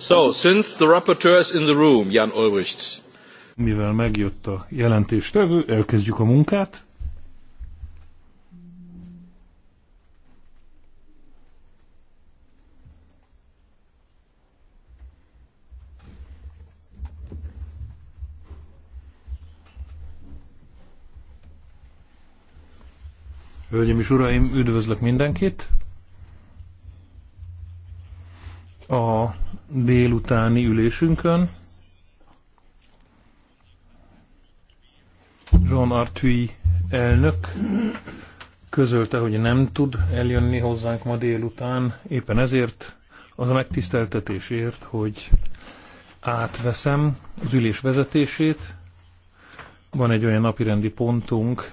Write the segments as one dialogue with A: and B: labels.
A: So, since the rapporteur is in the room,
B: Jan Ulbricht. Mivel megjött a jelentéstevő, elkezdjük a munkát. Hölgyeim és Uraim, üdvözlök mindenkit! a délutáni ülésünkön. Jean Arthuis elnök közölte, hogy nem tud eljönni hozzánk ma délután, éppen ezért az a megtiszteltetésért, hogy átveszem az ülés vezetését. Van egy olyan napirendi pontunk,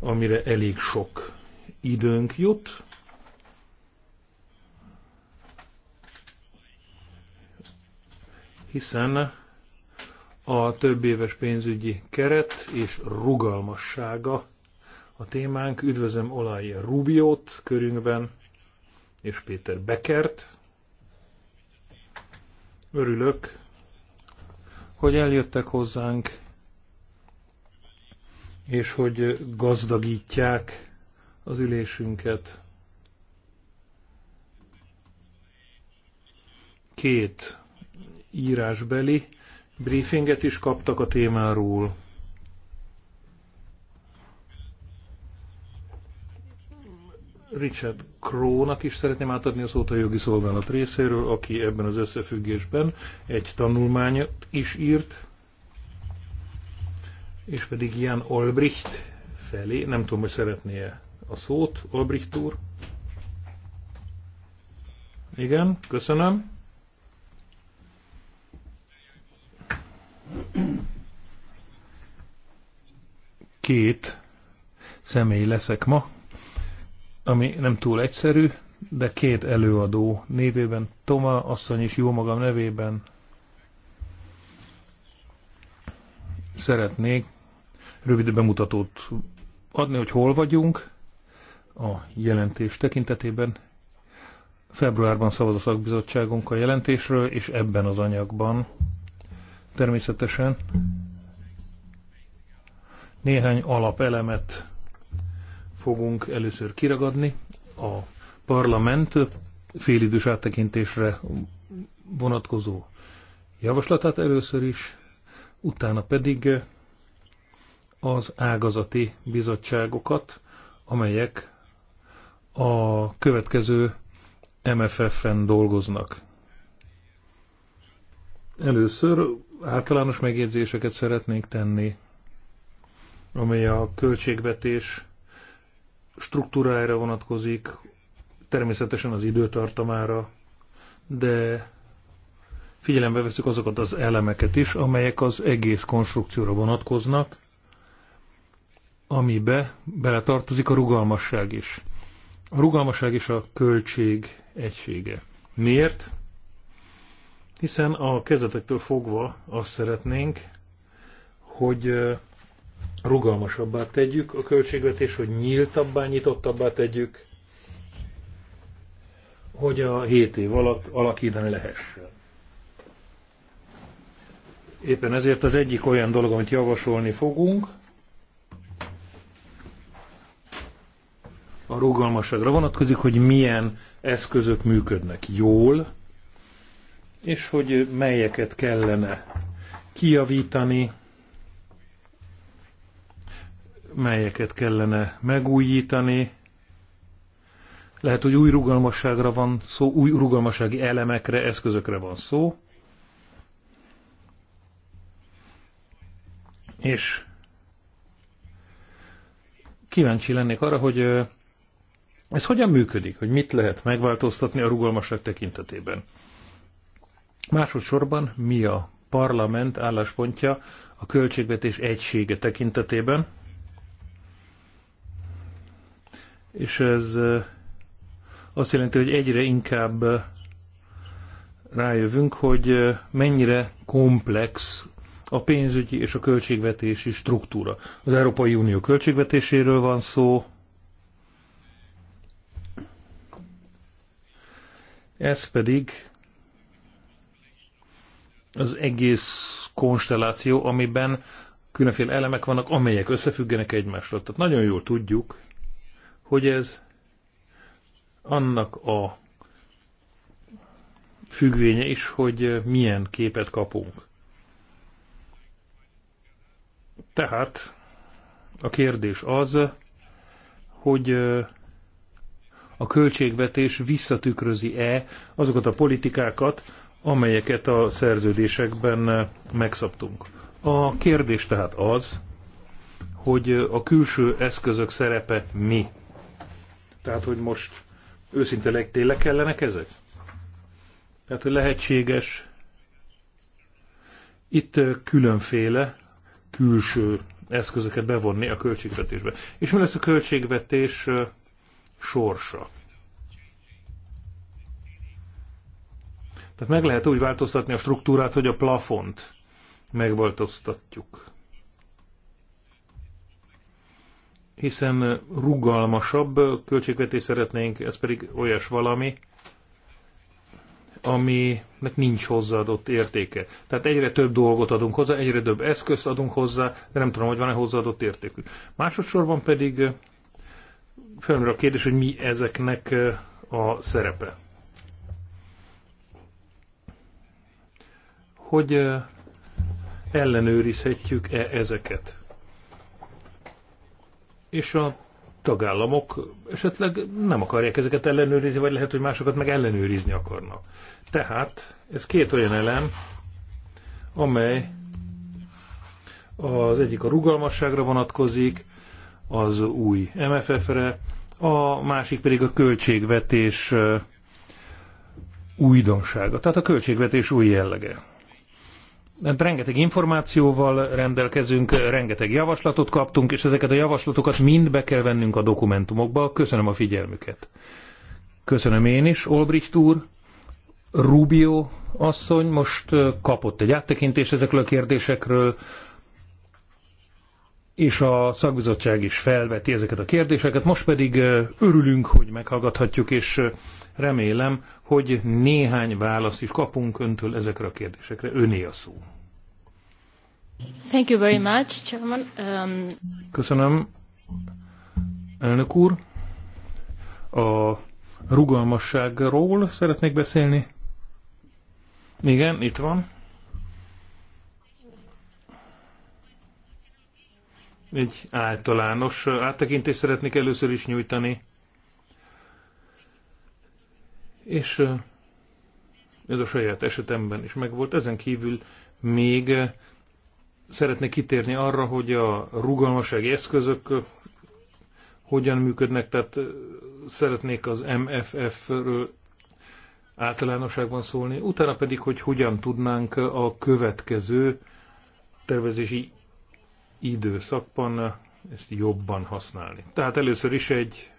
B: amire elég sok időnk jut, hiszen a több éves pénzügyi keret és rugalmassága a témánk. Üdvözlöm Olaj Rubiót körünkben, és Péter Bekert. Örülök, hogy eljöttek hozzánk, és hogy gazdagítják az ülésünket. Két írásbeli briefinget is kaptak a témáról. Richard Krónak is szeretném átadni a szót a jogi szolgálat részéről, aki ebben az összefüggésben egy tanulmányt is írt, és pedig Jan Olbricht felé, nem tudom, hogy szeretné -e a szót, Olbricht úr. Igen, köszönöm. Két személy leszek ma, ami nem túl egyszerű, de két előadó névében, Toma asszony és jó magam nevében szeretnék rövid bemutatót adni, hogy hol vagyunk a jelentés tekintetében. Februárban szavaz a szakbizottságunk a jelentésről, és ebben az anyagban természetesen néhány alapelemet fogunk először kiragadni. A parlament félidős áttekintésre vonatkozó javaslatát először is, utána pedig az ágazati bizottságokat, amelyek a következő MFF-en dolgoznak. Először általános megjegyzéseket szeretnénk tenni, amely a költségvetés struktúrájára vonatkozik, természetesen az időtartamára, de figyelembe veszük azokat az elemeket is, amelyek az egész konstrukcióra vonatkoznak, amibe beletartozik a rugalmasság is. A rugalmasság is a költség egysége. Miért? Hiszen a kezdetektől fogva azt szeretnénk, hogy rugalmasabbá tegyük a költségvetés, hogy nyíltabbá, nyitottabbá tegyük, hogy a 7 év alatt alakítani lehessen. Éppen ezért az egyik olyan dolog, amit javasolni fogunk, a rugalmasságra vonatkozik, hogy milyen eszközök működnek jól, és hogy melyeket kellene kijavítani, melyeket kellene megújítani. Lehet, hogy új rugalmasságra van szó, új rugalmassági elemekre, eszközökre van szó. És kíváncsi lennék arra, hogy ez hogyan működik, hogy mit lehet megváltoztatni a rugalmasság tekintetében. Másodszorban mi a parlament álláspontja a költségvetés egysége tekintetében, és ez azt jelenti, hogy egyre inkább rájövünk, hogy mennyire komplex a pénzügyi és a költségvetési struktúra. Az Európai Unió költségvetéséről van szó. Ez pedig az egész konstelláció, amiben különféle elemek vannak, amelyek összefüggenek egymással. Tehát nagyon jól tudjuk, hogy ez annak a függvénye is, hogy milyen képet kapunk. Tehát a kérdés az, hogy a költségvetés visszatükrözi-e azokat a politikákat, amelyeket a szerződésekben megszabtunk. A kérdés tehát az, hogy a külső eszközök szerepe mi? Tehát, hogy most őszinte tényleg kellenek ezek? Tehát, hogy lehetséges itt különféle külső eszközöket bevonni a költségvetésbe. És mi lesz a költségvetés sorsa? Tehát meg lehet úgy változtatni a struktúrát, hogy a plafont megváltoztatjuk. Hiszen rugalmasabb költségvetés szeretnénk, ez pedig olyas valami, aminek nincs hozzáadott értéke. Tehát egyre több dolgot adunk hozzá, egyre több eszközt adunk hozzá, de nem tudom, hogy van-e hozzáadott értékű. Másodszorban pedig felmerül a kérdés, hogy mi ezeknek a szerepe. hogy ellenőrizhetjük-e ezeket. És a tagállamok esetleg nem akarják ezeket ellenőrizni, vagy lehet, hogy másokat meg ellenőrizni akarnak. Tehát ez két olyan elem, amely az egyik a rugalmasságra vonatkozik, az új MFF-re, a másik pedig a költségvetés újdonsága, tehát a költségvetés új jellege rengeteg információval rendelkezünk, rengeteg javaslatot kaptunk, és ezeket a javaslatokat mind be kell vennünk a dokumentumokba. Köszönöm a figyelmüket. Köszönöm én is, Olbricht úr. Rubio asszony most kapott egy áttekintést ezekről a kérdésekről, és a szakbizottság is felveti ezeket a kérdéseket. Most pedig örülünk, hogy meghallgathatjuk, és Remélem, hogy néhány választ is kapunk öntől ezekre a kérdésekre. Öné a szó.
C: Thank you very much, Chairman. Um...
B: Köszönöm, elnök úr. A rugalmasságról szeretnék beszélni. Igen, itt van. Egy általános áttekintést szeretnék először is nyújtani és ez a saját esetemben is megvolt. Ezen kívül még szeretnék kitérni arra, hogy a rugalmasági eszközök hogyan működnek, tehát szeretnék az MFF-ről általánosságban szólni, utána pedig, hogy hogyan tudnánk a következő tervezési időszakban ezt jobban használni. Tehát először is egy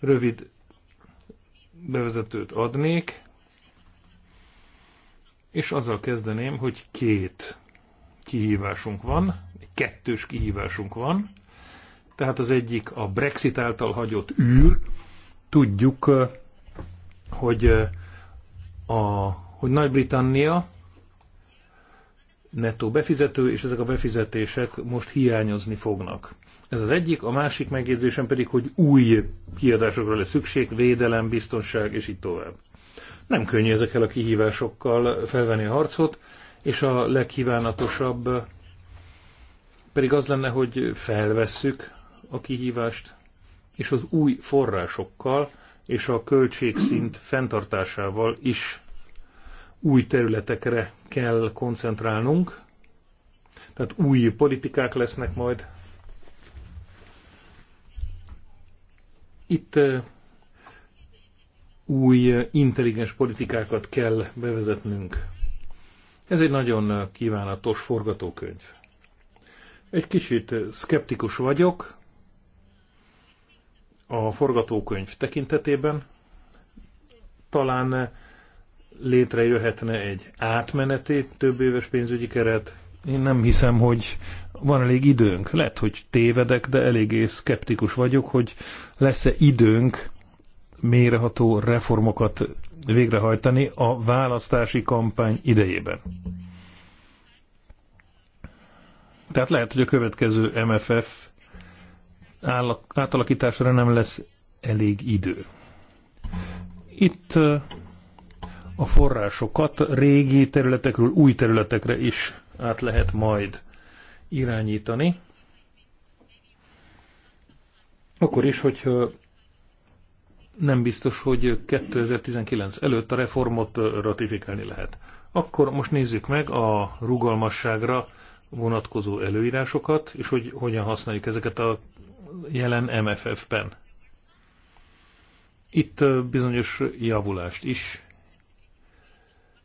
B: rövid bevezetőt adnék, és azzal kezdeném, hogy két kihívásunk van, kettős kihívásunk van. Tehát az egyik a Brexit által hagyott űr. Tudjuk, hogy, a, hogy Nagy-Britannia nettó befizető, és ezek a befizetések most hiányozni fognak. Ez az egyik, a másik megjegyzésem pedig, hogy új kiadásokra lesz szükség, védelem, biztonság, és így tovább. Nem könnyű ezekkel a kihívásokkal felvenni a harcot, és a legkívánatosabb pedig az lenne, hogy felvesszük a kihívást, és az új forrásokkal és a költségszint fenntartásával is új területekre kell koncentrálnunk, tehát új politikák lesznek majd. Itt eh, új eh, intelligens politikákat kell bevezetnünk. Ez egy nagyon eh, kívánatos forgatókönyv. Egy kicsit szkeptikus vagyok a forgatókönyv tekintetében. Talán létrejöhetne egy átmeneti több éves pénzügyi keret. Én nem hiszem, hogy van elég időnk. Lehet, hogy tévedek, de eléggé szkeptikus vagyok, hogy lesz-e időnk méreható reformokat végrehajtani a választási kampány idejében. Tehát lehet, hogy a következő MFF átalakításra nem lesz elég idő. Itt a forrásokat régi területekről új területekre is át lehet majd irányítani. Akkor is, hogyha nem biztos, hogy 2019 előtt a reformot ratifikálni lehet. Akkor most nézzük meg a rugalmasságra vonatkozó előírásokat, és hogy hogyan használjuk ezeket a jelen MFF-ben. Itt bizonyos javulást is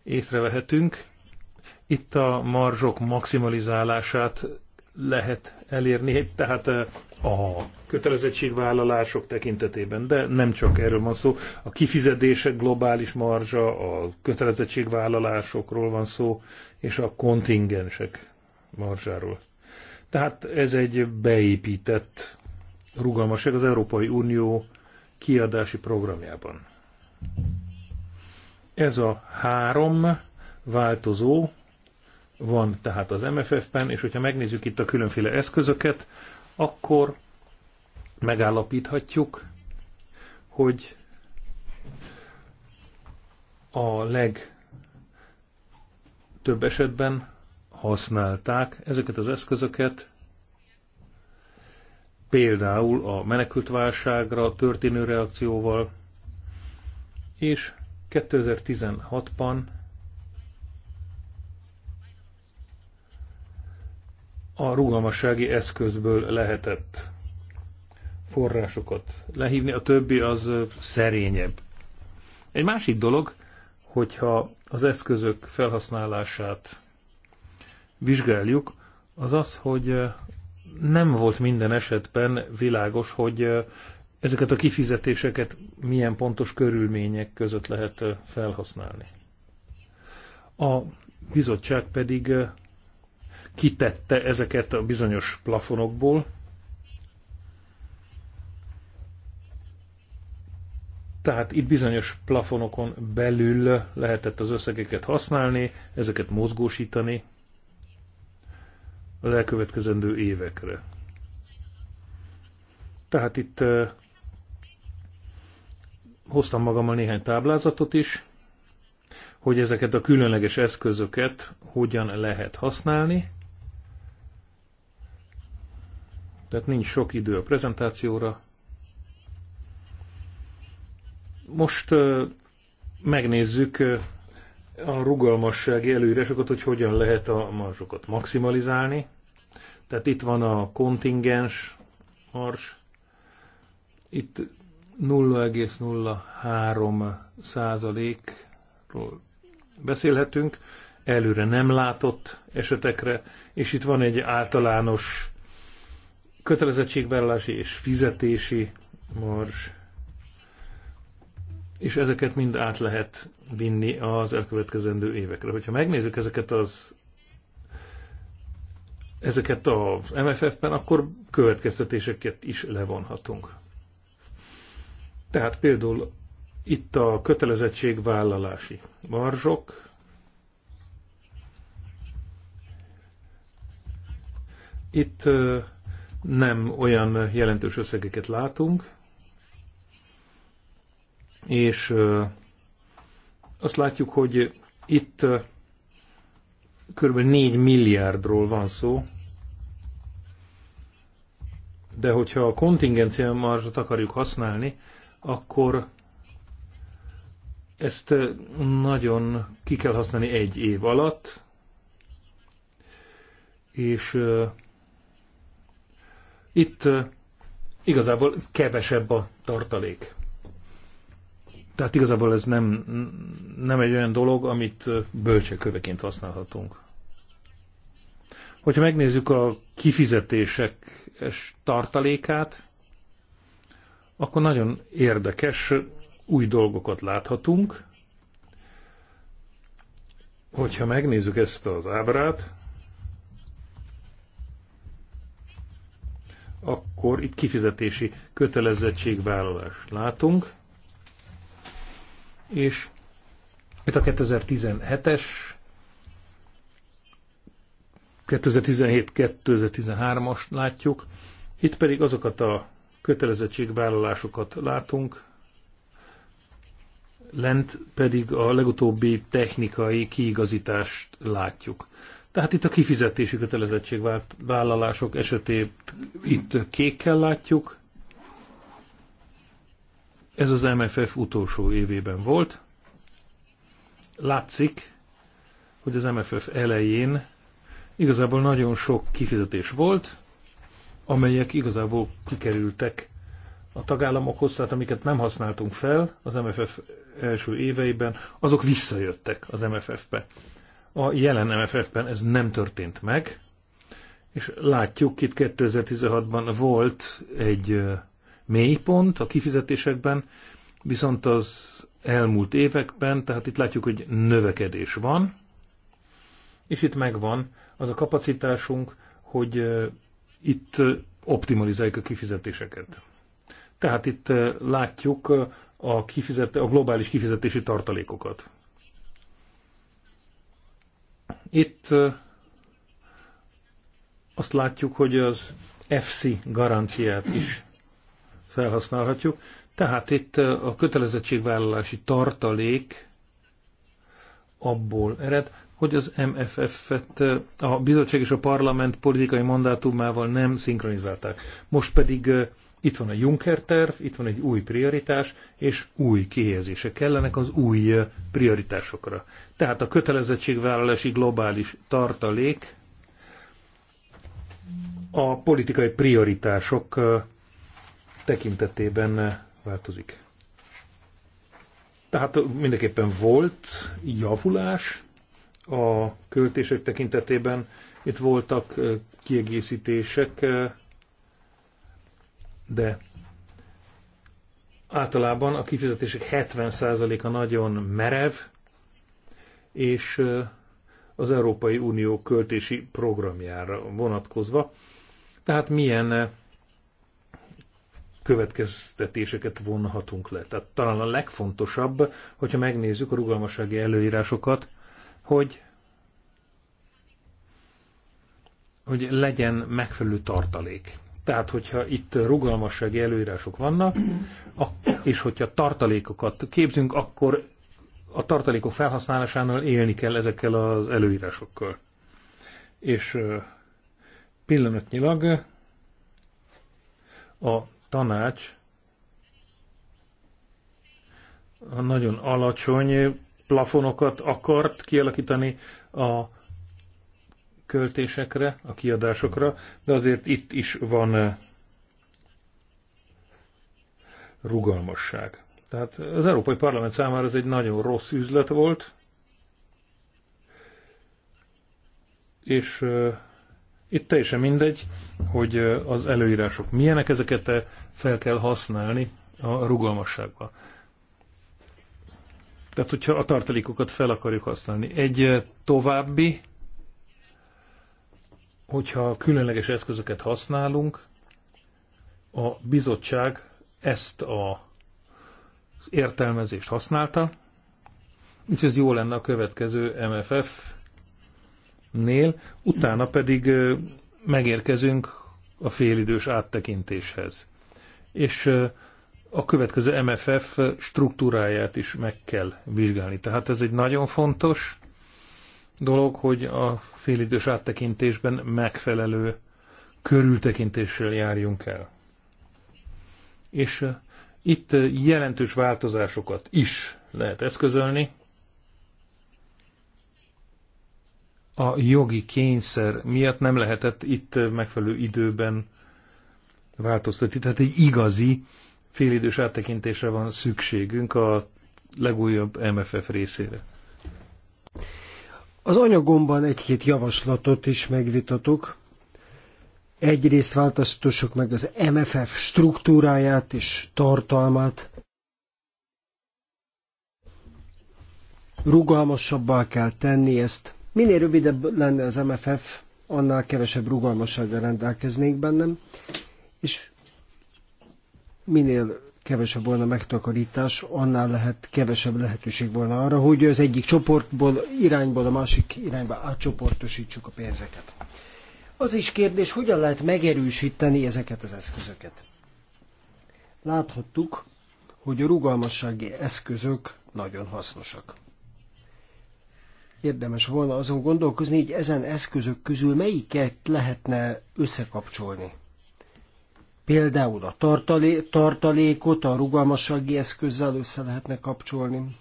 B: észrevehetünk. Itt a marzsok maximalizálását lehet elérni, tehát eh, a kötelezettségvállalások tekintetében, de nem csak erről van szó. A kifizetések globális marzsa, a kötelezettségvállalásokról van szó, és a kontingensek marzsáról. Tehát ez egy beépített rugalmasság az Európai Unió kiadási programjában. Ez a három változó van tehát az MFF-ben, és hogyha megnézzük itt a különféle eszközöket, akkor megállapíthatjuk, hogy a több esetben használták ezeket az eszközöket, például a menekültválságra történő reakcióval, és 2016-ban a rugalmassági eszközből lehetett forrásokat lehívni, a többi az szerényebb. Egy másik dolog, hogyha az eszközök felhasználását vizsgáljuk, az az, hogy nem volt minden esetben világos, hogy ezeket a kifizetéseket milyen pontos körülmények között lehet felhasználni. A bizottság pedig kitette ezeket a bizonyos plafonokból, tehát itt bizonyos plafonokon belül lehetett az összegeket használni, ezeket mozgósítani az elkövetkezendő évekre. Tehát itt hoztam magammal néhány táblázatot is, hogy ezeket a különleges eszközöket hogyan lehet használni. Tehát nincs sok idő a prezentációra. Most megnézzük a rugalmassági előírásokat, hogy hogyan lehet a marzsokat maximalizálni. Tehát itt van a kontingens mars, itt 0,03 százalékról beszélhetünk, előre nem látott esetekre, és itt van egy általános kötelezettségvállalási és fizetési marzs, és ezeket mind át lehet vinni az elkövetkezendő évekre. Hogyha megnézzük ezeket az ezeket az MFF-ben, akkor következtetéseket is levonhatunk. Tehát például itt a kötelezettségvállalási marzsok, Itt nem olyan jelentős összegeket látunk, és azt látjuk, hogy itt kb. 4 milliárdról van szó, de hogyha a kontingencia marzsot akarjuk használni, akkor ezt eh, nagyon ki kell használni egy év alatt, és uh, itt uh, igazából kevesebb a tartalék. Tehát igazából ez nem, nem egy olyan dolog, amit bölcseköveként használhatunk. Hogyha megnézzük a kifizetések tartalékát, akkor nagyon érdekes új dolgokat láthatunk. Hogyha megnézzük ezt az ábrát, akkor itt kifizetési kötelezettségvállalást látunk, és itt a 2017-es 2017-2013-as látjuk. Itt pedig azokat a kötelezettségvállalásokat látunk, lent pedig a legutóbbi technikai kiigazítást látjuk. Tehát itt a kifizetési kötelezettségvállalások esetét itt kékkel látjuk. Ez az MFF utolsó évében volt. Látszik, hogy az MFF elején igazából nagyon sok kifizetés volt, amelyek igazából kikerültek a tagállamokhoz, tehát amiket nem használtunk fel az MFF első éveiben, azok visszajöttek az MFF-be. A jelen MFF-ben ez nem történt meg, és látjuk, itt 2016-ban volt egy mélypont a kifizetésekben, viszont az elmúlt években, tehát itt látjuk, hogy növekedés van, és itt megvan az a kapacitásunk, hogy itt optimalizáljuk a kifizetéseket. Tehát itt látjuk a, kifizet, a globális kifizetési tartalékokat. Itt azt látjuk, hogy az FC garanciát is felhasználhatjuk. Tehát itt a kötelezettségvállalási tartalék abból ered, hogy az MFF-et eh, a bizottság és a parlament politikai mandátumával nem szinkronizálták. Most pedig eh, itt van a Juncker terv, itt van egy új prioritás, és új kihelyezések kellenek az új eh, prioritásokra. Tehát a kötelezettségvállalási globális tartalék a politikai prioritások tekintetében változik. Tehát mindenképpen volt javulás, a költések tekintetében itt voltak kiegészítések, de általában a kifizetések 70%-a nagyon merev, és az Európai Unió költési programjára vonatkozva. Tehát milyen következtetéseket vonhatunk le. Tehát talán a legfontosabb, hogyha megnézzük a rugalmassági előírásokat, hogy hogy legyen megfelelő tartalék. Tehát, hogyha itt rugalmassági előírások vannak, és hogyha tartalékokat képzünk, akkor a tartalékok felhasználásánál élni kell ezekkel az előírásokkal. És pillanatnyilag a tanács a nagyon alacsony plafonokat akart kialakítani a költésekre, a kiadásokra, de azért itt is van eh, rugalmasság. Tehát az Európai Parlament számára ez egy nagyon rossz üzlet volt, és eh, itt teljesen mindegy, hogy eh, az előírások milyenek, ezeket fel kell használni a rugalmasságba. Tehát, hogyha a tartalékokat fel akarjuk használni. Egy eh, további, hogyha különleges eszközöket használunk, a bizottság ezt a az értelmezést használta, így ez jó lenne a következő MFF-nél, utána pedig eh, megérkezünk a félidős áttekintéshez. És eh, a következő MFF struktúráját is meg kell vizsgálni. Tehát ez egy nagyon fontos dolog, hogy a félidős áttekintésben megfelelő körültekintéssel járjunk el. És uh, itt uh, jelentős változásokat is lehet eszközölni. A jogi kényszer miatt nem lehetett itt uh, megfelelő időben változtatni. Tehát egy igazi félidős áttekintésre van szükségünk a legújabb MFF részére.
D: Az anyagomban egy-két javaslatot is megvitatok. Egyrészt változtassuk meg az MFF struktúráját és tartalmát. Rugalmasabbá kell tenni ezt. Minél rövidebb lenne az MFF, annál kevesebb rugalmassággal rendelkeznék bennem, és minél kevesebb volna megtakarítás, annál lehet kevesebb lehetőség volna arra, hogy az egyik csoportból, irányból a másik irányba átcsoportosítsuk a pénzeket. Az is kérdés, hogyan lehet megerősíteni ezeket az eszközöket. Láthattuk, hogy a rugalmassági eszközök nagyon hasznosak. Érdemes volna azon gondolkozni, hogy ezen eszközök közül melyiket lehetne összekapcsolni. Például a tartalé, tartalékot a rugalmassági eszközzel össze lehetne kapcsolni.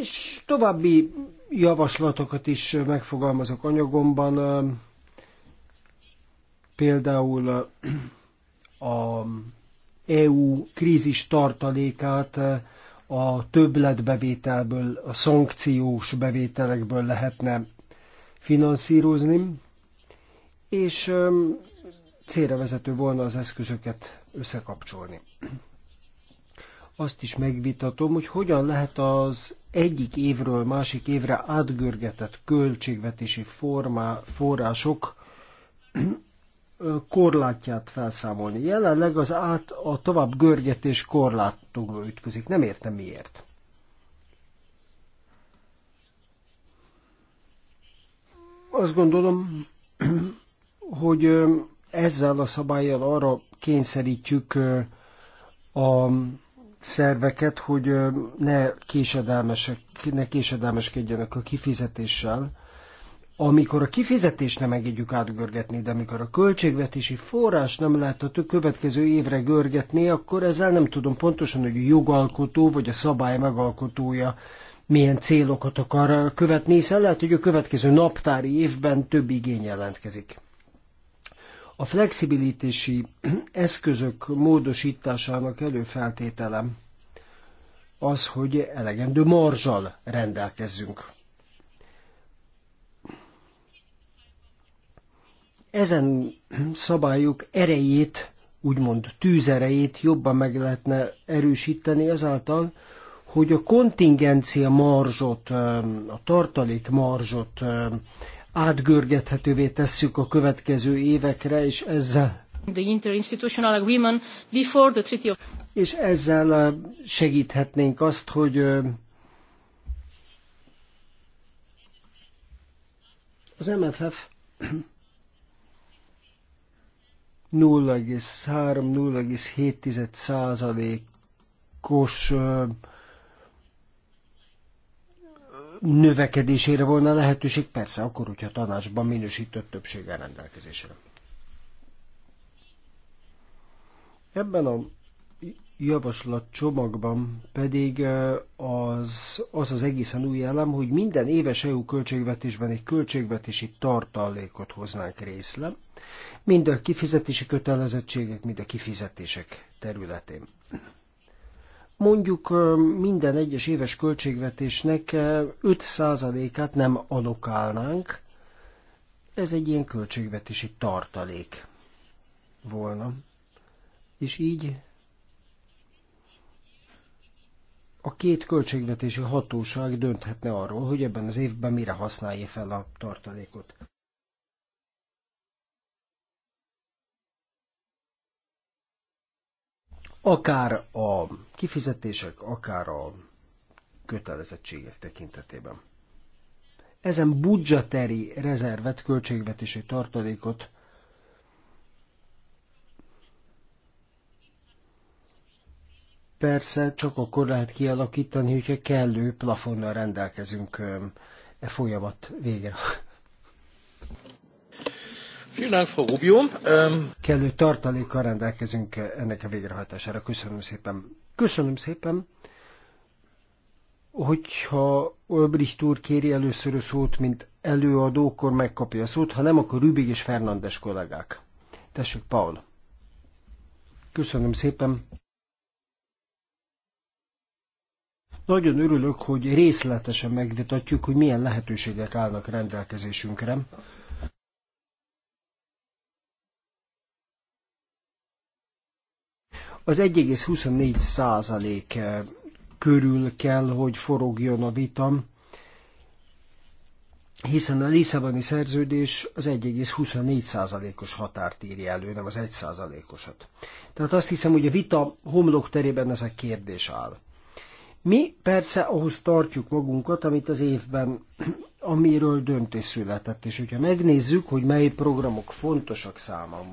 D: És további javaslatokat is megfogalmazok anyagomban, például a EU krízis tartalékát a többletbevételből, a szankciós bevételekből lehetne finanszírozni, és célra vezető volna az eszközöket összekapcsolni. Azt is megvitatom, hogy hogyan lehet az egyik évről másik évre átgörgetett költségvetési formá, források korlátját felszámolni. Jelenleg az át a tovább görgetés korlátokba ütközik. Nem értem miért. Azt gondolom, hogy ezzel a szabályjal arra kényszerítjük a szerveket, hogy ne, késedelmesek, ne késedelmeskedjenek a kifizetéssel. Amikor a kifizetést nem engedjük átgörgetni, de amikor a költségvetési forrás nem lehet a következő évre görgetni, akkor ezzel nem tudom pontosan, hogy a jogalkotó vagy a szabály megalkotója milyen célokat akar követni, hiszen lehet, hogy a következő naptári évben több igény jelentkezik. A flexibilitási eszközök módosításának előfeltételem az, hogy elegendő marzsal rendelkezzünk. Ezen szabályok erejét, úgymond tűzerejét jobban meg lehetne erősíteni azáltal, hogy a kontingencia marzsot, a tartalék marzsot átgörgethetővé tesszük a következő évekre, és ezzel
C: the interinstitutional agreement before the treaty of...
D: És ezzel segíthetnénk azt, hogy az MFF 0,3-0,7 százalékos növekedésére volna lehetőség, persze akkor, hogyha tanácsban minősített többséggel rendelkezésre. Ebben a javaslat csomagban pedig az, az az egészen új elem, hogy minden éves EU költségvetésben egy költségvetési tartalékot hoznánk részle, mind a kifizetési kötelezettségek, mind a kifizetések területén mondjuk minden egyes éves költségvetésnek 5%-át nem alokálnánk, ez egy ilyen költségvetési tartalék volna. És így a két költségvetési hatóság dönthetne arról, hogy ebben az évben mire használja fel a tartalékot. akár a kifizetések, akár a kötelezettségek tekintetében. Ezen budgeteri rezervet, költségvetési tartalékot persze csak akkor lehet kialakítani, hogyha kellő plafonnal rendelkezünk e folyamat végre Ähm, Kellő tartalékkal rendelkezünk ennek a végrehajtására. Köszönöm szépen. Köszönöm szépen. Hogyha Olbricht úr kéri először a szót, mint előadó, akkor megkapja a szót, ha nem, akkor Rübig és Fernandes kollégák. Tessék, Paul. Köszönöm szépen. Nagyon örülök, hogy részletesen megvitatjuk, hogy milyen lehetőségek állnak rendelkezésünkre Az 1,24 százalék eh, körül kell, hogy forogjon a vita, hiszen a Lisszaboni szerződés az 124 százalékos határt írja elő, nem az 1 százalékosat. Tehát azt hiszem, hogy a vita homlok terében ez a kérdés áll. Mi persze ahhoz tartjuk magunkat, amit az évben, amiről döntés született, és hogyha megnézzük, hogy mely programok fontosak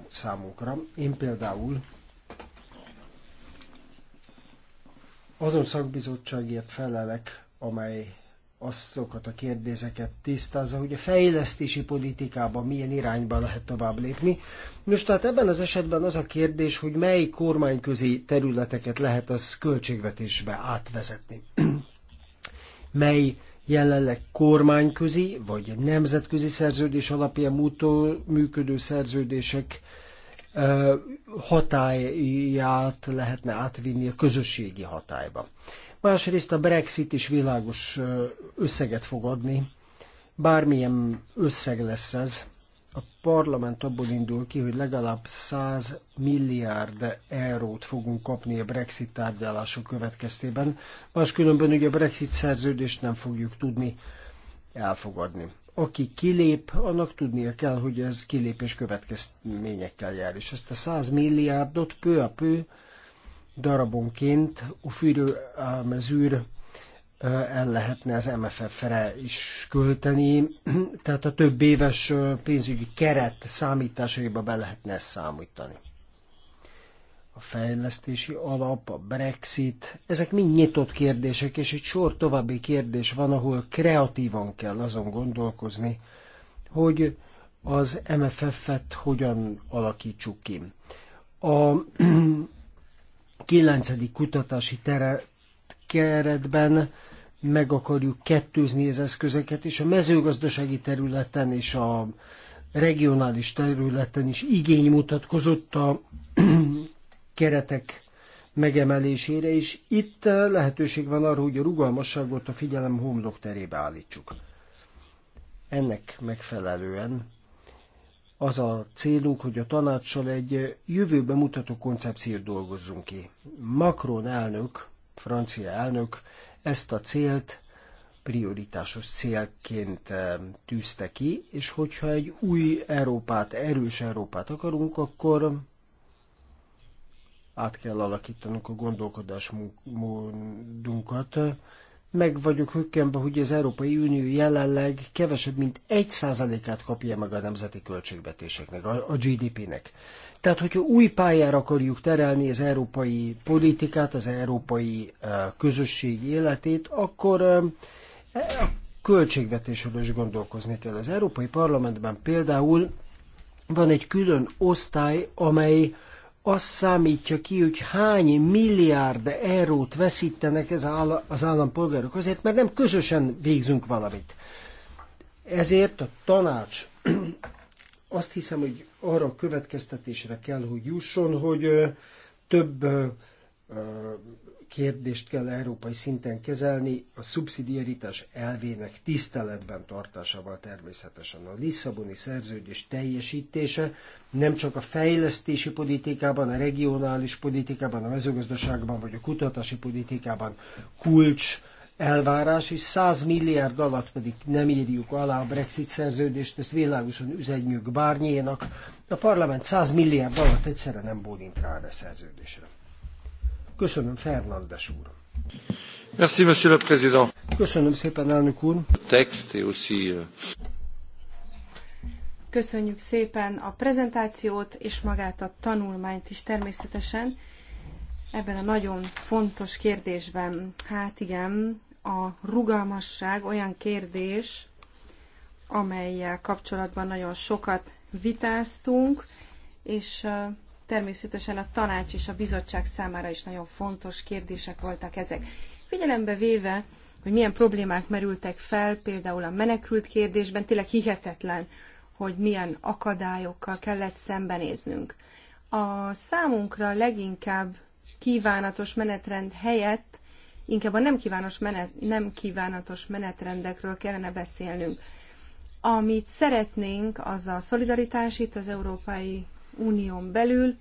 D: számunkra, én például azon szakbizottságért felelek, amely azokat a kérdéseket tisztázza, hogy a fejlesztési politikában milyen irányba lehet tovább lépni. Most tehát ebben az esetben az a kérdés, hogy mely kormányközi területeket lehet az költségvetésbe átvezetni. mely jelenleg kormányközi vagy nemzetközi szerződés alapján működő szerződések hatáját lehetne átvinni a közösségi hatályba. Másrészt a Brexit is világos összeget fog adni, bármilyen összeg lesz ez. A parlament abból indul ki, hogy legalább 100 milliárd eurót fogunk kapni a Brexit tárgyalások következtében, máskülönben ugye a Brexit szerződést nem fogjuk tudni elfogadni aki kilép, annak tudnia kell, hogy ez kilépés következményekkel jár. És ezt a 100 milliárdot pő a pő darabonként a fűrő mezőr el lehetne az MFF-re is költeni, tehát a több éves pénzügyi keret számításaiba be lehetne ezt számítani a fejlesztési alap, a Brexit, ezek mind nyitott kérdések, és egy sor további kérdés van, ahol kreatívan kell azon gondolkozni, hogy az MFF-et hogyan alakítsuk ki. A kilencedik kutatási keretben meg akarjuk kettőzni az eszközeket, és a mezőgazdasági területen és a regionális területen is igény mutatkozott a keretek megemelésére, és itt eh, lehetőség van arra, hogy a rugalmasságot a figyelem homlok terébe állítsuk. Ennek megfelelően az a célunk, hogy a tanácssal egy eh, jövőbe mutató koncepciót dolgozzunk ki. Macron elnök, francia elnök ezt a célt prioritásos célként eh, tűzte ki, és hogyha egy új Európát, erős Európát akarunk, akkor át kell alakítanunk a gondolkodásmódunkat. Meg vagyok hökkenve, hogy az Európai Unió jelenleg kevesebb, mint 1%-át kapja meg a nemzeti költségvetéseknek, a GDP-nek. Tehát, hogyha új pályára akarjuk terelni az európai politikát, az európai eh, közösség életét, akkor eh, a költségvetésről is gondolkozni kell. Az Európai Parlamentben például van egy külön osztály, amely azt számítja ki, hogy hány milliárd eurót veszítenek ez az állampolgárok azért, mert nem közösen végzünk valamit. Ezért a tanács azt hiszem, hogy arra a következtetésre kell, hogy jusson, hogy több kérdést kell európai szinten kezelni, a szubszidiaritás elvének tiszteletben tartásával természetesen. A Lisszaboni szerződés teljesítése nem csak a fejlesztési politikában, a regionális politikában, a mezőgazdaságban vagy a kutatási politikában kulcs elvárás, és 100 milliárd alatt pedig nem írjuk alá a Brexit szerződést, ezt világosan üzenjük Bárnyénak. A parlament 100 milliárd alatt egyszerre nem bólint rá a szerződésre. Köszönöm, Fernandes úr.
B: Merci, monsieur le président.
D: Köszönöm szépen, elnök úr.
B: Text et aussi... Euh,
E: Köszönjük szépen a prezentációt és magát a tanulmányt is természetesen ebben a nagyon fontos kérdésben. Hát igen, a rugalmasság olyan kérdés, amelyel kapcsolatban nagyon sokat vitáztunk, és természetesen a tanács és a bizottság számára is nagyon fontos kérdések voltak ezek. Figyelembe véve, hogy milyen problémák merültek fel, például a menekült kérdésben, tényleg hihetetlen, hogy milyen akadályokkal kellett szembenéznünk. A számunkra leginkább kívánatos menetrend helyett inkább a nem kívános menet, nem kívánatos menetrendekről kellene beszélnünk. Amit szeretnénk, az a szolidaritás itt az Európai unión belül.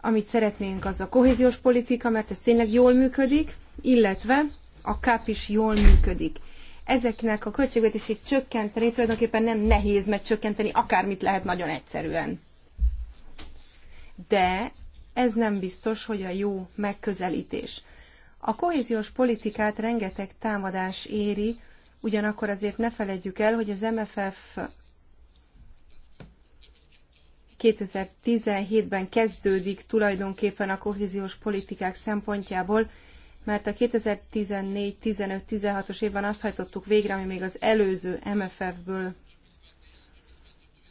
E: Amit szeretnénk, az a kohéziós politika, mert ez tényleg jól működik, illetve a KAP is jól működik. Ezeknek a költségvetését csökkenteni tulajdonképpen nem nehéz, mert csökkenteni akármit lehet nagyon egyszerűen. De ez nem biztos, hogy a jó megközelítés. A kohéziós politikát rengeteg támadás éri, ugyanakkor azért ne feledjük el, hogy az MFF 2017-ben kezdődik tulajdonképpen a kohéziós politikák szempontjából, mert a 2014-15-16-os évben azt hajtottuk végre, ami még az előző MFF-ből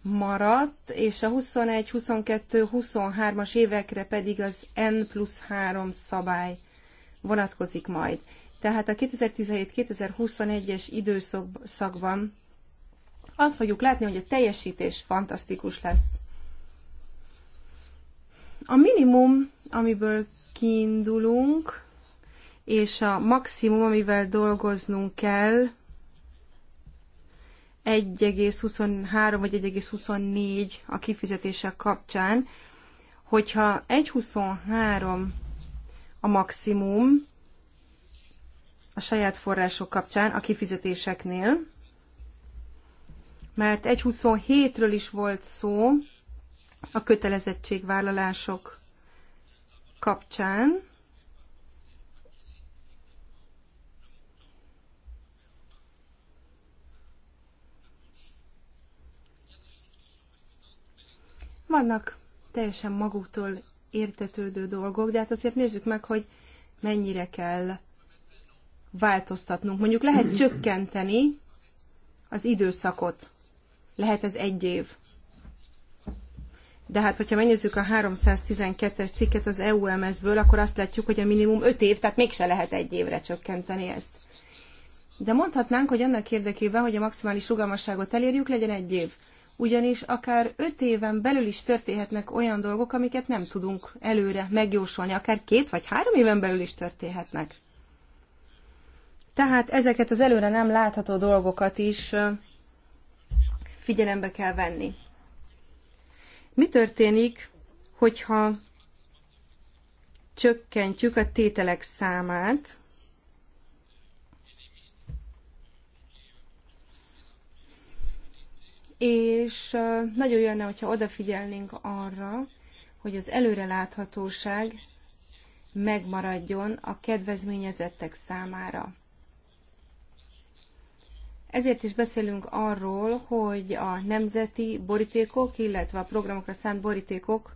E: maradt, és a 21-22-23-as évekre pedig az N plusz 3 szabály vonatkozik majd. Tehát a 2017-2021-es időszakban azt fogjuk látni, hogy a teljesítés fantasztikus lesz. A minimum, amiből kiindulunk, és a maximum, amivel dolgoznunk kell, 1,23 vagy 1,24 a kifizetések kapcsán, hogyha 1,23 a maximum a saját források kapcsán a kifizetéseknél, mert 1,27-ről is volt szó, a kötelezettségvállalások kapcsán. Vannak teljesen maguktól értetődő dolgok, de hát azért nézzük meg, hogy mennyire kell változtatnunk. Mondjuk lehet csökkenteni az időszakot. Lehet ez egy év, de hát hogyha megnézzük a 312-es cikket az EUMS-ből, akkor azt látjuk, hogy a minimum 5 év, tehát mégse lehet egy évre csökkenteni ezt. De mondhatnánk, hogy annak érdekében, hogy a maximális rugalmasságot elérjük, legyen egy év. Ugyanis akár 5 éven belül is történhetnek olyan dolgok, amiket nem tudunk előre megjósolni, akár két vagy három éven belül is történhetnek. Tehát ezeket az előre nem látható dolgokat is figyelembe kell venni. Mi történik, hogyha csökkentjük a tételek számát, és nagyon jó lenne, hogyha odafigyelnénk arra, hogy az előreláthatóság megmaradjon a kedvezményezettek számára. Ezért is beszélünk arról, hogy a nemzeti borítékok, illetve a programokra szánt borítékok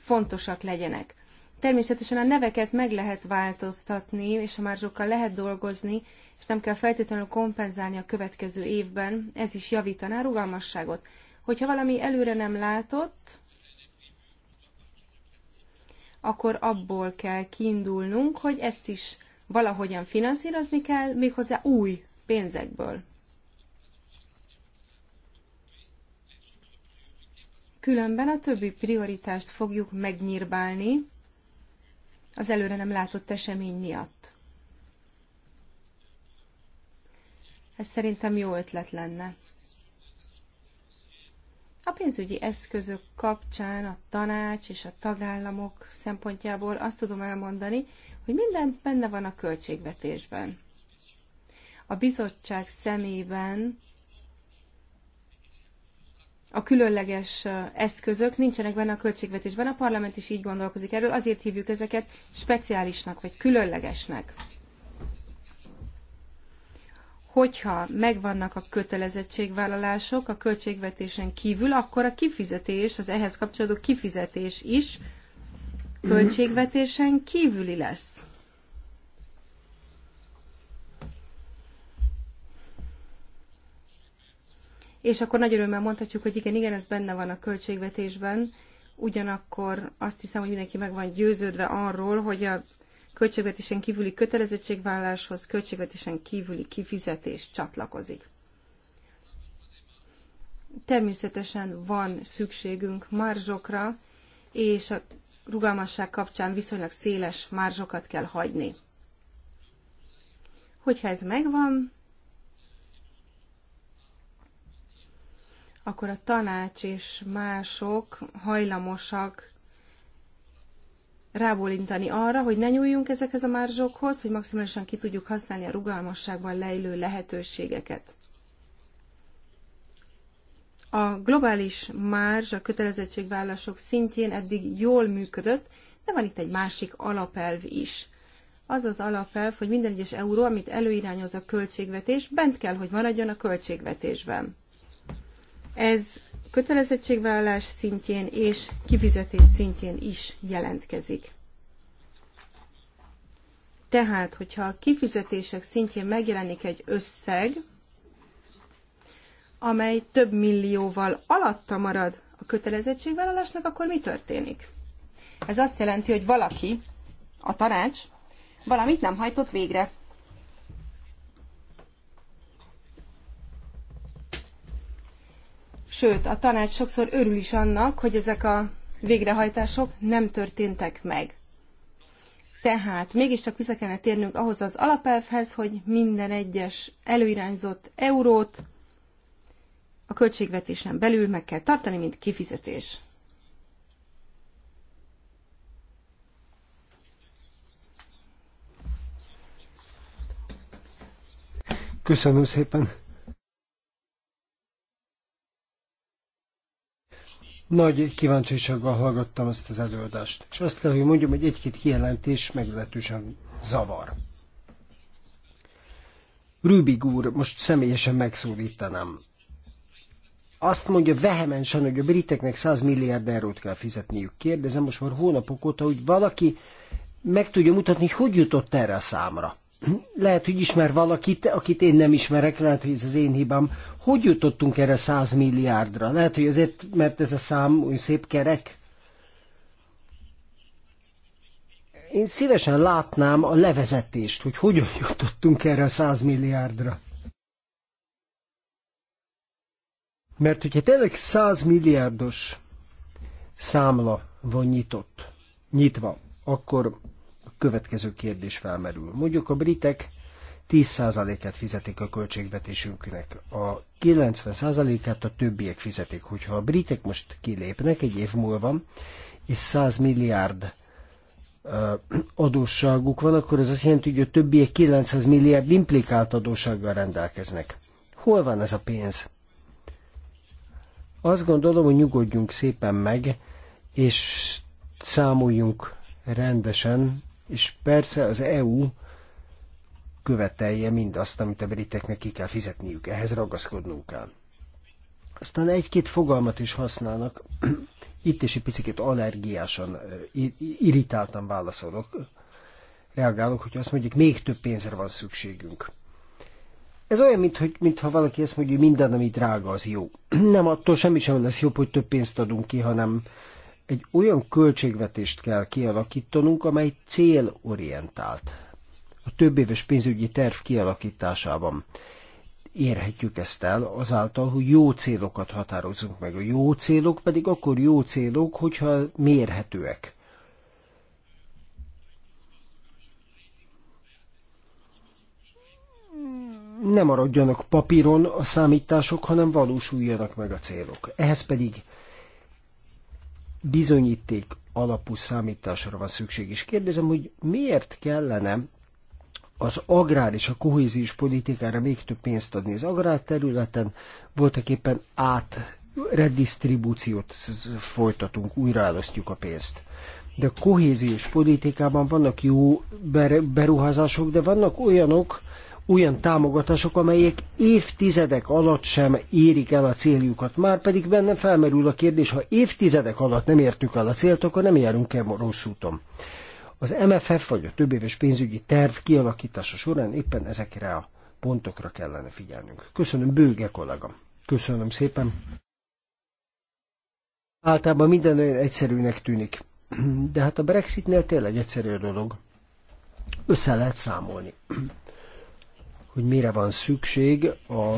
E: fontosak legyenek. Természetesen a neveket meg lehet változtatni, és a márzsokkal lehet dolgozni, és nem kell feltétlenül kompenzálni a következő évben, ez is javítaná rugalmasságot. Hogyha valami előre nem látott, akkor abból kell kiindulnunk, hogy ezt is valahogyan finanszírozni kell, méghozzá új pénzekből. Különben a többi prioritást fogjuk megnyírbálni az előre nem látott esemény miatt. Ez szerintem jó ötlet lenne. A pénzügyi eszközök kapcsán a tanács és a tagállamok szempontjából azt tudom elmondani, hogy minden benne van a költségvetésben. A bizottság szemében a különleges eszközök nincsenek benne a költségvetésben, a parlament is így gondolkozik erről, azért hívjuk ezeket speciálisnak vagy különlegesnek. Hogyha megvannak a kötelezettségvállalások a költségvetésen kívül, akkor a kifizetés, az ehhez kapcsolódó kifizetés is költségvetésen kívüli lesz. És akkor nagy örömmel mondhatjuk, hogy igen, igen, ez benne van a költségvetésben, ugyanakkor azt hiszem, hogy mindenki meg van győződve arról, hogy a költségvetésen kívüli kötelezettségválláshoz költségvetésen kívüli kifizetés csatlakozik. Természetesen van szükségünk marzsokra, és a rugalmasság kapcsán viszonylag széles márzsokat kell hagyni. Hogyha ez megvan, akkor a tanács és mások hajlamosak rábólintani arra, hogy ne nyúljunk ezekhez a márzsokhoz, hogy maximálisan ki tudjuk használni a rugalmasságban lejlő lehetőségeket. A globális márzs a kötelezettségvállások szintjén eddig jól működött, de van itt egy másik alapelv is. Az az alapelv, hogy minden egyes euró, amit előirányoz a költségvetés, bent kell, hogy maradjon a költségvetésben. Ez kötelezettségvállás szintjén és kifizetés szintjén is jelentkezik. Tehát, hogyha a kifizetések szintjén megjelenik egy összeg, amely több millióval alatta marad a kötelezettségvállalásnak, akkor mi történik? Ez azt jelenti, hogy valaki, a tanács, valamit nem hajtott végre. Sőt, a tanács sokszor örül is annak, hogy ezek a végrehajtások nem történtek meg. Tehát mégiscsak vissza kellene térnünk ahhoz az alapelvhez, hogy minden egyes előirányzott eurót a költségvetésen belül meg kell tartani, mint kifizetés.
D: Köszönöm szépen. Nagy kíváncsisággal hallgattam ezt az előadást, és azt kell, hogy mondjam, hogy egy-két kijelentés meglehetősen zavar. Rübig úr, most személyesen megszólítanám azt mondja vehemensen, hogy a briteknek 100 milliárd eurót kell fizetniük. Kérdezem most már hónapok óta, hogy valaki meg tudja mutatni, hogy hogy jutott erre a számra. Lehet, hogy ismer valakit, akit én nem ismerek, lehet, hogy ez az én hibám. Hogy jutottunk erre 100 milliárdra? Lehet, hogy azért, mert ez a szám úgy szép kerek? Én szívesen látnám a levezetést, hogy hogyan jutottunk erre a 100 milliárdra. Mert hogyha tényleg 100 milliárdos számla van nyitott, nyitva, akkor a következő kérdés felmerül. Mondjuk a britek 10%-át fizetik a költségvetésünknek, a 90%-át a többiek fizetik. Hogyha a britek most kilépnek egy év múlva, és 100 milliárd adósságuk van, akkor ez azt jelenti, hogy a többiek 900 milliárd implikált adóssággal rendelkeznek. Hol van ez a pénz? Azt gondolom, hogy nyugodjunk szépen meg, és számoljunk rendesen, és persze az EU követelje mindazt, amit a briteknek ki kell fizetniük, ehhez ragaszkodnunk kell. Aztán egy-két fogalmat is használnak, itt is egy picit allergiásan, irritáltan válaszolok, reagálok, hogy azt mondjuk, még több pénzre van szükségünk. Ez olyan, mintha valaki ezt mondja, hogy minden, ami drága, az jó. Nem attól semmi sem lesz jobb, hogy több pénzt adunk ki, hanem egy olyan költségvetést kell kialakítanunk, amely célorientált. A éves pénzügyi terv kialakításában érhetjük ezt el azáltal, hogy jó célokat határozunk meg. A jó célok pedig akkor jó célok, hogyha mérhetőek. ne maradjanak papíron a számítások, hanem valósuljanak meg a célok. Ehhez pedig bizonyíték alapú számításra van szükség. És kérdezem, hogy miért kellene az agrár és a kohéziós politikára még több pénzt adni. Az területen voltak éppen át redistribúciót folytatunk, újraelosztjuk a pénzt. De a kohéziós politikában vannak jó beruházások, de vannak olyanok, olyan támogatások, amelyek évtizedek alatt sem érik el a céljukat. Már pedig bennem felmerül a kérdés, ha évtizedek alatt nem értük el a célt, akkor nem járunk el rossz úton. Az MFF vagy a többéves pénzügyi terv kialakítása során éppen ezekre a pontokra kellene figyelnünk. Köszönöm, bőge kollega. Köszönöm szépen. Általában minden olyan egyszerűnek tűnik. De hát a Brexitnél tényleg egyszerű dolog. Össze lehet számolni hogy mire van szükség a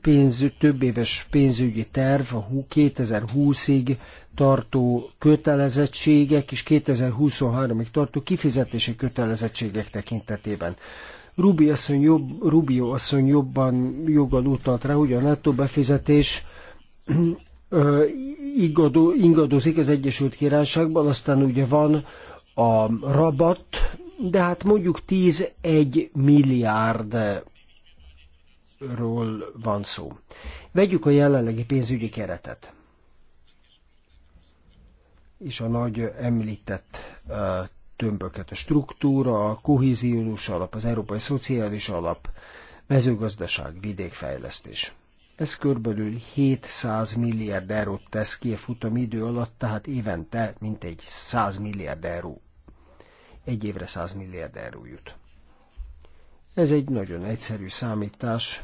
D: pénz, több éves pénzügyi terv, a 2020-ig tartó kötelezettségek és 2023-ig tartó kifizetési kötelezettségek tekintetében. Rubio asszony jobb, Rubio asszony jobban joggal utalt rá, hogy a nettó befizetés ingadozik az Egyesült Királyságban, aztán ugye van a rabat, de hát mondjuk 11 milliárdról van szó. Vegyük a jelenlegi pénzügyi keretet és a nagy említett tömböket, a struktúra, a kohéziós alap, az európai szociális alap, mezőgazdaság, vidékfejlesztés. Ez körülbelül 700 milliárd eurót tesz ki a futam idő alatt, tehát évente mintegy 100 milliárd euró. Egy évre 100 milliárd euró jut. Ez egy nagyon egyszerű számítás,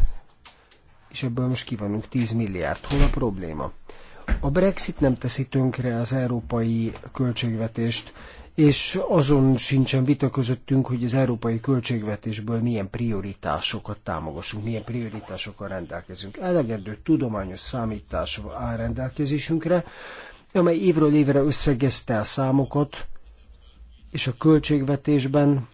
D: és ebből most kivonunk 10 milliárd. Hol a probléma? A Brexit nem teszi tönkre az európai költségvetést, és azon sincsen vita közöttünk, hogy az európai költségvetésből milyen prioritásokat támogassunk, milyen prioritásokkal rendelkezünk. Elegendő tudományos számítás áll rendelkezésünkre, amely évről évre összegezte a számokat, és a költségvetésben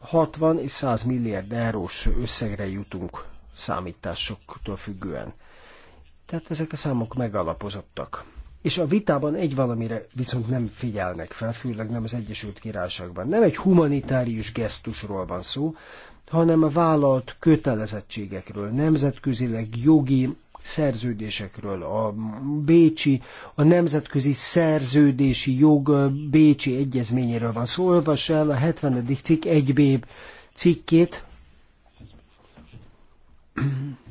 D: 60 és 100 milliárd eurós összegre jutunk számításoktól függően. Tehát ezek a számok megalapozottak és a vitában egy valamire viszont nem figyelnek fel, főleg nem az Egyesült Királyságban. Nem egy humanitárius gesztusról van szó, hanem a vállalt kötelezettségekről, nemzetközileg jogi szerződésekről. A Bécsi, a nemzetközi szerződési jog Bécsi egyezményéről van szó. Olvass el a 70. cikk 1b cikkét,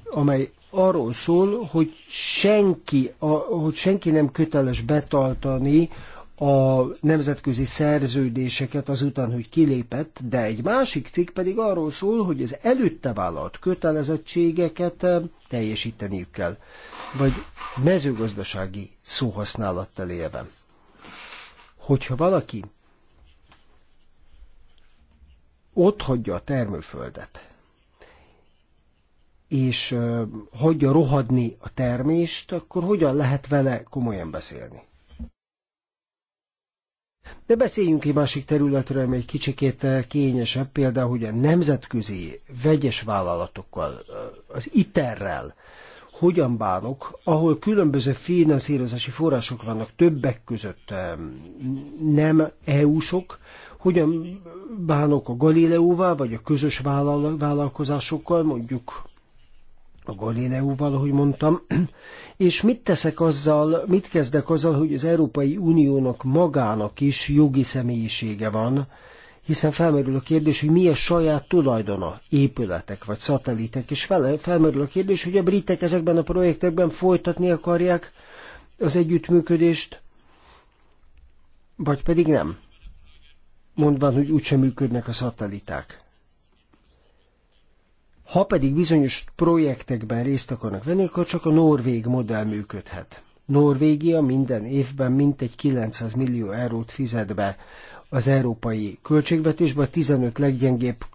D: amely arról szól, hogy senki, a, hogy senki nem köteles betartani a nemzetközi szerződéseket azután, hogy kilépett, de egy másik cikk pedig arról szól, hogy az előtte vállalt kötelezettségeket eh, teljesíteniük kell, vagy mezőgazdasági szóhasználattal élve. Hogyha valaki ott hagyja a termőföldet, és hagyja rohadni a termést, akkor hogyan lehet vele komolyan beszélni? De beszéljünk egy másik területről, ami egy kicsikét kényesebb, például, hogy a nemzetközi vegyes vállalatokkal, az ITER-rel hogyan bánok, ahol különböző finanszírozási források vannak többek között nem EU-sok, hogyan bánok a Galileóval, vagy a közös vállalkozásokkal, mondjuk a Galileóval, ahogy mondtam, és mit teszek azzal, mit kezdek azzal, hogy az Európai Uniónak magának is jogi személyisége van, hiszen felmerül a kérdés, hogy mi a saját tulajdona, épületek vagy szatelitek, és fel, felmerül a kérdés, hogy a britek ezekben a projektekben folytatni akarják az együttműködést, vagy pedig nem, mondván, hogy úgysem működnek a szateliták. Ha pedig bizonyos projektekben részt akarnak venni, akkor csak a norvég modell működhet. Norvégia minden évben mintegy 900 millió eurót fizet be az európai költségvetésbe, 15 leggyengébb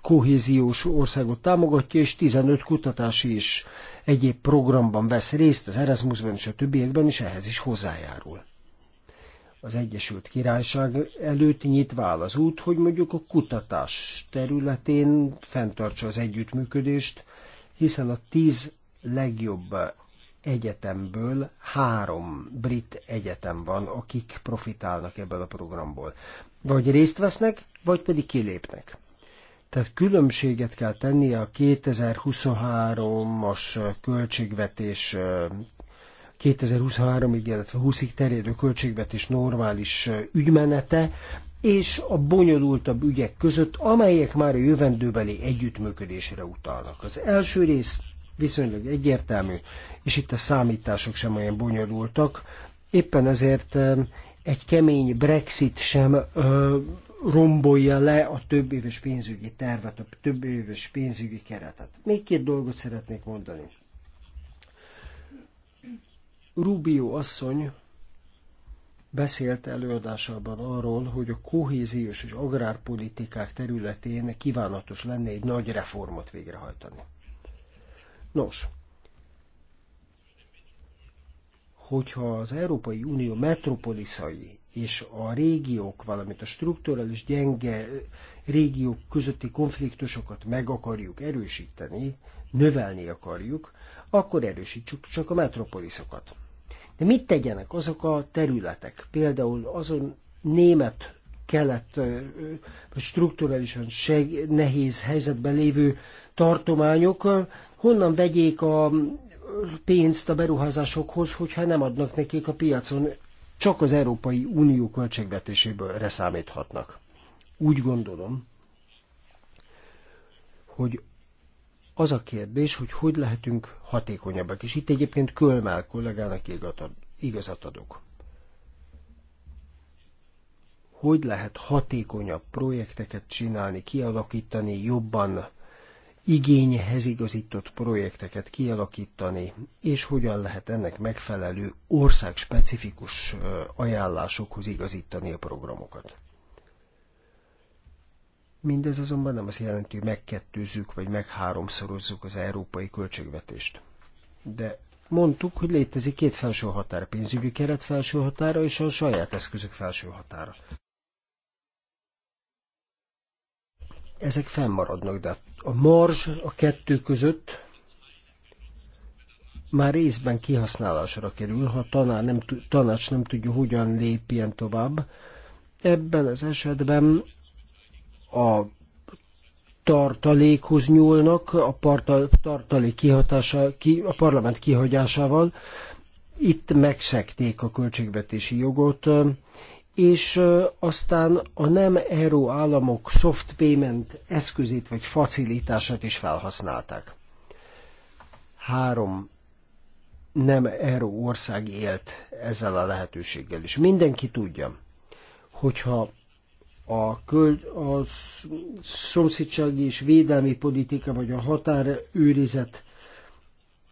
D: kohéziós országot támogatja, és 15 kutatási és egyéb programban vesz részt, az Erasmusban és a többiekben, és ehhez is hozzájárul az Egyesült Királyság előtt nyitva áll az út, hogy mondjuk a kutatás területén fenntartsa az együttműködést, hiszen a tíz legjobb egyetemből három brit egyetem van, akik profitálnak ebből a programból. Vagy részt vesznek, vagy pedig kilépnek. Tehát különbséget kell tenni a 2023-as költségvetés 2023-ig, illetve 20-ig terjedő költségvetés normális ügymenete, és a bonyolultabb ügyek között, amelyek már a jövendőbeli együttműködésre utalnak. Az első rész viszonylag egyértelmű, és itt a számítások sem olyan bonyolultak, éppen ezért egy kemény Brexit sem ö, rombolja le a több éves pénzügyi tervet, a több éves pénzügyi keretet. Még két dolgot szeretnék mondani. Rubio asszony beszélt előadásában arról, hogy a kohéziós és agrárpolitikák területén kívánatos lenne egy nagy reformot végrehajtani. Nos, hogyha az Európai Unió metropoliszai és a régiók, valamint a strukturális gyenge régiók közötti konfliktusokat meg akarjuk erősíteni, növelni akarjuk, akkor erősítsük csak a metropoliszokat. De mit tegyenek azok a területek? Például azon német kelet strukturálisan seg, nehéz helyzetben lévő tartományok, honnan vegyék a pénzt a beruházásokhoz, hogyha nem adnak nekik a piacon, csak az Európai Unió költségvetéséből reszámíthatnak. Úgy gondolom, hogy az a kérdés, hogy hogy lehetünk hatékonyabbak. És itt egyébként Kölmel kollégának igazat adok. Hogy lehet hatékonyabb projekteket csinálni, kialakítani, jobban igényhez igazított projekteket kialakítani, és hogyan lehet ennek megfelelő országspecifikus ajánlásokhoz igazítani a programokat. Mindez azonban nem azt jelenti, hogy megkettőzzük vagy megháromszorozzuk az európai költségvetést. De mondtuk, hogy létezik két felső határ, pénzügyi keret felső határa és a saját eszközök felső határa. Ezek fennmaradnak, de a marzs a kettő között már részben kihasználásra kerül, ha tanár nem, tanács nem tudja, hogyan lépjen tovább. Ebben az esetben a tartalékhoz nyúlnak a parta, tartalék kihatása, ki, a parlament kihagyásával. Itt megszekték a költségvetési jogot, és aztán a nem euró államok soft payment eszközét vagy facilitását is felhasználták. Három nem euró ország élt ezzel a lehetőséggel is. Mindenki tudja, hogyha a, köld, a szomszédsági és védelmi politika, vagy a határőrizet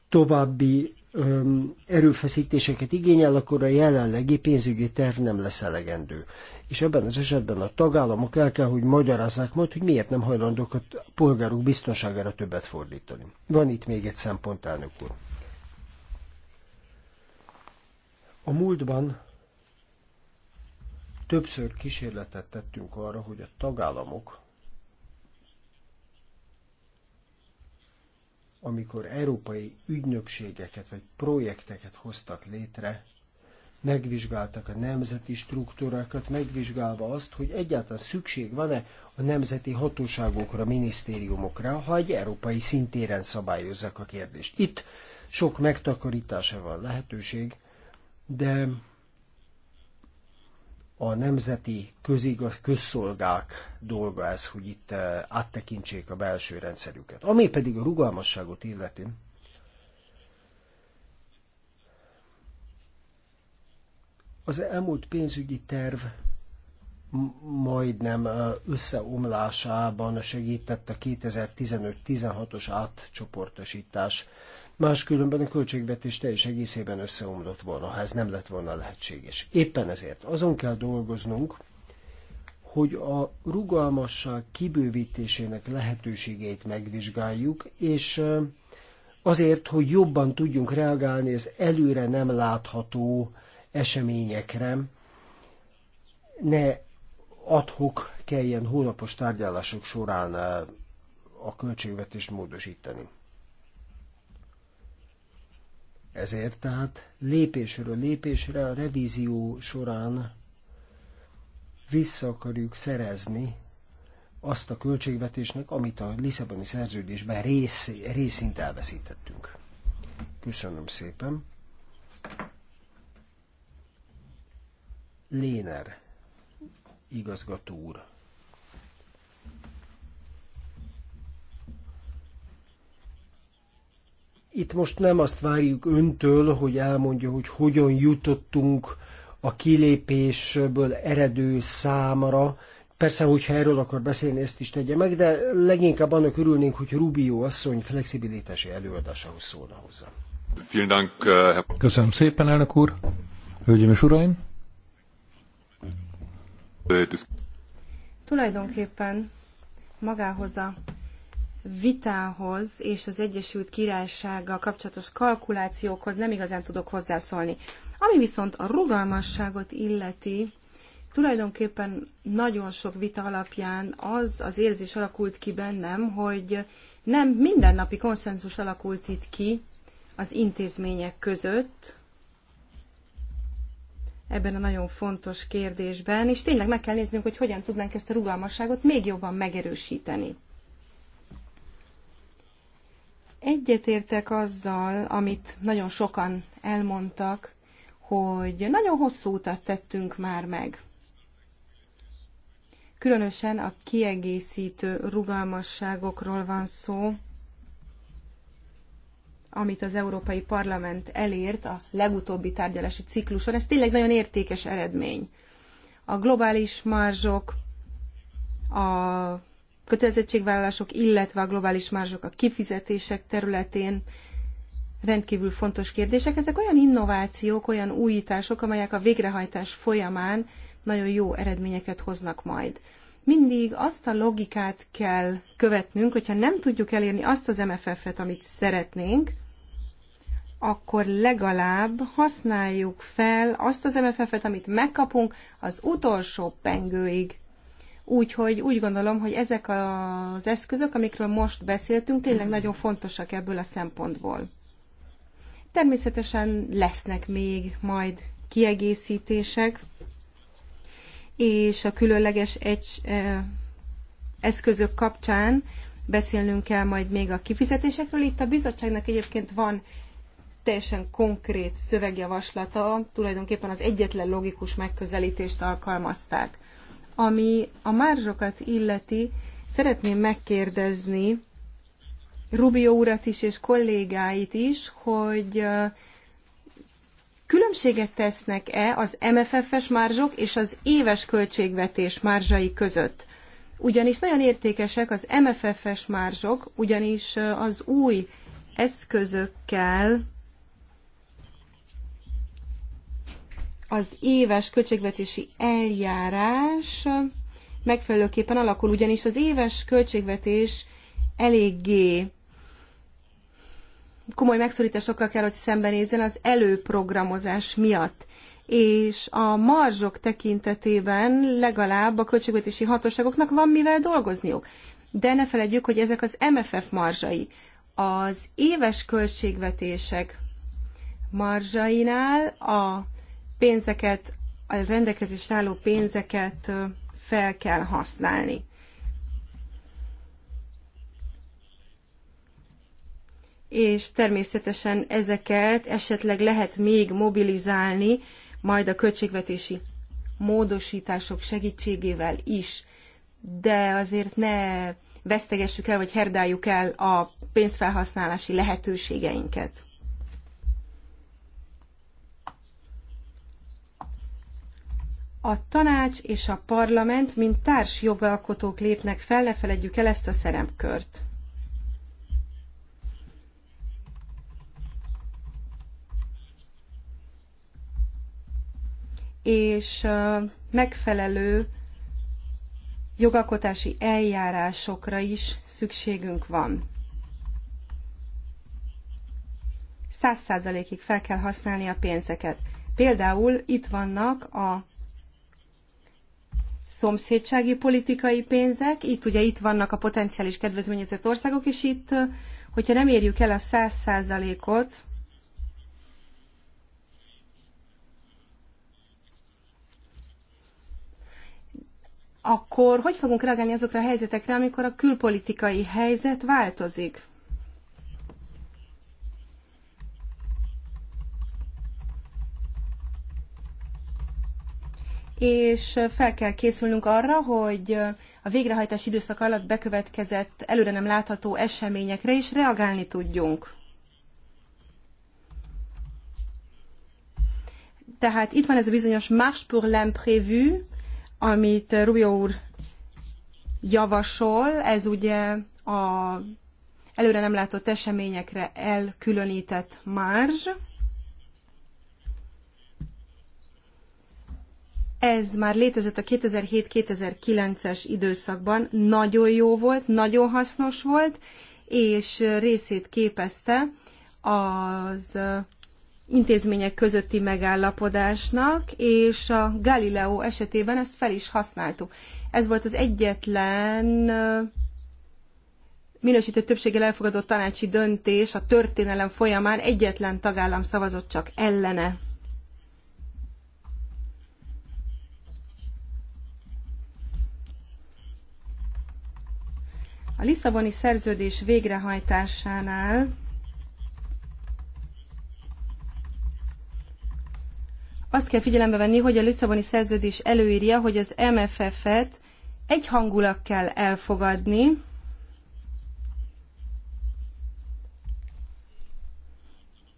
D: további öm, erőfeszítéseket igényel, akkor a jelenlegi pénzügyi terv nem lesz elegendő. És ebben az esetben a tagállamok el kell, hogy magyarázzák majd, hogy miért nem hajlandók a polgárok biztonságára többet fordítani. Van itt még egy szempont, elnök úr. A múltban Többször kísérletet tettünk arra, hogy a tagállamok, amikor európai ügynökségeket vagy projekteket hoztak létre, megvizsgáltak a nemzeti struktúrákat, megvizsgálva azt, hogy egyáltalán szükség van-e a nemzeti hatóságokra, minisztériumokra, ha egy európai szintéren szabályozzák a kérdést. Itt sok megtakarítása van lehetőség, de a nemzeti közigaz, közszolgák dolga ez, hogy itt eh, áttekintsék a belső rendszerüket. Ami pedig a rugalmasságot illeti, az elmúlt pénzügyi terv majdnem eh, összeomlásában segített a 2015-16-os átcsoportosítás máskülönben a költségvetés teljes egészében összeomlott volna, ha ez nem lett volna lehetséges. Éppen ezért azon kell dolgoznunk, hogy a rugalmasság kibővítésének lehetőségeit megvizsgáljuk, és azért, hogy jobban tudjunk reagálni az előre nem látható eseményekre, ne adhok kelljen hónapos tárgyalások során a költségvetést módosítani. Ezért tehát lépésről lépésre a revízió során vissza akarjuk szerezni azt a költségvetésnek, amit a Lisszaboni szerződésben rész, részint elveszítettünk. Köszönöm szépen. Léner igazgató úr. Itt most nem azt várjuk öntől, hogy elmondja, hogy hogyan jutottunk a kilépésből eredő számra. Persze, hogyha erről akar beszélni, ezt is tegye meg, de leginkább annak örülnénk, hogy Rubio asszony flexibilitási előadásához szólna hozzá.
B: Eh, Köszönöm szépen, elnök úr! Hölgyeim és uraim!
E: Eh, Tulajdonképpen magához a vitához és az Egyesült Királysággal kapcsolatos kalkulációkhoz nem igazán tudok hozzászólni. Ami viszont a rugalmasságot illeti, tulajdonképpen nagyon sok vita alapján az az érzés alakult ki bennem, hogy nem mindennapi konszenzus alakult itt ki az intézmények között, ebben a nagyon fontos kérdésben, és tényleg meg kell néznünk, hogy hogyan tudnánk ezt a rugalmasságot még jobban megerősíteni. Egyetértek azzal, amit nagyon sokan elmondtak, hogy nagyon hosszú utat tettünk már meg. Különösen a kiegészítő rugalmasságokról van szó, amit az Európai Parlament elért a legutóbbi tárgyalási cikluson. Ez tényleg nagyon értékes eredmény. A globális marzsok, a kötelezettségvállalások, illetve a globális márzsok a kifizetések területén rendkívül fontos kérdések. Ezek olyan innovációk, olyan újítások, amelyek a végrehajtás folyamán nagyon jó eredményeket hoznak majd. Mindig azt a logikát kell követnünk, hogyha nem tudjuk elérni azt az MFF-et, amit szeretnénk, akkor legalább használjuk fel azt az MFF-et, amit megkapunk az utolsó pengőig. Úgyhogy úgy gondolom, hogy ezek az eszközök, amikről most beszéltünk, tényleg nagyon fontosak ebből a szempontból. Természetesen lesznek még majd kiegészítések, és a különleges egy, eszközök kapcsán beszélnünk kell majd még a kifizetésekről. Itt a bizottságnak egyébként van teljesen konkrét szövegjavaslata, tulajdonképpen az egyetlen logikus megközelítést alkalmazták. Ami a márzsokat illeti, szeretném megkérdezni Rubio urat is és kollégáit is, hogy különbséget tesznek-e az MFF-es márzsok és az éves költségvetés márzsai között? Ugyanis nagyon értékesek az MFF-es márzsok, ugyanis az új eszközökkel az éves költségvetési eljárás megfelelőképpen alakul, ugyanis az éves költségvetés eléggé komoly megszorításokkal kell, hogy szembenézzen az előprogramozás miatt. És a marzsok tekintetében legalább a költségvetési hatóságoknak van mivel dolgozniuk. De ne feledjük, hogy ezek az MFF marzsai. Az éves költségvetések marzsainál a pénzeket, a rendelkezésre álló pénzeket fel kell használni. És természetesen ezeket esetleg lehet még mobilizálni, majd a költségvetési módosítások segítségével is. De azért ne vesztegessük el, vagy herdáljuk el a pénzfelhasználási lehetőségeinket. a tanács és a parlament, mint társ jogalkotók lépnek fel, ne feledjük el ezt a szerepkört. És megfelelő jogalkotási eljárásokra is szükségünk van. Száz százalékig fel kell használni a pénzeket. Például itt vannak a szomszédsági politikai pénzek, itt ugye itt vannak a potenciális kedvezményezett országok, és itt, hogyha nem érjük el a száz százalékot, akkor hogy fogunk reagálni azokra a helyzetekre, amikor a külpolitikai helyzet változik? és fel kell készülnünk arra, hogy a végrehajtás időszak alatt bekövetkezett előre nem látható eseményekre is reagálni tudjunk. Tehát itt van ez a bizonyos marche pour l'imprévu, amit Rubio úr javasol, ez ugye a előre nem látott eseményekre elkülönített marzs, ez már létezett a 2007-2009-es időszakban, nagyon jó volt, nagyon hasznos volt, és részét képezte az intézmények közötti megállapodásnak, és a Galileo esetében ezt fel is használtuk. Ez volt az egyetlen minősítő többséggel elfogadott tanácsi döntés a történelem folyamán, egyetlen tagállam szavazott csak ellene. A Lisszaboni szerződés végrehajtásánál azt kell figyelembe venni, hogy a Lisszaboni szerződés előírja, hogy az MFF-et egyhangulag kell elfogadni,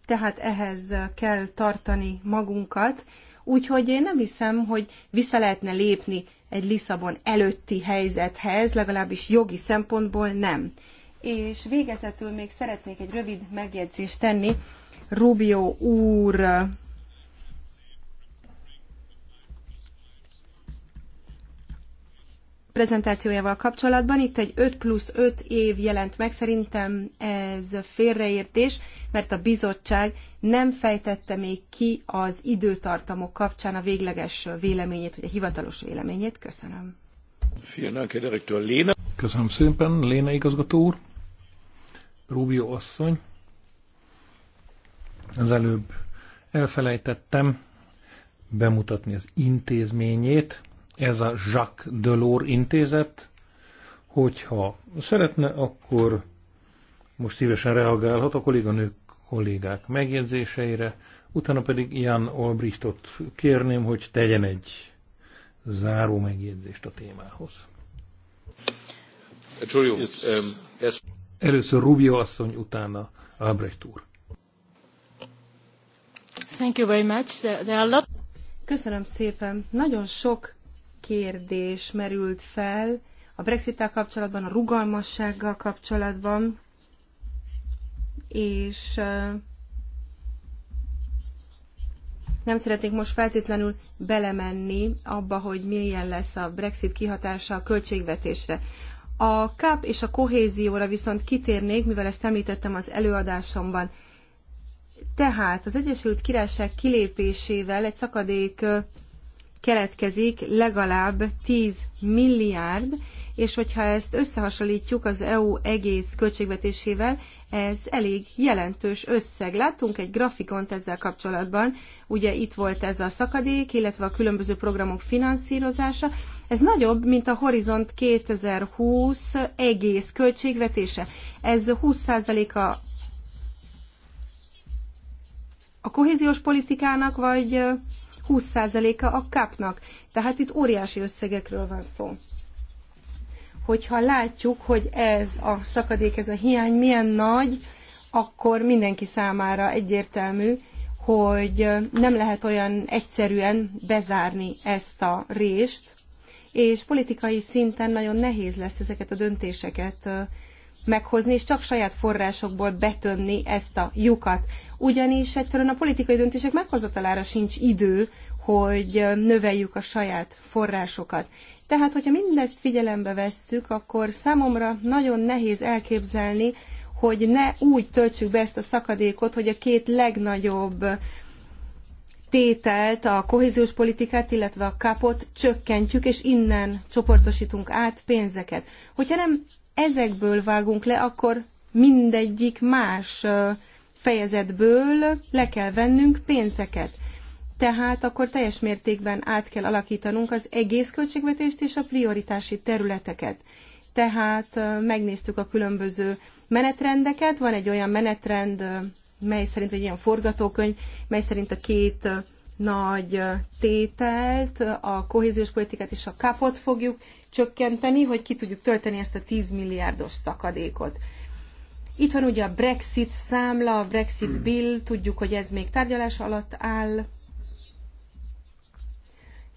E: tehát ehhez kell tartani magunkat, úgyhogy én nem hiszem, hogy vissza lehetne lépni egy Lisszabon előtti helyzethez, legalábbis jogi szempontból nem. És végezetül még szeretnék egy rövid megjegyzést tenni Rubio úr prezentációjával kapcsolatban. Itt egy 5 plusz 5 év jelent meg, szerintem ez félreértés, mert a bizottság nem fejtette még ki az időtartamok kapcsán a végleges véleményét, vagy a hivatalos véleményét. Köszönöm.
B: Köszönöm szépen, Léna igazgató úr. Rubio asszony. Az előbb elfelejtettem bemutatni az intézményét, ez a Jacques Delors intézet. Hogyha szeretne, akkor most szívesen reagálhat a kolléganők kollégák megjegyzéseire, utána pedig Jan Olbrichtot kérném, hogy tegyen egy záró megjegyzést a témához.
A: Ähm,
B: Először Rubio asszony, utána Albrecht úr.
E: Thank you very much. There, there are lot... Köszönöm szépen. Nagyon sok kérdés merült fel a Brexit-tel kapcsolatban, a rugalmassággal kapcsolatban, és nem szeretnék most feltétlenül belemenni abba, hogy milyen lesz a Brexit kihatása a költségvetésre. A kap és a kohézióra viszont kitérnék, mivel ezt említettem az előadásomban. Tehát az Egyesült Királyság kilépésével egy szakadék keletkezik legalább 10 milliárd, és hogyha ezt összehasonlítjuk az EU egész költségvetésével, ez elég jelentős összeg. Láttunk egy grafikont ezzel kapcsolatban, ugye itt volt ez a szakadék, illetve a különböző programok finanszírozása. Ez nagyobb, mint a Horizont 2020 egész költségvetése. Ez 20%-a a kohéziós politikának, vagy 20%-a a kapnak. Tehát itt óriási összegekről van szó. Hogyha látjuk, hogy ez a szakadék, ez a hiány milyen nagy, akkor mindenki számára egyértelmű, hogy nem lehet olyan egyszerűen bezárni ezt a rést, és politikai szinten nagyon nehéz lesz ezeket a döntéseket meghozni, és csak saját forrásokból betömni ezt a lyukat. Ugyanis egyszerűen a politikai döntések meghozatalára sincs idő, hogy növeljük a saját forrásokat. Tehát, hogyha mindezt figyelembe vesszük, akkor számomra nagyon nehéz elképzelni, hogy ne úgy töltsük be ezt a szakadékot, hogy a két legnagyobb tételt, a kohéziós politikát, illetve a kapot csökkentjük, és innen csoportosítunk át pénzeket. Hogyha nem ezekből vágunk le, akkor mindegyik más fejezetből le kell vennünk pénzeket. Tehát akkor teljes mértékben át kell alakítanunk az egész költségvetést és a prioritási területeket. Tehát megnéztük a különböző menetrendeket, van egy olyan menetrend, mely szerint, vagy ilyen forgatókönyv, mely szerint a két nagy tételt, a kohéziós politikát és a kapot fogjuk csökkenteni, hogy ki tudjuk tölteni ezt a 10 milliárdos szakadékot. Itt van ugye a Brexit számla, a Brexit bill, tudjuk, hogy ez még tárgyalás alatt áll,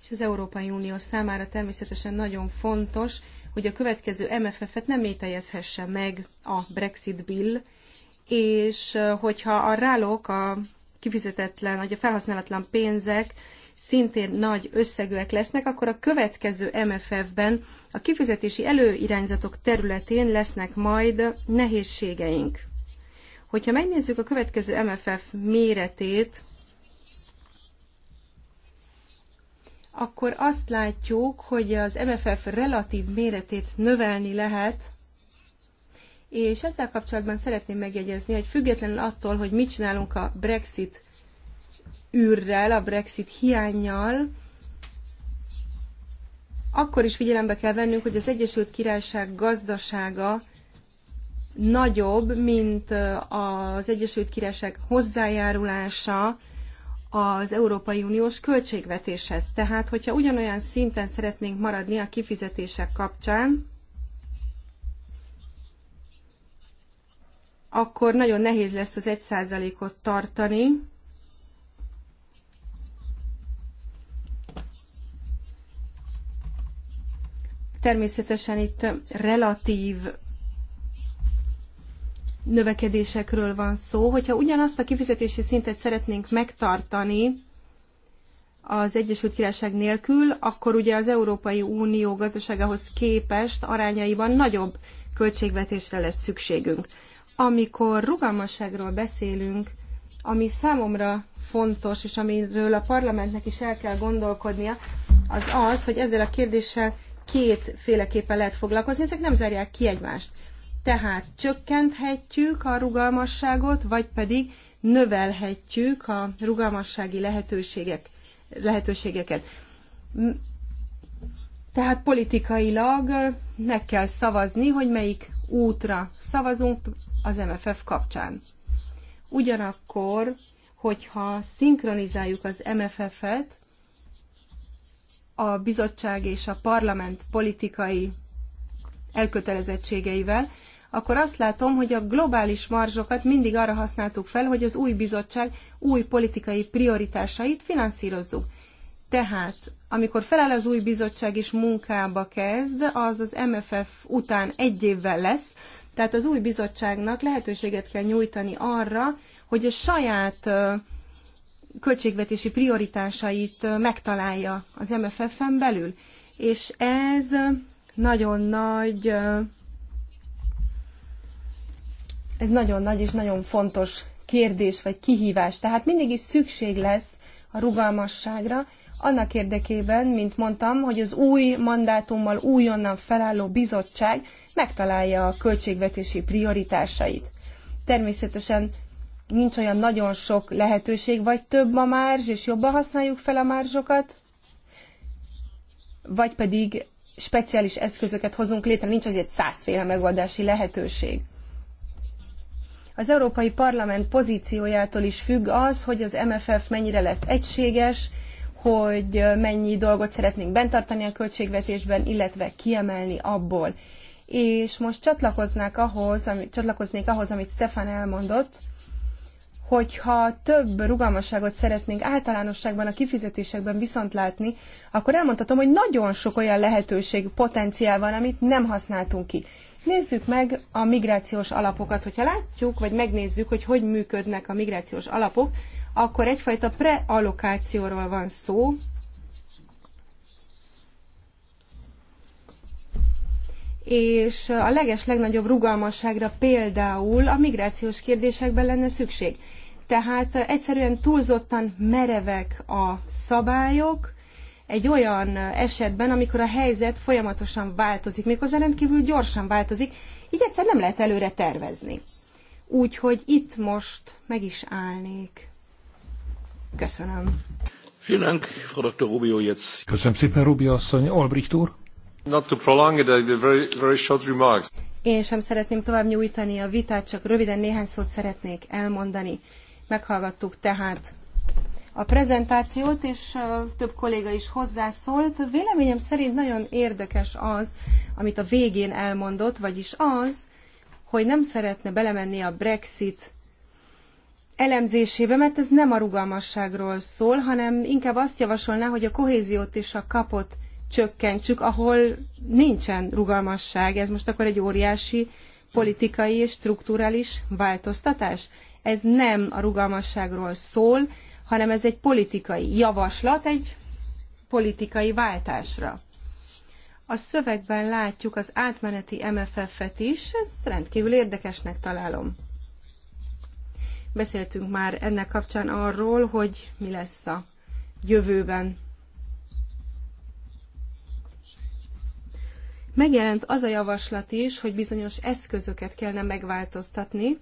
E: és az Európai Unió számára természetesen nagyon fontos, hogy a következő MFF-et nem ételjezhesse meg a Brexit bill, és hogyha a rálók, a kifizetetlen, vagy a felhasználatlan pénzek szintén nagy összegűek lesznek, akkor a következő MFF-ben a kifizetési előirányzatok területén lesznek majd nehézségeink. Hogyha megnézzük a következő MFF méretét, akkor azt látjuk, hogy az MFF relatív méretét növelni lehet, és ezzel kapcsolatban szeretném megjegyezni, hogy függetlenül attól, hogy mit csinálunk a Brexit űrrel, a Brexit hiányjal, akkor is figyelembe kell vennünk, hogy az Egyesült Királyság gazdasága nagyobb, mint az Egyesült Királyság hozzájárulása az Európai Uniós költségvetéshez. Tehát, hogyha ugyanolyan szinten szeretnénk maradni a kifizetések kapcsán, akkor nagyon nehéz lesz az 1%-ot tartani, Természetesen itt relatív növekedésekről van szó, hogyha ugyanazt a kifizetési szintet szeretnénk megtartani az Egyesült Királyság nélkül, akkor ugye az Európai Unió gazdaságához képest arányaiban nagyobb költségvetésre lesz szükségünk. Amikor rugalmasságról beszélünk, ami számomra fontos, és amiről a parlamentnek is el kell gondolkodnia, az az, hogy ezzel a kérdéssel kétféleképpen lehet foglalkozni, ezek nem zárják ki egymást. Tehát csökkenthetjük a rugalmasságot, vagy pedig növelhetjük a rugalmassági lehetőségek, lehetőségeket. Tehát politikailag meg kell szavazni, hogy melyik útra szavazunk az MFF kapcsán. Ugyanakkor, hogyha szinkronizáljuk az MFF-et, a bizottság és a parlament politikai elkötelezettségeivel, akkor azt látom, hogy a globális marzsokat mindig arra használtuk fel, hogy az új bizottság új politikai prioritásait finanszírozzuk. Tehát, amikor felel az új bizottság és munkába kezd, az az MFF után egy évvel lesz, tehát az új bizottságnak lehetőséget kell nyújtani arra, hogy a saját költségvetési prioritásait megtalálja az MFF-en belül. És ez nagyon nagy, ez nagyon nagy és nagyon fontos kérdés vagy kihívás. Tehát mindig is szükség lesz a rugalmasságra, annak érdekében, mint mondtam, hogy az új mandátummal újonnan felálló bizottság megtalálja a költségvetési prioritásait. Természetesen nincs olyan nagyon sok lehetőség, vagy több a márzs, és jobban használjuk fel a márzsokat, vagy pedig speciális eszközöket hozunk létre, nincs azért százféle megoldási lehetőség. Az Európai Parlament pozíciójától is függ az, hogy az MFF mennyire lesz egységes, hogy mennyi dolgot szeretnénk bentartani a költségvetésben, illetve kiemelni abból. És most csatlakoznák ahhoz, ami, csatlakoznék ahhoz, amit Stefan elmondott, hogyha több rugalmasságot szeretnénk általánosságban a kifizetésekben viszont látni, akkor elmondhatom, hogy nagyon sok olyan lehetőség, potenciál van, amit nem használtunk ki. Nézzük meg a migrációs alapokat. Hogyha látjuk, vagy megnézzük, hogy hogy működnek a migrációs alapok, akkor egyfajta prealokációról van szó, és a leges legnagyobb rugalmasságra például a migrációs kérdésekben lenne szükség. Tehát egyszerűen túlzottan merevek a szabályok, egy olyan esetben, amikor a helyzet folyamatosan változik, méghozzá rendkívül gyorsan változik, így egyszer nem lehet előre tervezni. Úgyhogy itt most meg is állnék. Köszönöm.
A: Vielen Dank, Frau Dr. Rubio, jetzt.
B: Köszönöm szépen, Rubio asszony. Albrecht úr. Not to prolong it, uh, very, very short remarks.
E: Én sem szeretném tovább nyújtani a vitát, csak röviden néhány szót szeretnék elmondani. Meghallgattuk tehát a prezentációt, és több kolléga is hozzászólt. Véleményem szerint nagyon érdekes az, amit a végén elmondott, vagyis az, hogy nem szeretne belemenni a Brexit elemzésébe, mert ez nem a rugalmasságról szól, hanem inkább azt javasolná, hogy a kohéziót és a kapot csökkentsük, ahol nincsen rugalmasság. Ez most akkor egy óriási politikai és strukturális változtatás. Ez nem a rugalmasságról szól, hanem ez egy politikai javaslat, egy politikai váltásra. A szövegben látjuk az átmeneti MFF-et is, ezt rendkívül érdekesnek találom. Beszéltünk már ennek kapcsán arról, hogy mi lesz a jövőben Megjelent az a javaslat is, hogy bizonyos eszközöket kellene megváltoztatni,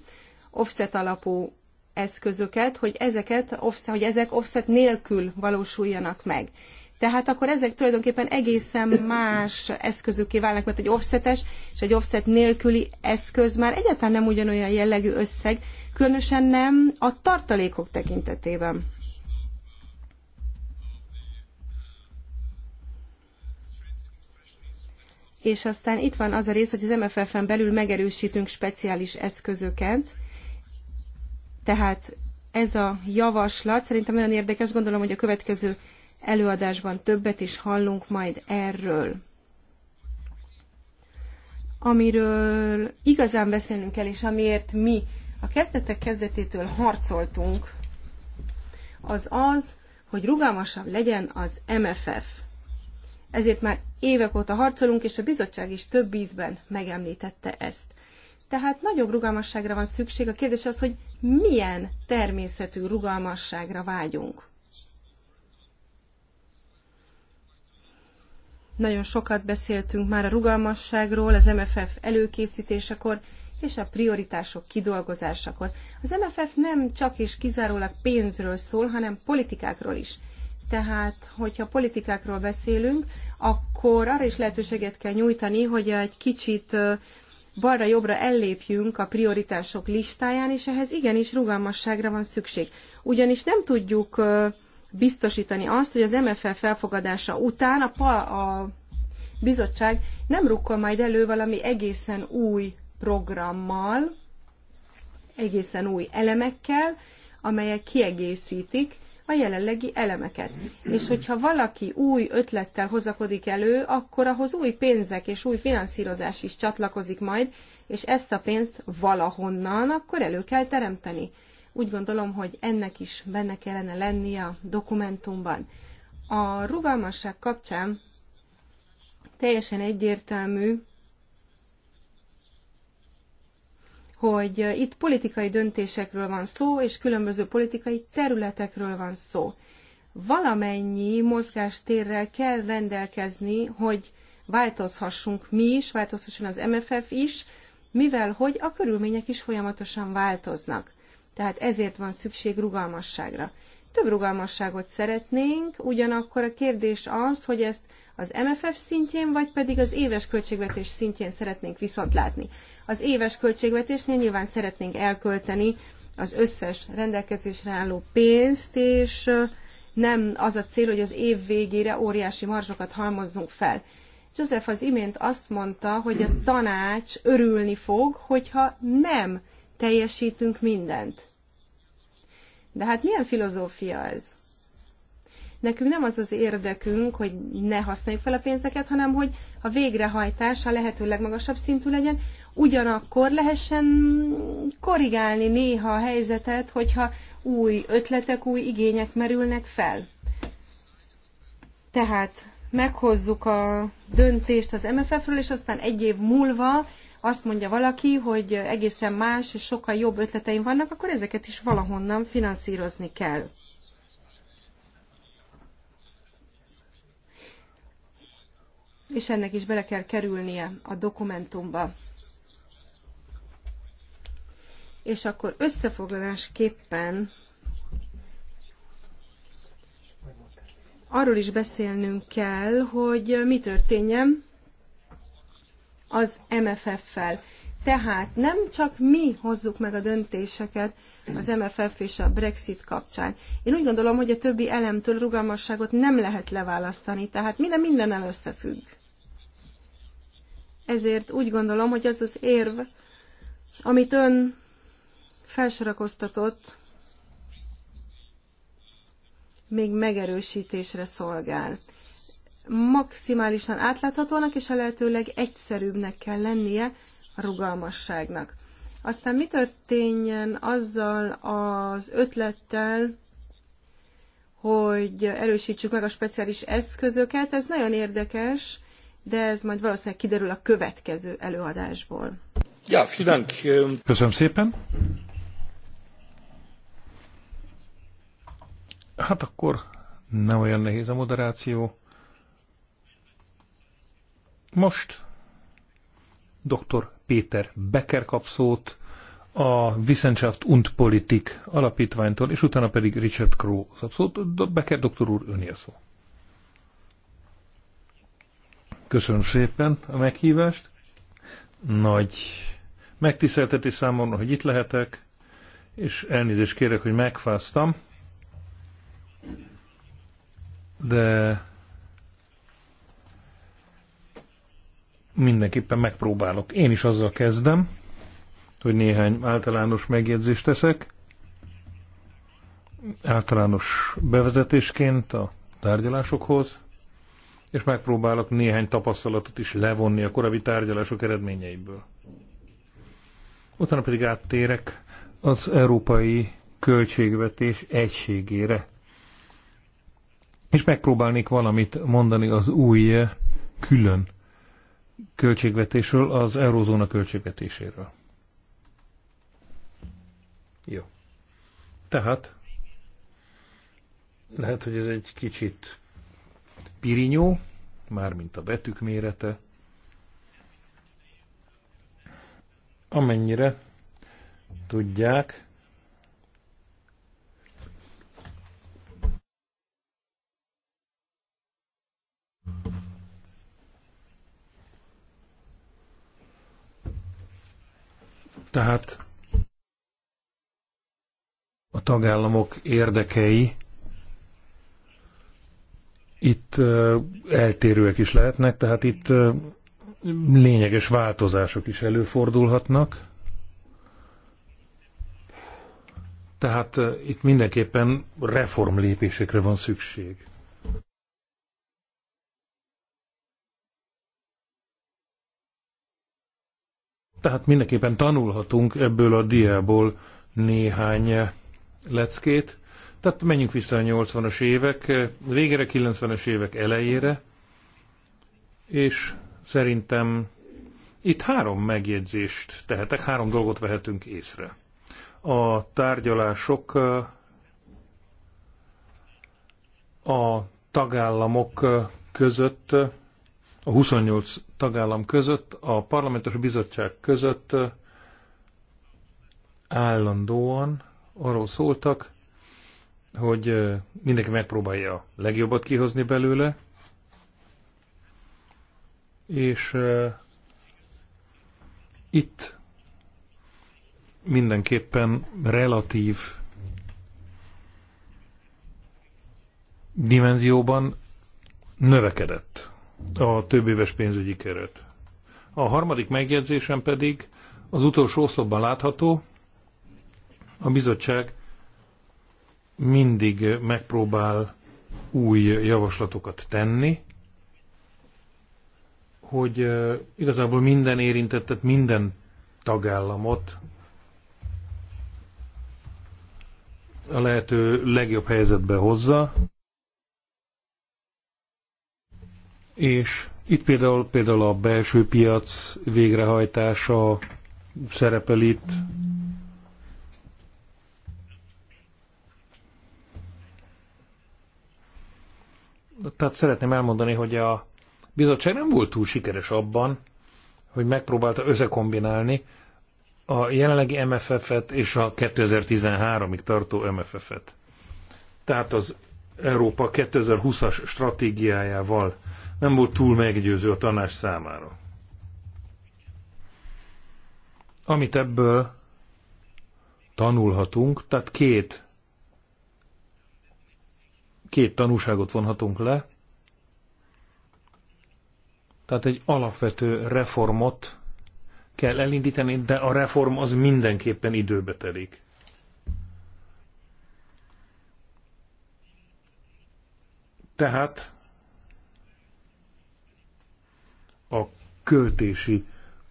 E: offset alapú eszközöket, hogy, ezeket, hogy ezek offset nélkül valósuljanak meg. Tehát akkor ezek tulajdonképpen egészen más eszközöké válnak, mert egy offsetes és egy offset nélküli eszköz már egyáltalán nem ugyanolyan jellegű összeg, különösen nem a tartalékok tekintetében. és aztán itt van az a rész, hogy az MFF-en belül megerősítünk speciális eszközöket, tehát ez a javaslat szerintem nagyon érdekes, gondolom, hogy a következő előadásban többet is hallunk majd erről. Amiről igazán beszélnünk kell, és amiért mi a kezdetek kezdetétől harcoltunk, az az, hogy rugalmasabb legyen az MFF. Ezért már évek óta harcolunk, és a bizottság is több ízben megemlítette ezt. Tehát nagyobb rugalmasságra van szükség. A kérdés az, hogy milyen természetű rugalmasságra vágyunk. Nagyon sokat beszéltünk már a rugalmasságról az MFF előkészítésekor és a prioritások kidolgozásakor. Az MFF nem csak és kizárólag pénzről szól, hanem politikákról is. Tehát, hogyha politikákról beszélünk, akkor arra is lehetőséget kell nyújtani, hogy egy kicsit balra-jobbra ellépjünk a prioritások listáján, és ehhez igenis rugalmasságra van szükség. Ugyanis nem tudjuk biztosítani azt, hogy az MFF elfogadása után a, a bizottság nem rukkol majd elő valami egészen új programmal, egészen új elemekkel, amelyek kiegészítik a jelenlegi elemeket. És hogyha valaki új ötlettel hozakodik elő, akkor ahhoz új pénzek és új finanszírozás is csatlakozik majd, és ezt a pénzt valahonnan akkor elő kell teremteni. Úgy gondolom, hogy ennek is benne kellene lennie a dokumentumban. A rugalmasság kapcsán teljesen egyértelmű, hogy itt politikai döntésekről van szó, és különböző politikai területekről van szó. Valamennyi mozgástérrel kell rendelkezni, hogy változhassunk mi is, változhasson az MFF is, mivel hogy a körülmények is folyamatosan változnak. Tehát ezért van szükség rugalmasságra. Több rugalmasságot szeretnénk, ugyanakkor a kérdés az, hogy ezt az MFF szintjén, vagy pedig az éves költségvetés szintjén szeretnénk viszont látni. Az éves költségvetésnél nyilván szeretnénk elkölteni az összes rendelkezésre álló pénzt, és nem az a cél, hogy az év végére óriási marzsokat halmozzunk fel. József az imént azt mondta, hogy a tanács örülni fog, hogyha nem teljesítünk mindent. De hát milyen filozófia ez? Nekünk nem az az érdekünk, hogy ne használjuk fel a pénzeket, hanem hogy a végrehajtás a lehető legmagasabb szintű legyen, ugyanakkor lehessen korrigálni néha a helyzetet, hogyha új ötletek, új igények merülnek fel. Tehát meghozzuk a döntést az MFF-ről, és aztán egy év múlva azt mondja valaki, hogy egészen más és sokkal jobb ötleteim vannak, akkor ezeket is valahonnan finanszírozni kell. és ennek is bele kell kerülnie a dokumentumba. És akkor összefoglalásképpen arról is beszélnünk kell, hogy mi történjen az MFF-fel. Tehát nem csak mi hozzuk meg a döntéseket az MFF és a Brexit kapcsán. Én úgy gondolom, hogy a többi elemtől rugalmasságot nem lehet leválasztani, tehát minden mindennel összefügg. Ezért úgy gondolom, hogy az az érv, amit ön felsorakoztatott, még megerősítésre szolgál. Maximálisan átláthatónak és a lehetőleg egyszerűbbnek kell lennie a rugalmasságnak. Aztán mi történjen azzal az ötlettel, hogy erősítsük meg a speciális eszközöket, ez nagyon érdekes, de ez majd valószínűleg kiderül a következő előadásból.
B: Ja, vielen Köszönöm szépen. Hát akkor nem olyan nehéz a moderáció. Most dr. Péter Becker kap szót a Wissenschaft und Politik alapítványtól, és utána pedig Richard Crowe kap szót. Becker doktor úr, önél szó. Köszönöm szépen a meghívást. Nagy megtiszteltetés számomra, hogy itt lehetek, és elnézést kérek, hogy megfáztam. De mindenképpen megpróbálok. Én is azzal kezdem, hogy néhány általános megjegyzést teszek. Általános bevezetésként a tárgyalásokhoz, és megpróbálok néhány tapasztalatot is levonni a korábbi tárgyalások eredményeiből. Utána pedig áttérek az európai költségvetés egységére. És megpróbálnék valamit mondani az új külön költségvetésről, az eurozóna költségvetéséről. Jó. Tehát lehet, hogy ez egy kicsit pirinyó, mármint a betűk mérete, amennyire tudják, Tehát a tagállamok érdekei itt eltérőek is lehetnek, tehát itt lényeges változások is előfordulhatnak. Tehát itt mindenképpen reform lépésekre van szükség. Tehát mindenképpen tanulhatunk ebből a diából néhány leckét, tehát menjünk vissza a 80-as évek végére, 90-es évek elejére, és szerintem itt három megjegyzést tehetek, három dolgot vehetünk észre. A tárgyalások a tagállamok között, a 28 tagállam között, a parlamentos bizottság között állandóan arról szóltak, hogy mindenki megpróbálja a legjobbat kihozni belőle, és uh, itt mindenképpen relatív dimenzióban növekedett a több éves pénzügyi keret. A harmadik megjegyzésem pedig az utolsó oszlopban látható, a bizottság mindig megpróbál új javaslatokat tenni, hogy igazából minden érintettet, minden tagállamot a lehető legjobb helyzetbe hozza. És itt például, például a belső piac végrehajtása szerepel itt, tehát szeretném elmondani, hogy a bizottság nem volt túl sikeres abban, hogy megpróbálta összekombinálni a jelenlegi MFF-et és a 2013-ig tartó MFF-et. Tehát az Európa 2020-as stratégiájával nem volt túl meggyőző a tanács számára. Amit ebből tanulhatunk, tehát két két tanúságot vonhatunk le. Tehát egy alapvető reformot kell elindítani, de a reform az mindenképpen időbe telik. Tehát a költési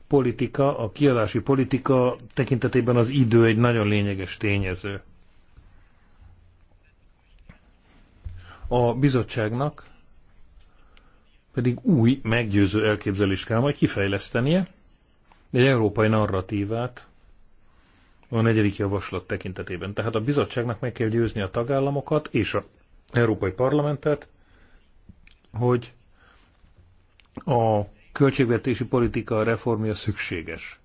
B: politika, a kiadási politika tekintetében az idő egy nagyon lényeges tényező. A bizottságnak pedig új, meggyőző elképzelést kell majd kifejlesztenie, egy európai narratívát a negyedik javaslat tekintetében. Tehát a bizottságnak meg kell győzni a tagállamokat és a Európai Parlamentet, hogy a költségvetési politika reformja szükséges.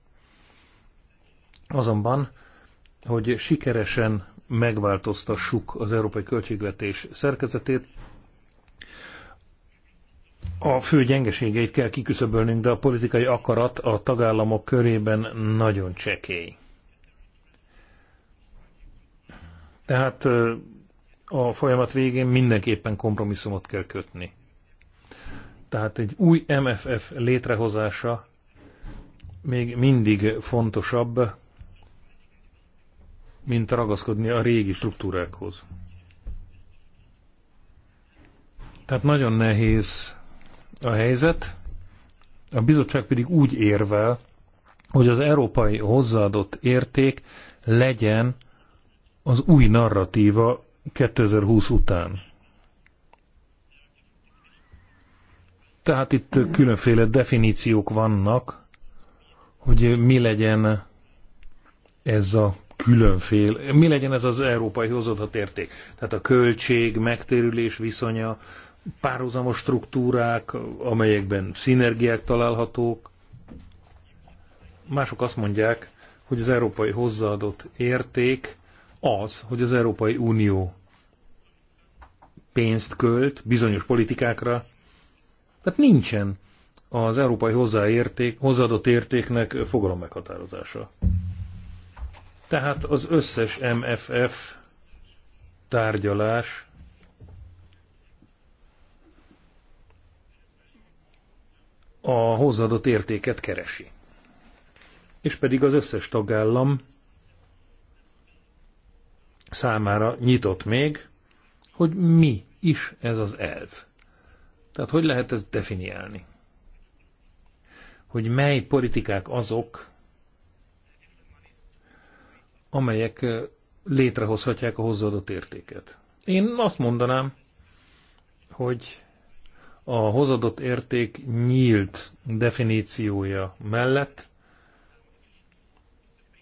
B: Azonban, hogy sikeresen megváltoztassuk az európai költségvetés szerkezetét. A fő gyengeségeit kell kiküszöbölnünk, de a politikai akarat a tagállamok körében nagyon csekély. Tehát a folyamat végén mindenképpen kompromisszumot kell kötni. Tehát egy új MFF létrehozása még mindig fontosabb, mint ragaszkodni a régi struktúrákhoz. Tehát nagyon nehéz a helyzet, a bizottság pedig úgy érvel, hogy az európai hozzáadott érték legyen az új narratíva 2020 után. Tehát itt különféle definíciók vannak, hogy mi legyen ez a különfél, mi legyen ez az európai hozadott érték? Tehát a költség, megtérülés viszonya, párhuzamos struktúrák, amelyekben szinergiák találhatók. Mások azt mondják, hogy az európai hozzáadott érték az, hogy az Európai Unió pénzt költ bizonyos politikákra. Tehát nincsen az európai hozzáérték, hozzáadott értéknek fogalom meghatározása. Tehát az összes MFF tárgyalás a hozzáadott értéket keresi. És pedig az összes tagállam számára nyitott még, hogy mi is ez az elv. Tehát hogy lehet ezt definiálni? Hogy mely politikák azok, amelyek létrehozhatják a hozzáadott értéket. Én azt mondanám, hogy a hozadott érték nyílt definíciója mellett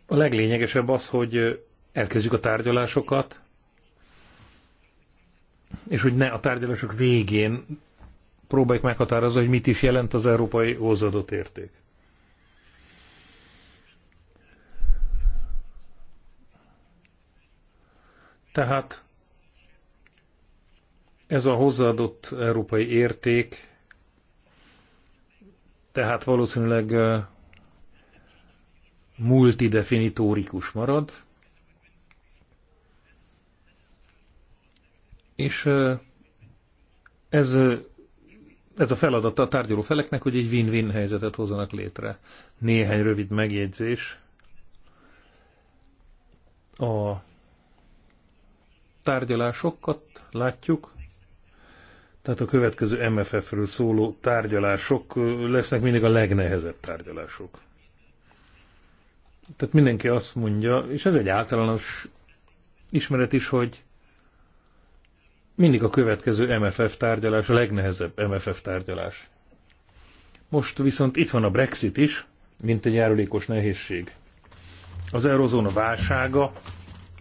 B: a leglényegesebb az, hogy elkezdjük a tárgyalásokat, és hogy ne a tárgyalások végén próbáljuk meghatározni, hogy mit is jelent az európai hozadott érték. Tehát ez a hozzáadott európai érték, tehát valószínűleg multidefinitórikus marad, és ez, ez a feladata a tárgyaló feleknek, hogy egy win-win helyzetet hozzanak létre. Néhány rövid megjegyzés a tárgyalásokat látjuk, tehát a következő MFF-ről szóló tárgyalások lesznek mindig a legnehezebb tárgyalások. Tehát mindenki azt mondja, és ez egy általános ismeret is, hogy mindig a következő MFF tárgyalás a legnehezebb MFF tárgyalás. Most viszont itt van a Brexit is, mint egy járulékos nehézség. Az eurozóna válsága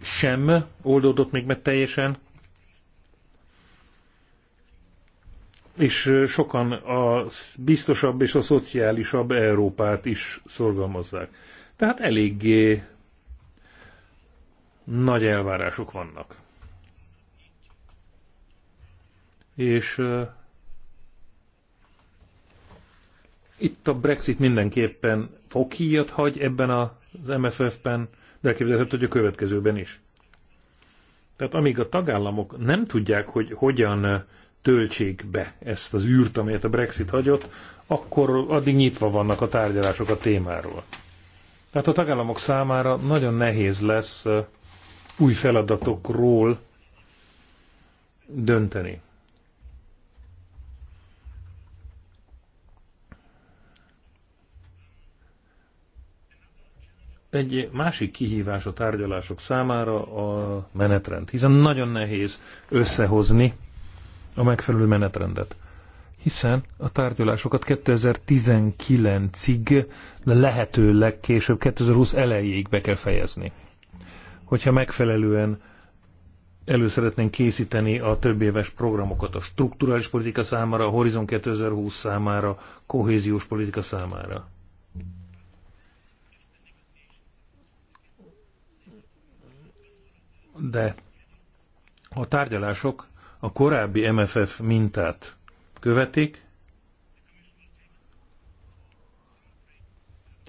B: sem oldódott még meg teljesen, és sokan a biztosabb és a szociálisabb Európát is szorgalmazzák. Tehát eléggé nagy elvárások vannak. És uh, itt a Brexit mindenképpen fokhíjat hagy ebben az MFF-ben, de elképzelhető, hogy a következőben is. Tehát amíg a tagállamok nem tudják, hogy hogyan töltsék be ezt az űrt, amelyet a Brexit hagyott, akkor addig nyitva vannak a tárgyalások a témáról. Tehát a tagállamok számára nagyon nehéz lesz új feladatokról dönteni. Egy másik kihívás a tárgyalások számára a menetrend, hiszen nagyon nehéz összehozni a megfelelő menetrendet. Hiszen a tárgyalásokat 2019-ig, de lehetőleg később 2020 elejéig be kell fejezni. Hogyha megfelelően elő szeretnénk készíteni a több éves programokat a strukturális politika számára, a Horizon 2020 számára, kohéziós politika számára. de a tárgyalások a korábbi MFF mintát követik,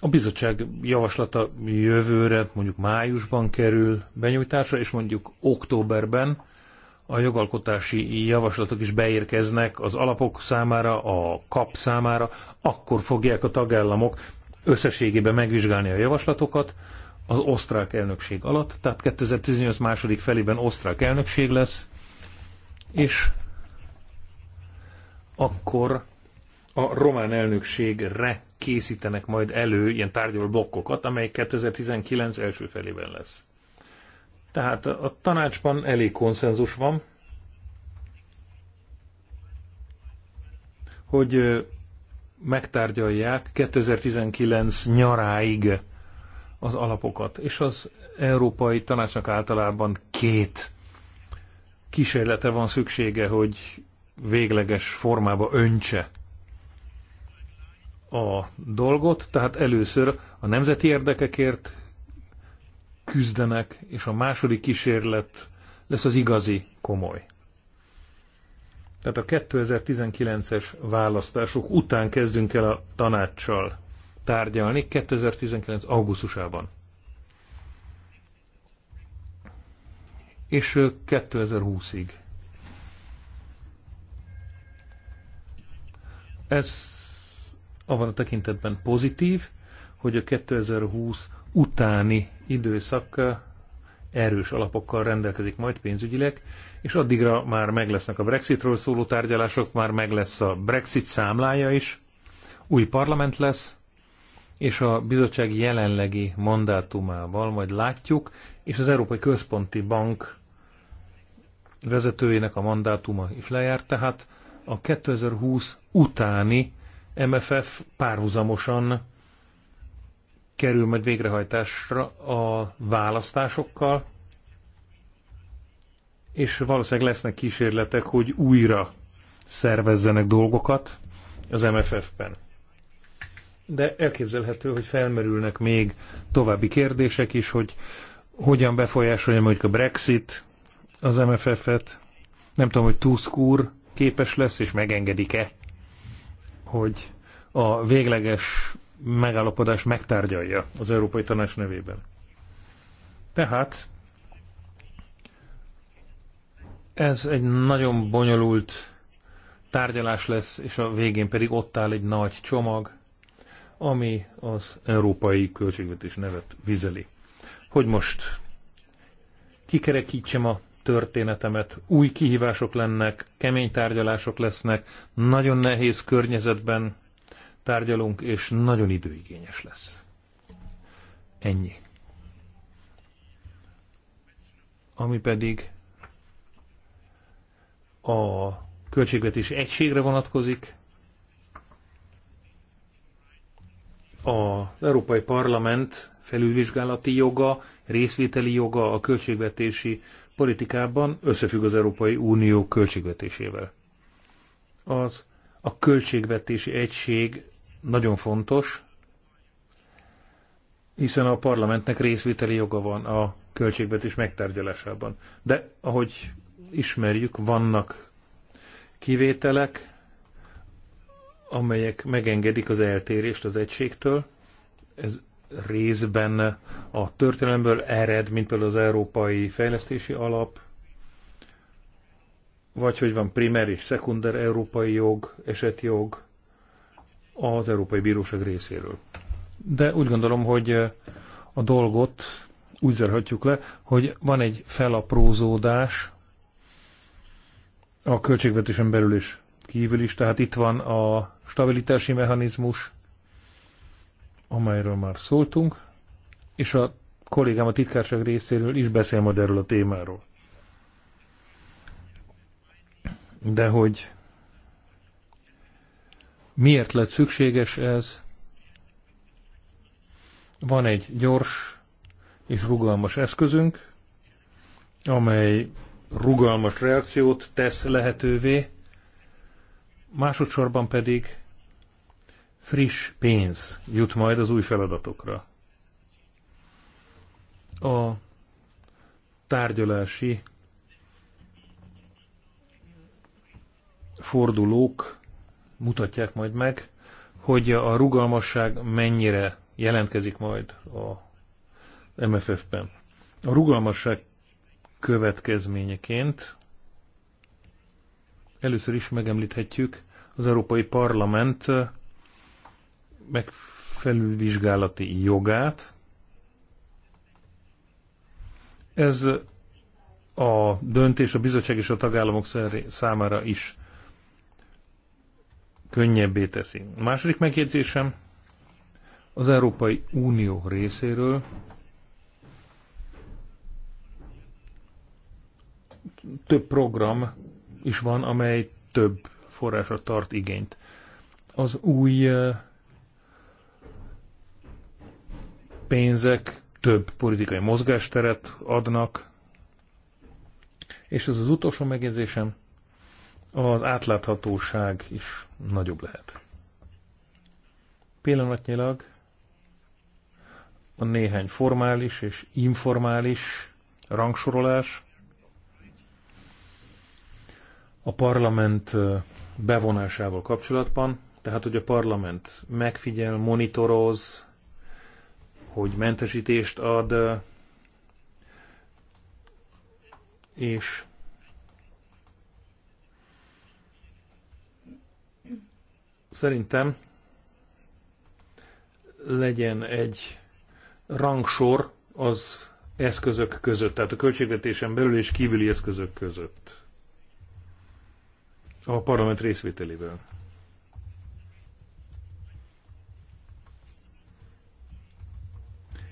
B: A bizottság javaslata jövőre, mondjuk májusban kerül benyújtásra, és mondjuk októberben a jogalkotási javaslatok is beérkeznek az alapok számára, a kap számára, akkor fogják a tagállamok összességében megvizsgálni a javaslatokat, az osztrák elnökség alatt, tehát 2018 második felében osztrák elnökség lesz, és akkor a román elnökségre készítenek majd elő ilyen tárgyaló blokkokat, amely 2019 első felében lesz. Tehát a tanácsban elég konszenzus van, hogy megtárgyalják 2019 nyaráig az alapokat, és az Európai Tanácsnak általában két kísérlete van szüksége, hogy végleges formába öntse a dolgot, tehát először a nemzeti érdekekért küzdenek, és a második kísérlet lesz az igazi komoly. Tehát a 2019-es választások után kezdünk el a tanácssal tárgyalni 2019. augusztusában. És 2020-ig. Ez abban a tekintetben pozitív, hogy a 2020 utáni időszak erős alapokkal rendelkezik majd pénzügyileg, és addigra már meg lesznek a Brexitről szóló tárgyalások, már meg lesz a Brexit számlája is, új parlament lesz, és a bizottság jelenlegi mandátumával majd látjuk, és az Európai Központi Bank vezetőjének a mandátuma is lejárt, tehát a 2020 utáni MFF párhuzamosan kerül majd végrehajtásra a választásokkal, és valószínűleg lesznek kísérletek, hogy újra szervezzenek dolgokat az MFF-ben de elképzelhető, hogy felmerülnek még további kérdések is, hogy hogyan befolyásolja mondjuk a Brexit az MFF-et. Nem tudom, hogy Tusk úr képes lesz, és megengedik-e, hogy a végleges megállapodás megtárgyalja az Európai Tanács nevében. Tehát ez egy nagyon bonyolult tárgyalás lesz, és a végén pedig ott áll egy nagy csomag, ami az európai költségvetés nevet vizeli. Hogy most kikerekítsem a történetemet, új kihívások lennek, kemény tárgyalások lesznek, nagyon nehéz környezetben tárgyalunk, és nagyon időigényes lesz. Ennyi. Ami pedig a költségvetés egységre vonatkozik, az Európai Parlament felülvizsgálati joga, részvételi joga a költségvetési politikában összefügg az Európai Unió költségvetésével. Az a költségvetési egység nagyon fontos, hiszen a parlamentnek részvételi joga van a költségvetés megtárgyalásában. De ahogy ismerjük, vannak kivételek, amelyek megengedik az eltérést az egységtől. Ez részben a történelemből ered, mint például az Európai Fejlesztési Alap, vagy hogy van primer és szekunder európai jog, esetjog az Európai Bíróság részéről. De úgy gondolom, hogy a dolgot úgy zárhatjuk le, hogy van egy felaprózódás a költségvetésen belül is kívül is, tehát itt van a stabilitási mechanizmus, amelyről már szóltunk, és a kollégám a titkárság részéről is beszél majd erről a témáról. De hogy miért lett szükséges ez? Van egy gyors és rugalmas eszközünk, amely rugalmas reakciót tesz lehetővé, másodszorban pedig friss pénz jut majd az új feladatokra. A tárgyalási fordulók mutatják majd meg, hogy a rugalmasság mennyire jelentkezik majd a MFF-ben. A rugalmasság következményeként Először is megemlíthetjük az Európai Parlament megfelülvizsgálati jogát. Ez a döntés a bizottság és a tagállamok számára is könnyebbé teszi. A második megjegyzésem az Európai Unió részéről több program is van, amely több forrásra tart igényt. Az új pénzek több politikai mozgásteret adnak, és ez az utolsó megjegyzésem, az átláthatóság is nagyobb lehet. Pillanatnyilag a néhány formális és informális rangsorolás a parlament bevonásával kapcsolatban, tehát hogy a parlament megfigyel, monitoroz, hogy mentesítést ad, és szerintem legyen egy rangsor az eszközök között, tehát a költségvetésen belül és kívüli eszközök között a parlament részvételével.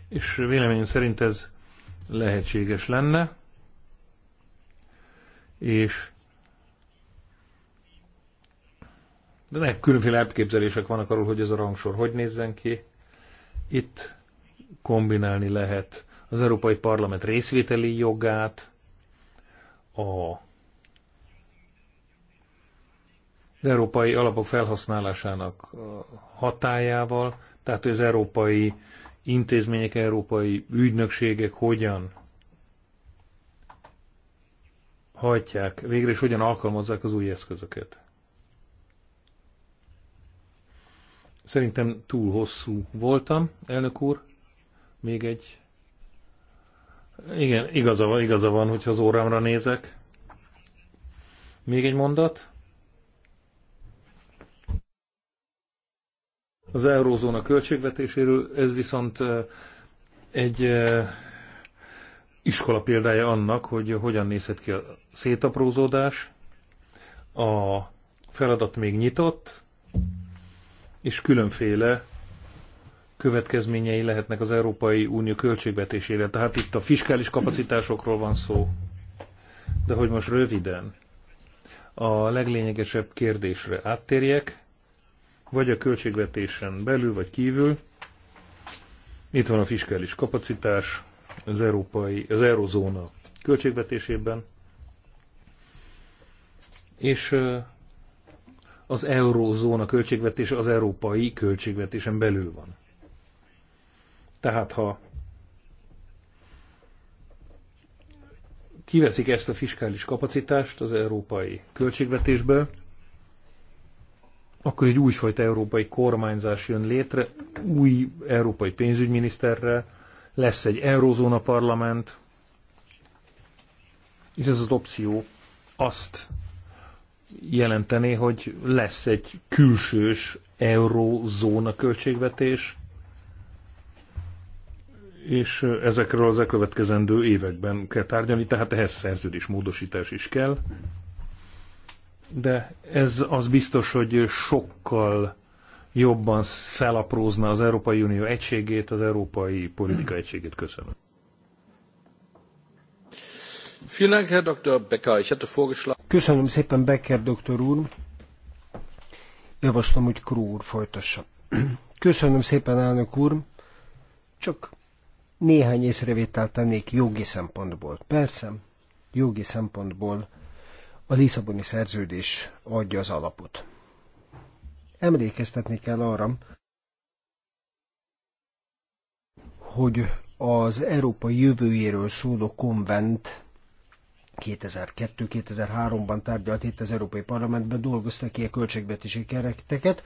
B: És véleményem szerint ez lehetséges lenne, és de ne, különféle elképzelések vannak arról, hogy ez a rangsor hogy nézzen ki. Itt kombinálni lehet az Európai Parlament részvételi jogát, a az európai alapok felhasználásának hatájával, tehát hogy az európai intézmények, európai ügynökségek hogyan hajtják végre, és hogyan alkalmazzák az új eszközöket. Szerintem túl hosszú voltam, elnök úr. Még egy... Igen, igaza van, igaza van, hogyha az órámra nézek. Még egy mondat. az eurózóna költségvetéséről, ez viszont egy iskola példája annak, hogy hogyan nézhet ki a szétaprózódás, a feladat még nyitott, és különféle következményei lehetnek az Európai Unió költségvetésére. Tehát itt a fiskális kapacitásokról van szó. De hogy most röviden a leglényegesebb kérdésre áttérjek, vagy a költségvetésen belül, vagy kívül. Itt van a fiskális kapacitás az, európai, az eurozóna költségvetésében, és az eurozóna költségvetése az európai költségvetésen belül van. Tehát ha kiveszik ezt a fiskális kapacitást az európai költségvetésből, akkor egy újfajta európai kormányzás jön létre, új európai pénzügyminiszterrel, lesz egy eurózóna parlament, és ez az opció azt jelentené, hogy lesz egy külsős eurózóna költségvetés, és ezekről az elkövetkezendő években kell tárgyalni, tehát ehhez szerződés módosítás is kell de ez az biztos, hogy sokkal jobban felaprózna az Európai Unió egységét, az európai politika egységét. Köszönöm.
D: Köszönöm szépen, Becker doktor úr. Javaslom, hogy Kró úr folytassa. Köszönöm szépen, elnök úr. Csak néhány észrevételt tennék jogi szempontból. Persze, jogi szempontból a Lisszaboni szerződés adja az alapot. Emlékeztetni kell arra, hogy az Európai jövőjéről szóló konvent 2002-2003-ban tárgyalt itt az Európai Parlamentben dolgoztak ki a költségvetési kereteket,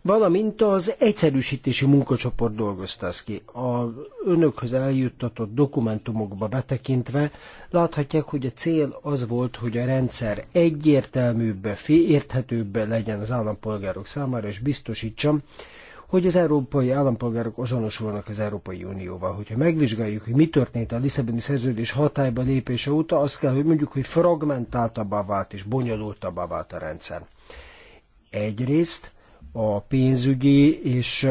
D: valamint az egyszerűsítési munkacsoport dolgozta ki. A önökhöz eljuttatott dokumentumokba betekintve láthatják, hogy a cél az volt, hogy a rendszer egyértelműbb, érthetőbb legyen az állampolgárok számára, és biztosítsam, hogy az európai állampolgárok azonosulnak az Európai Unióval. Hogyha megvizsgáljuk, hogy mi történt a Lisszaboni szerződés hatályba lépése óta, azt kell, hogy mondjuk, hogy fragmentáltabbá vált és bonyolultabbá vált a rendszer. Egyrészt a pénzügyi és,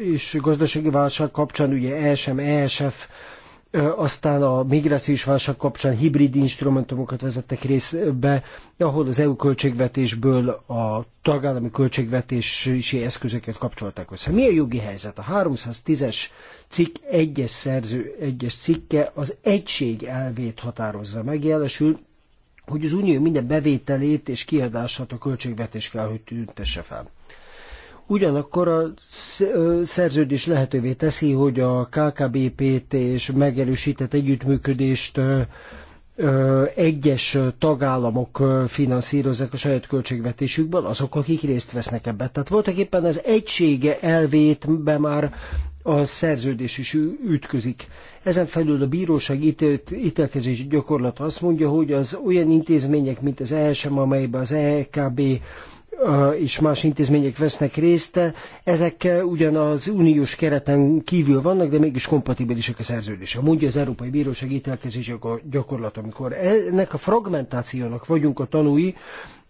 D: és gazdasági válság kapcsán ugye ESM, ESF aztán a migrációs válság kapcsán hibrid instrumentumokat vezettek részbe, ahol az EU költségvetésből a tagállami költségvetési eszközöket kapcsolták össze. Mi a jogi helyzet? A 310-es cikk egyes szerző egyes cikke az egység elvét határozza meg, jelesül, hogy az unió minden bevételét és kiadását a költségvetés kell, hogy tüntesse fel. Ugyanakkor a szerződés lehetővé teszi, hogy a KKBPT és megerősített együttműködést egyes tagállamok finanszírozzák a saját költségvetésükből, azok, akik részt vesznek ebben. Tehát voltak éppen az egysége elvét be már a szerződés is ütközik. Ezen felül a bíróság ítélt, ítélkezési gyakorlata azt mondja, hogy az olyan intézmények, mint az ESM, amelyben az EKB és más intézmények vesznek részt, ezek ugyan az uniós kereten kívül vannak, de mégis kompatibilisek a szerződése. Mondja az Európai Bíróság ítélkezési gyakorlat, amikor ennek a fragmentációnak vagyunk a tanúi,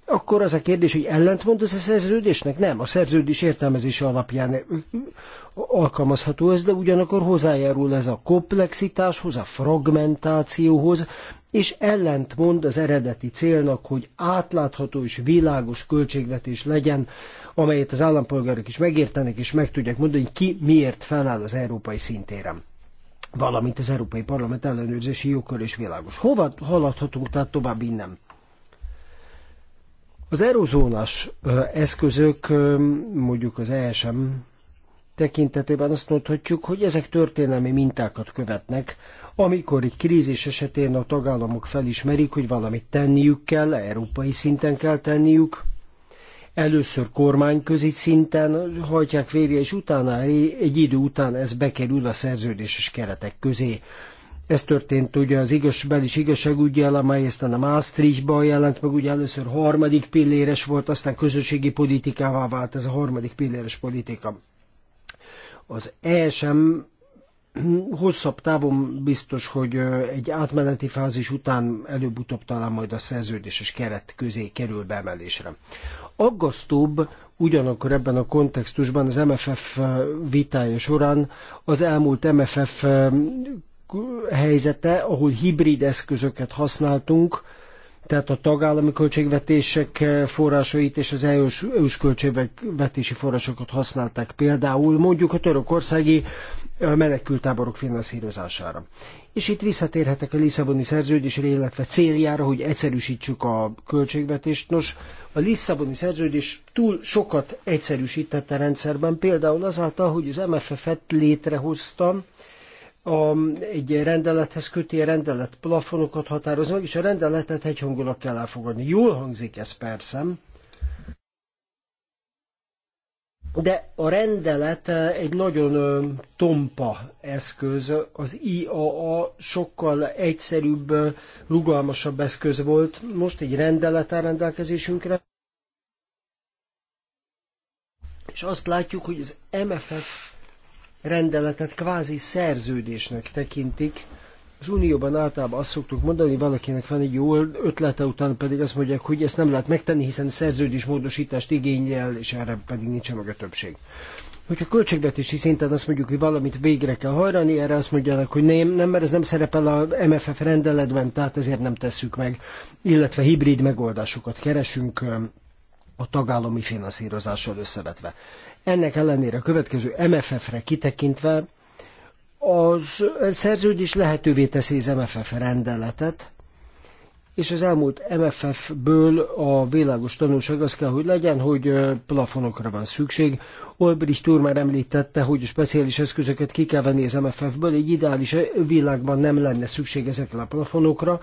D: akkor az a kérdés, hogy ellentmond ez a szerződésnek? Nem, a szerződés értelmezése alapján alkalmazható ez, de ugyanakkor hozzájárul ez a komplexitáshoz, a fragmentációhoz, és ellentmond az eredeti célnak, hogy átlátható és világos költségvetés legyen, amelyet az állampolgárok is megértenek, és meg tudják mondani, hogy ki miért feláll az európai szintéren valamint az Európai Parlament ellenőrzési jogkör is világos. Hova haladhatunk tehát tovább innen? Az eurozónás eszközök, mondjuk az ESM tekintetében azt mondhatjuk, hogy ezek történelmi mintákat követnek, amikor egy krízis esetén a tagállamok felismerik, hogy valamit tenniük kell, európai szinten kell tenniük, először kormányközi szinten hajtják végre, és utána egy idő után ez bekerül a szerződéses keretek közé. Ez történt ugye az igaz, belis igazságügyel, amely aztán a Maastrichtban jelent meg, ugye először harmadik pilléres volt, aztán közösségi politikává vált ez a harmadik pilléres politika. Az ESM hosszabb távon biztos, hogy egy átmeneti fázis után előbb-utóbb talán majd a szerződéses keret közé kerül beemelésre. Aggasztóbb ugyanakkor ebben a kontextusban az MFF vitája során az elmúlt MFF helyzete, ahol hibrid eszközöket használtunk, tehát a tagállami költségvetések eh, forrásait és az EU-s e költségvetési forrásokat használták például mondjuk a törökországi eh, menekültáborok finanszírozására. És itt visszatérhetek a Lisszaboni szerződésre, illetve céljára, hogy egyszerűsítsük a költségvetést. Nos, a Lisszaboni szerződés túl sokat egyszerűsítette a rendszerben, például azáltal, hogy az MFF-et létrehoztam, a, egy rendelethez köti a rendelet plafonokat határoz meg, és a rendeletet egyhangulag kell elfogadni. Jól hangzik ez persze, de a rendelet egy nagyon tompa eszköz, az IAA sokkal egyszerűbb, rugalmasabb eszköz volt. Most egy rendelet áll rendelkezésünkre, és azt látjuk, hogy az MFF rendeletet kvázi szerződésnek tekintik. Az Unióban általában azt szoktuk mondani, hogy valakinek van egy jó ötlete, után pedig azt mondják, hogy ezt nem lehet megtenni, hiszen szerződésmódosítást igényel, és erre pedig nincsen meg a többség. Hogyha költségvetési szinten azt mondjuk, hogy valamit végre kell hajrani, erre azt mondják, hogy nem, nem, mert ez nem szerepel a MFF rendeletben, tehát ezért nem tesszük meg, illetve hibrid megoldásokat keresünk, a tagállami finanszírozással összevetve. Ennek ellenére a következő MFF-re kitekintve az szerződés lehetővé teszi az MFF rendeletet, és az elmúlt MFF-ből a világos tanulság az kell, hogy legyen, hogy plafonokra van szükség. Olbricht úr már említette, hogy a speciális eszközöket ki kell venni az MFF-ből, egy ideális világban nem lenne szükség ezekre a plafonokra,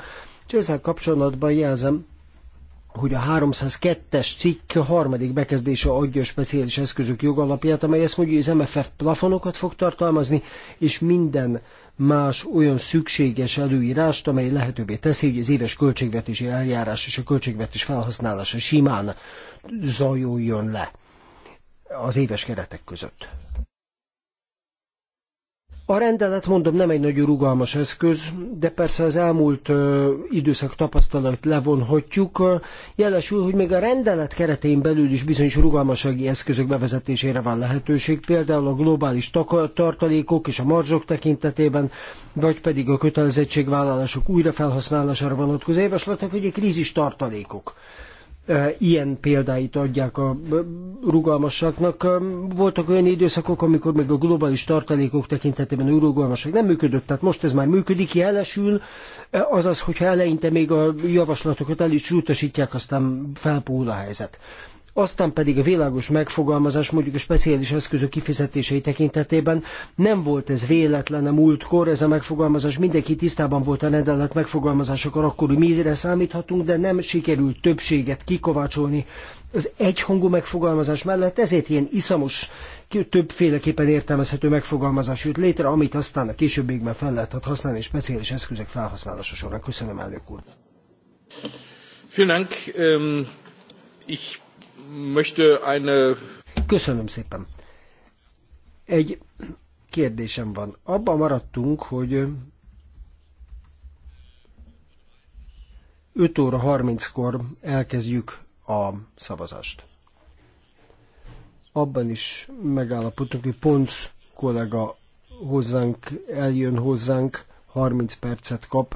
D: és ezzel kapcsolatban jelzem, hogy a 302-es cikk harmadik bekezdése adja a speciális eszközök jogalapját, amely ezt mondja, hogy az MFF plafonokat fog tartalmazni, és minden más olyan szükséges előírást, amely lehetővé teszi, hogy az éves költségvetési eljárás és a költségvetés felhasználása simán zajoljon le az éves keretek között. A rendelet, mondom, nem egy nagyon rugalmas eszköz, de persze az elmúlt időszak tapasztalat levonhatjuk. Jelesül, hogy még a rendelet keretén belül is bizonyos rugalmasági eszközök bevezetésére van lehetőség, például a globális tartalékok és a marzsok tekintetében, vagy pedig a kötelezettségvállalások újrafelhasználására vonatkozó javaslat, vagy a krízis tartalékok ilyen példáit adják a rugalmasaknak Voltak olyan időszakok, amikor még a globális tartalékok tekintetében a rugalmasság nem működött, tehát most ez már működik, jelesül, azaz, hogyha eleinte még a javaslatokat el is utasítják, aztán felpúl a helyzet aztán pedig a világos megfogalmazás mondjuk a speciális eszközök kifizetései tekintetében nem volt ez véletlen a múltkor, ez a megfogalmazás mindenki tisztában volt a rendelet megfogalmazásakor akkor hogy mire számíthatunk, de nem sikerült többséget kikovácsolni az egyhangú megfogalmazás mellett, ezért ilyen iszamos, többféleképpen értelmezhető megfogalmazás jött létre, amit aztán a későbbiekben fel lehetett használni speciális eszközök felhasználása során. Köszönöm, elnök úr!
A: Vielen Dank. Ähm, ich möchte eine... Köszönöm
D: szépen. Egy kérdésem van. Abban maradtunk, hogy 5 óra 30-kor elkezdjük a szavazást. Abban is megállapodtunk, hogy Ponc kollega hozzánk, eljön hozzánk, 30 percet kap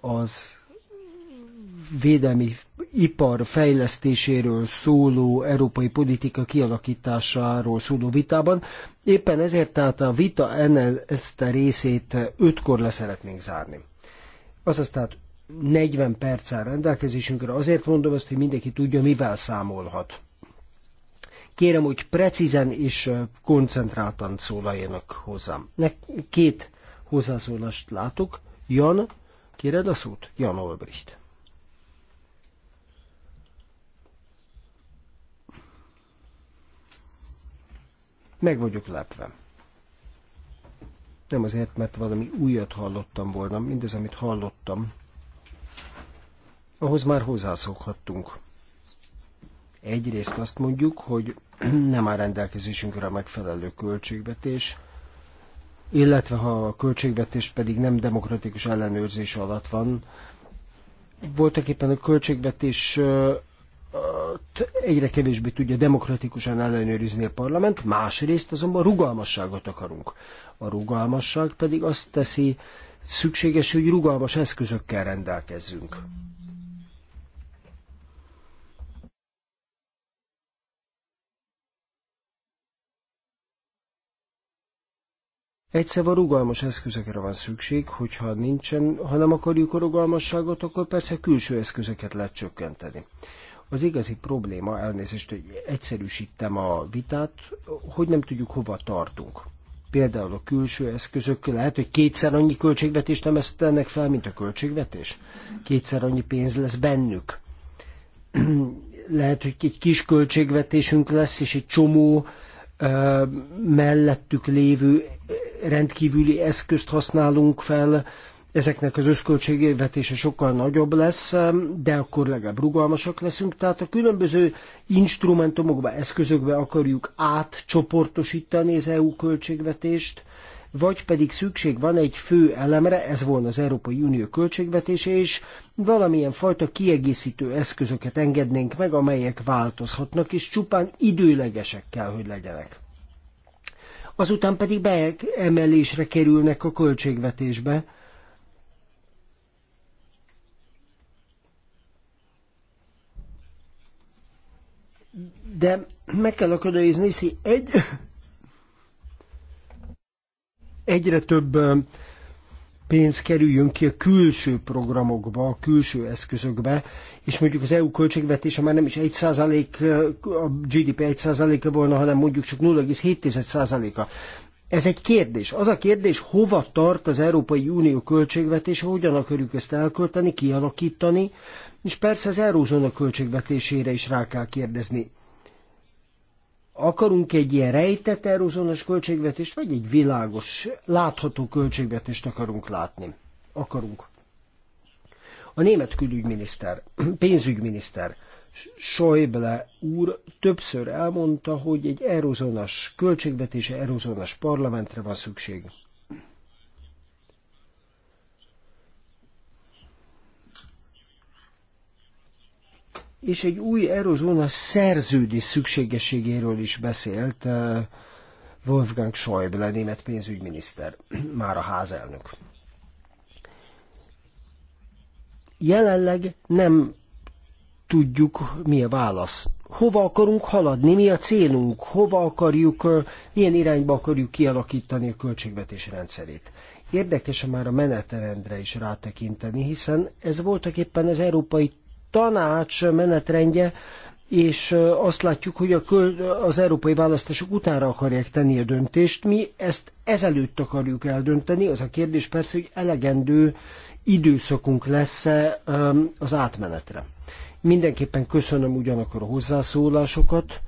D: az védelmi ipar fejlesztéséről szóló európai politika kialakításáról szóló vitában. Éppen ezért tehát a vita ennél ezt a részét ötkor le szeretnénk zárni. Azaz tehát 40 perccel rendelkezésünkre, azért mondom ezt, hogy mindenki tudja, mivel számolhat. Kérem, hogy precízen és koncentráltan szólaljanak hozzám. Ne, két hozzászólást látok. Jan, kéred a szót? Jan Olbricht. Meg vagyok lepve. Nem azért, mert valami újat hallottam volna, mindez, amit hallottam, ahhoz már hozzászokhattunk. Egyrészt azt mondjuk, hogy nem áll rendelkezésünkre megfelelő költségvetés, illetve ha a költségvetés pedig nem demokratikus ellenőrzés alatt van, voltak éppen a költségvetés egyre kevésbé tudja demokratikusan ellenőrizni a parlament, másrészt azonban rugalmasságot akarunk. A rugalmasság pedig azt teszi szükséges, hogy rugalmas eszközökkel rendelkezzünk. a rugalmas eszközökre van szükség, hogyha nincsen, ha nem akarjuk a rugalmasságot, akkor persze külső eszközöket lehet csökkenteni. Az igazi probléma, elnézést, hogy egyszerűsítem a vitát, hogy nem tudjuk hova tartunk. Például a külső eszközök, lehet, hogy kétszer annyi költségvetést nem tennek fel, mint a költségvetés. Kétszer annyi pénz lesz bennük. lehet, hogy egy kis költségvetésünk lesz, és egy csomó ö, mellettük lévő rendkívüli eszközt használunk fel, ezeknek az összköltségévetése sokkal nagyobb lesz, de akkor legalább rugalmasak leszünk. Tehát a különböző instrumentumokba, eszközökbe akarjuk átcsoportosítani az EU költségvetést, vagy pedig szükség van egy fő elemre, ez volna az Európai Unió költségvetése, és valamilyen fajta kiegészítő eszközöket engednénk meg, amelyek változhatnak, és csupán időlegesek kell, hogy legyenek. Azután pedig beemelésre kerülnek a költségvetésbe, de meg kell akadályozni, hogy egy, egyre több pénz kerüljön ki a külső programokba, a külső eszközökbe, és mondjuk az EU költségvetése már nem is 1% a GDP 1%-a volna, hanem mondjuk csak 0,7%-a. Ez egy kérdés. Az a kérdés, hova tart az Európai Unió költségvetése, hogyan akarjuk ezt elkölteni, kialakítani, és persze az Eurózóna költségvetésére is rá kell kérdezni. Akarunk egy ilyen rejtett eurózonos költségvetést, vagy egy világos, látható költségvetést akarunk látni? Akarunk. A német külügyminiszter, pénzügyminiszter Schäuble úr többször elmondta, hogy egy eurozónás költségvetése, eurozónás parlamentre van szükség. és egy új eurozóna szerződés szükségességéről is beszélt eh, Wolfgang Schäuble, német pénzügyminiszter, már a házelnök. Jelenleg nem tudjuk, mi a válasz. Hova akarunk haladni, mi a célunk, hova akarjuk, eh, milyen irányba akarjuk kialakítani a költségvetés rendszerét. Érdekes már a menetrendre is rátekinteni, hiszen ez voltak éppen az európai tanács menetrendje, és azt látjuk, hogy a köl, az európai választások utánra akarják tenni a döntést. Mi ezt ezelőtt akarjuk eldönteni. Az a kérdés persze, hogy elegendő időszakunk lesz-e az átmenetre. Mindenképpen köszönöm ugyanakkor a hozzászólásokat.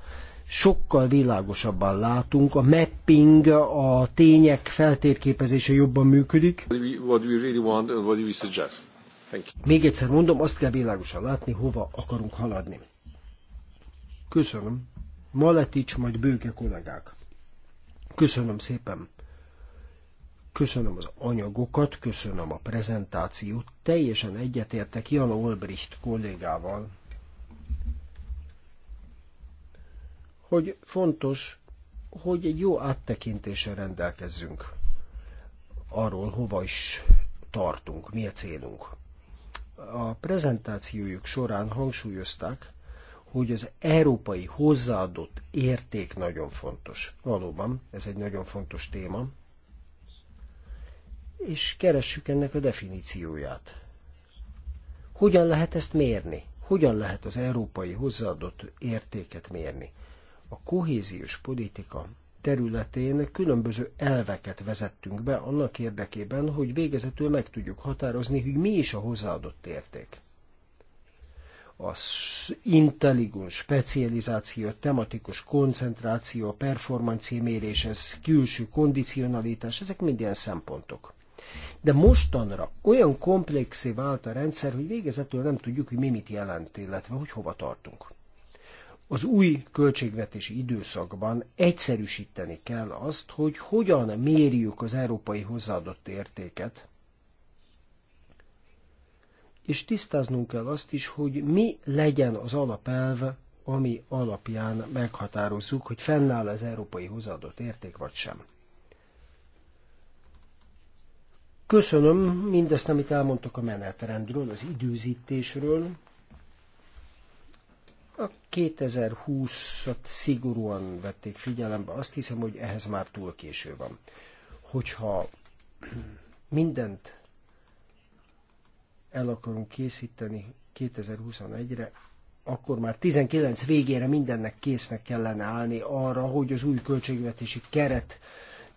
D: Sokkal világosabban látunk, a mapping, a tények feltérképezése jobban működik.
B: What we really want and what we suggest.
D: Még egyszer mondom, azt kell világosan látni, hova akarunk haladni. Köszönöm. Maletics, majd bőke kollégák. Köszönöm szépen. Köszönöm az anyagokat, köszönöm a prezentációt. Teljesen egyetértek Jana Olbricht kollégával, hogy fontos, hogy egy jó áttekintéssel rendelkezzünk arról, hova is tartunk, mi a célunk a prezentációjuk során hangsúlyozták, hogy az európai hozzáadott érték nagyon fontos. Valóban, ez egy nagyon fontos téma. És keressük ennek a definícióját. Hogyan lehet ezt mérni? Hogyan lehet az európai hozzáadott értéket mérni? A kohéziós politika területén különböző elveket vezettünk be annak érdekében, hogy végezetül meg tudjuk határozni, hogy mi is a hozzáadott érték. Az intelligens specializáció, tematikus koncentráció, performancia mérés, ez külső kondicionalitás, ezek mind ilyen szempontok. De mostanra olyan komplexé vált a rendszer, hogy végezetül nem tudjuk, hogy mi mit jelent, illetve hogy hova tartunk az új költségvetési időszakban egyszerűsíteni kell azt, hogy hogyan mérjük az európai hozzáadott értéket, és tisztáznunk kell azt is, hogy mi legyen az alapelv, ami alapján meghatározzuk, hogy fennáll az európai hozzáadott érték vagy sem. Köszönöm mindezt, amit elmondtak a menetrendről, az időzítésről, a 2020-at szigorúan vették figyelembe, azt hiszem, hogy ehhez már túl késő van. Hogyha mindent el akarunk készíteni 2021-re, akkor már 19 végére mindennek késznek kellene állni arra, hogy az új költségvetési keret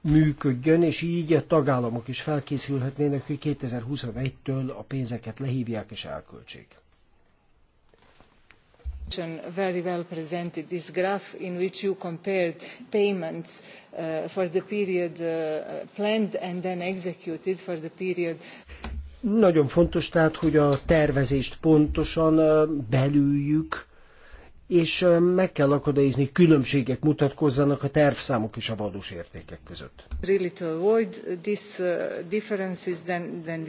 D: működjön, és így a tagállamok is felkészülhetnének, hogy 2021-től a pénzeket lehívják és elköltsék
C: very well presented this graph in which you compared payments uh, for the period uh, planned and then executed for the period.
D: Nagyon fontos tehát, hogy a tervezést pontosan uh, belüljük, és uh, meg kell akadályozni, különbségek mutatkozzanak a tervszámok és a valós értékek között.
E: Uh,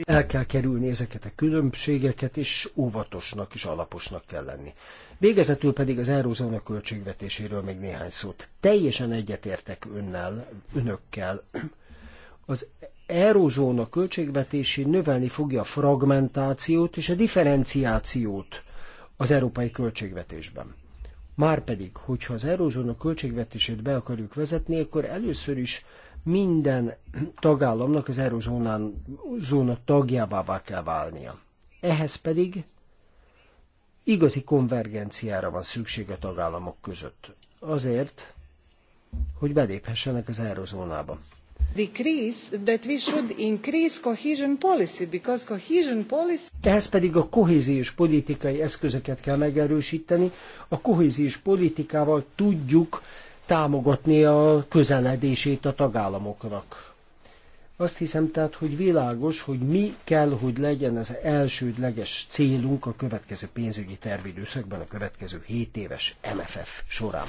E: El kell
D: kerülni ezeket a különbségeket, és óvatosnak és alaposnak kell lenni. Végezetül pedig az eurózóna költségvetéséről még néhány szót. Teljesen egyetértek önnel, önökkel. Az eurózóna költségvetési növelni fogja a fragmentációt és a differenciációt az európai költségvetésben. Márpedig, hogyha az eurózóna költségvetését be akarjuk vezetni, akkor először is minden tagállamnak az eurózóna tagjává kell válnia. Ehhez pedig Igazi konvergenciára van szükség a tagállamok között. Azért, hogy beléphessenek az eurozónába.
E: that we should increase cohesion policy, because cohesion policy...
D: Ehhez pedig a kohéziós politikai eszközöket kell megerősíteni. A kohéziós politikával tudjuk támogatni a közeledését a tagállamoknak azt hiszem tehát, hogy világos, hogy mi kell, hogy legyen az elsődleges célunk a következő pénzügyi tervidőszakban, a következő 7 éves MFF során.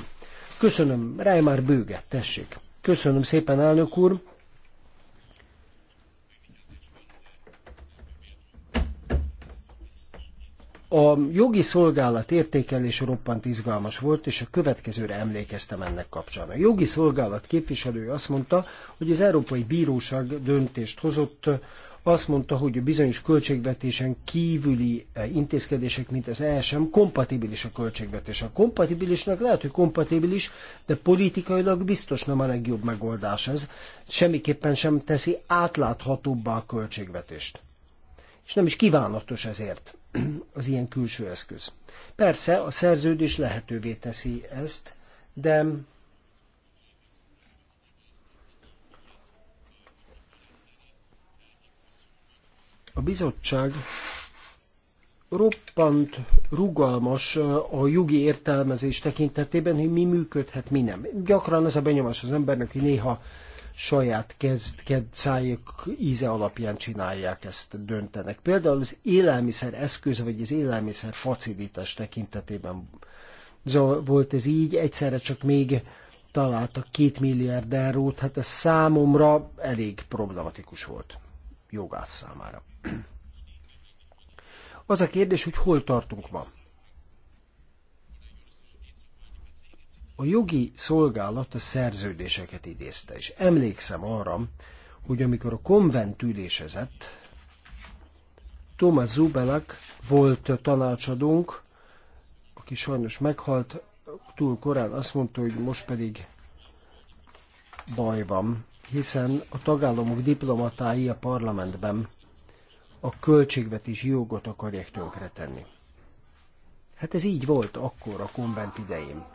D: Köszönöm, Reimár Bőge, tessék. Köszönöm szépen, elnök úr. A jogi szolgálat értékelés roppant izgalmas volt, és a következőre emlékeztem ennek kapcsán. A jogi szolgálat képviselője azt mondta, hogy az Európai Bíróság döntést hozott, azt mondta, hogy a bizonyos költségvetésen kívüli e, intézkedések, mint az ESM, kompatibilis a költségvetés. A kompatibilisnek lehet, hogy kompatibilis, de politikailag biztos nem a legjobb megoldás ez. Semmiképpen sem teszi átláthatóbbá a költségvetést és nem is kívánatos ezért az ilyen külső eszköz. Persze a szerződés lehetővé teszi ezt, de a bizottság roppant rugalmas a jogi értelmezés tekintetében, hogy mi működhet, mi nem. Gyakran ez a benyomás az embernek, hogy néha saját kezd, kezd szájuk íze alapján csinálják ezt, döntenek. Például az élelmiszer eszköz, vagy az élelmiszer facilitás tekintetében volt ez így, egyszerre csak még találtak két milliárd eurót, hát ez számomra elég problematikus volt jogász számára. Az a kérdés, hogy hol tartunk ma. A jogi szolgálat a szerződéseket idézte, és emlékszem arra, hogy amikor a konvent ülésezett, Thomas Zubelak volt tanácsadónk, aki sajnos meghalt túl korán, azt mondta, hogy most pedig baj van, hiszen a tagállamok diplomatái a parlamentben a költségvetési jogot akarják tönkretenni. Hát ez így volt akkor a konvent idején.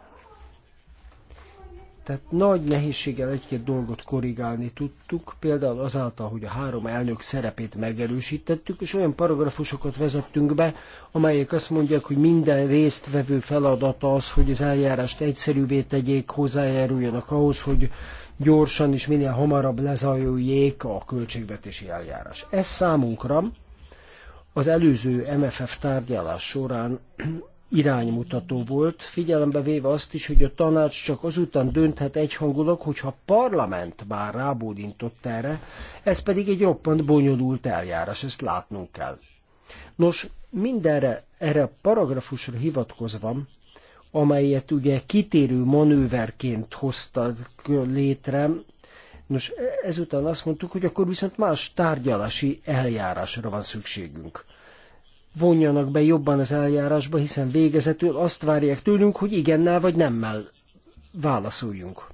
D: Tehát nagy nehézséggel egy-két dolgot korrigálni tudtuk, például azáltal, hogy a három elnök szerepét megerősítettük, és olyan paragrafusokat vezettünk be, amelyek azt mondják, hogy minden résztvevő feladata az, hogy az eljárást egyszerűvé tegyék, hozzájáruljanak ahhoz, hogy gyorsan és minél hamarabb lezajoljék a költségvetési eljárás. Ez számunkra az előző MFF tárgyalás során iránymutató volt, figyelembe véve azt is, hogy a tanács csak azután dönthet egyhangulag, hogyha a parlament már rábódintott erre, ez pedig egy roppant bonyolult eljárás, ezt látnunk kell. Nos, mindenre, erre a paragrafusra hivatkozva, amelyet ugye kitérő manőverként hoztak létre, Nos, ezután azt mondtuk, hogy akkor viszont más tárgyalási eljárásra van szükségünk vonjanak be jobban az eljárásba, hiszen végezetül azt várják tőlünk, hogy igennel vagy nemmel válaszoljunk.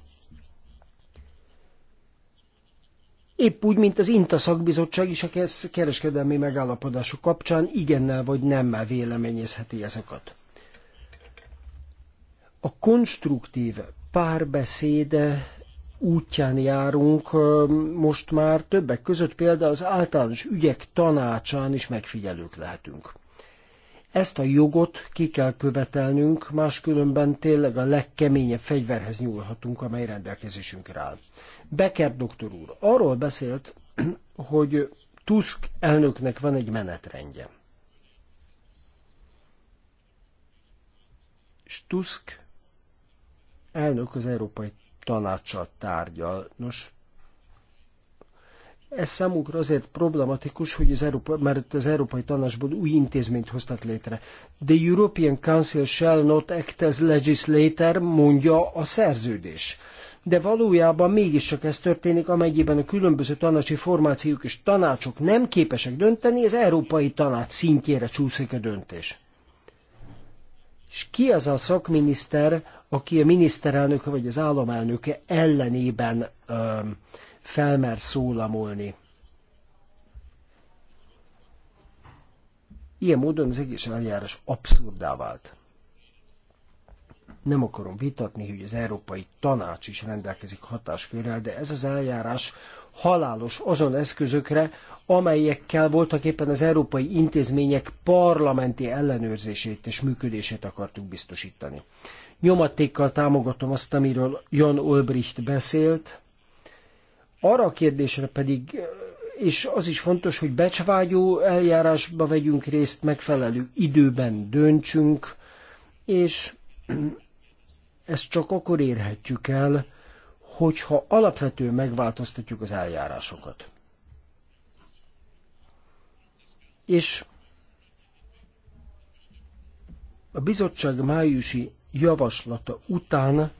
D: Épp úgy, mint az INTA szakbizottság is a kereskedelmi megállapodások kapcsán igennel vagy nemmel véleményezheti ezeket. A konstruktív párbeszéde útján járunk most már, többek között például az általános ügyek tanácsán is megfigyelők lehetünk. Ezt a jogot ki kell követelnünk, máskülönben tényleg a legkeményebb fegyverhez nyúlhatunk, amely rendelkezésünkre áll. Becker doktor úr arról beszélt, hogy Tusk elnöknek van egy menetrendje. És Tusk elnök az Európai tanácssal tárgyal. Nos, ez számunkra azért problematikus, hogy az Európa, mert az Európai Tanácsból új intézményt hoztak létre. The European Council shall not act as legislator, mondja a szerződés. De valójában mégiscsak ez történik, amelyben a különböző tanácsi formációk és tanácsok nem képesek dönteni, az Európai Tanács szintjére csúszik a döntés. És ki az a szakminiszter, aki a miniszterelnöke vagy az államelnöke ellenében felmer szólamolni. Ilyen módon az egész eljárás abszurdá vált. Nem akarom vitatni, hogy az Európai Tanács is rendelkezik hatáskörrel, de ez az eljárás halálos azon eszközökre, amelyekkel voltak éppen az európai intézmények parlamenti ellenőrzését és működését akartuk biztosítani. Nyomatékkal támogatom azt, amiről Jan Olbricht beszélt. Arra a kérdésre pedig, és az is fontos, hogy becsvágyó eljárásba vegyünk részt, megfelelő időben döntsünk, és ezt csak akkor érhetjük el, hogyha alapvetően megváltoztatjuk az eljárásokat. És a bizottság májusi javaslata után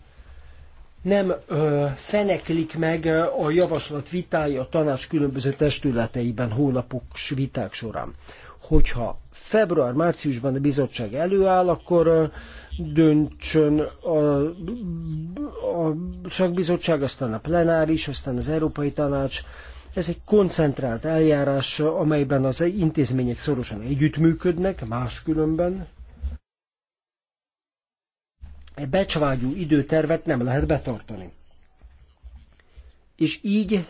D: nem ö, feneklik meg a javaslat vitája a tanács különböző testületeiben hónapok viták során. Hogyha február-márciusban a bizottság előáll, akkor ö, döntsön a, a szakbizottság, aztán a plenáris, aztán az Európai Tanács. Ez egy koncentrált eljárás, amelyben az intézmények szorosan együttműködnek, máskülönben becsvágyú időtervet nem lehet betartani. És így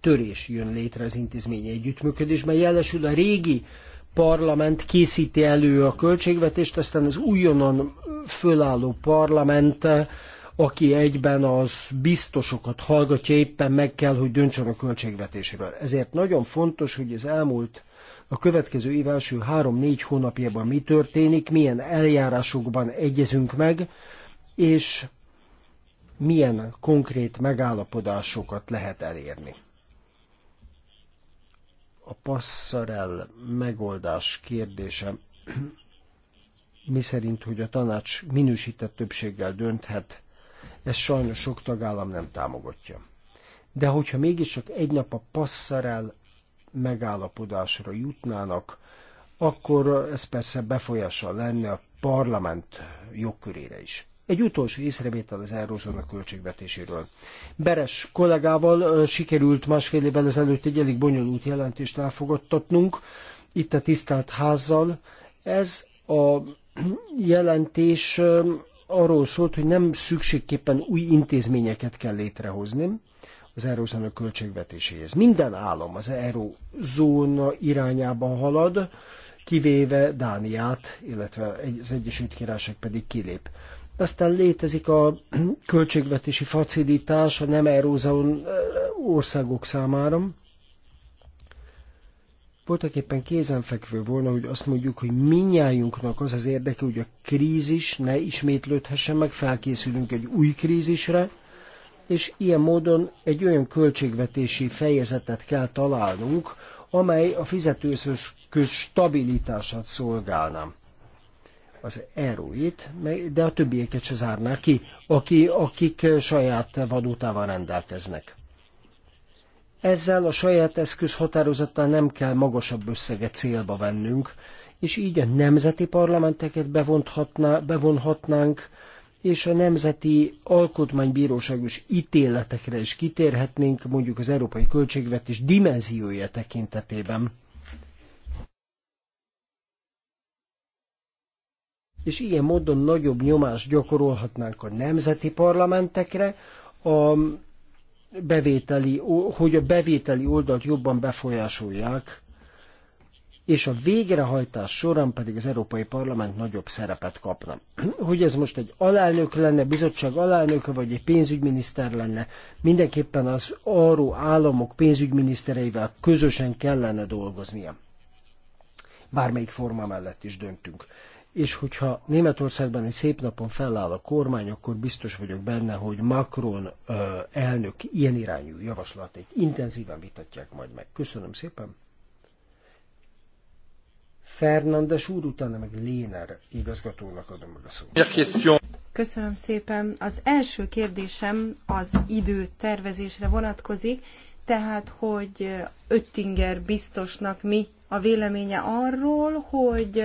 D: törés jön létre az intézmény együttműködésben. Jelesül a régi parlament készíti elő a költségvetést, aztán az újonnan fölálló parlament, aki egyben az biztosokat hallgatja, éppen meg kell, hogy döntsön a költségvetésről. Ezért nagyon fontos, hogy az elmúlt a következő év első három-négy hónapjában mi történik, milyen eljárásokban egyezünk meg, és milyen konkrét megállapodásokat lehet elérni. A passzarel megoldás kérdése mi szerint, hogy a tanács minősített többséggel dönthet, ez sajnos sok tagállam nem támogatja. De hogyha mégiscsak egy nap a passzarel megállapodásra jutnának, akkor ez persze befolyással lenne a parlament jogkörére is. Egy utolsó észrevétel az Eurózóna költségvetéséről. Beres kollégával sikerült másfél évvel ezelőtt egy elég bonyolult jelentést elfogadtatnunk, itt a tisztelt házzal. Ez a jelentés arról szólt, hogy nem szükségképpen új intézményeket kell létrehozni, az eurózóna költségvetéséhez. Minden állam az eurózóna irányába halad, kivéve Dániát, illetve az Egyesült Királyság pedig kilép. Aztán létezik a költségvetési facilitás a nem eurózón országok számára. Voltak éppen kézenfekvő volna, hogy azt mondjuk, hogy minnyájunknak az az érdeke, hogy a krízis ne ismétlődhessen meg, felkészülünk egy új krízisre, és ilyen módon egy olyan költségvetési fejezetet kell találnunk, amely a fizetőszköz stabilitását szolgálna. az erőit, de a többieket se zárná ki, aki, akik saját vadótával rendelkeznek. Ezzel a saját eszköz határozattal nem kell magasabb összeget célba vennünk, és így a nemzeti parlamenteket bevonhatná, bevonhatnánk és a Nemzeti Alkotmánybíróságos ítéletekre is kitérhetnénk, mondjuk az európai költségvetés dimenziója tekintetében. És ilyen módon nagyobb nyomást gyakorolhatnánk a nemzeti parlamentekre, a bevételi, hogy a bevételi oldalt jobban befolyásolják, és a végrehajtás során pedig az Európai Parlament nagyobb szerepet kapna. Hogy ez most egy alelnök lenne, bizottság alelnöke, vagy egy pénzügyminiszter lenne, mindenképpen az arról államok pénzügyminisztereivel közösen kellene dolgoznia. Bármelyik forma mellett is döntünk. És hogyha Németországban egy szép napon feláll a kormány, akkor biztos vagyok benne, hogy Macron elnök ilyen irányú javaslatait intenzíven vitatják majd meg. Köszönöm szépen! Fernandes úr, utána meg Léner igazgatónak adom meg a szót.
E: Köszönöm szépen. Az első kérdésem az időtervezésre vonatkozik, tehát hogy Öttinger biztosnak mi a véleménye arról, hogy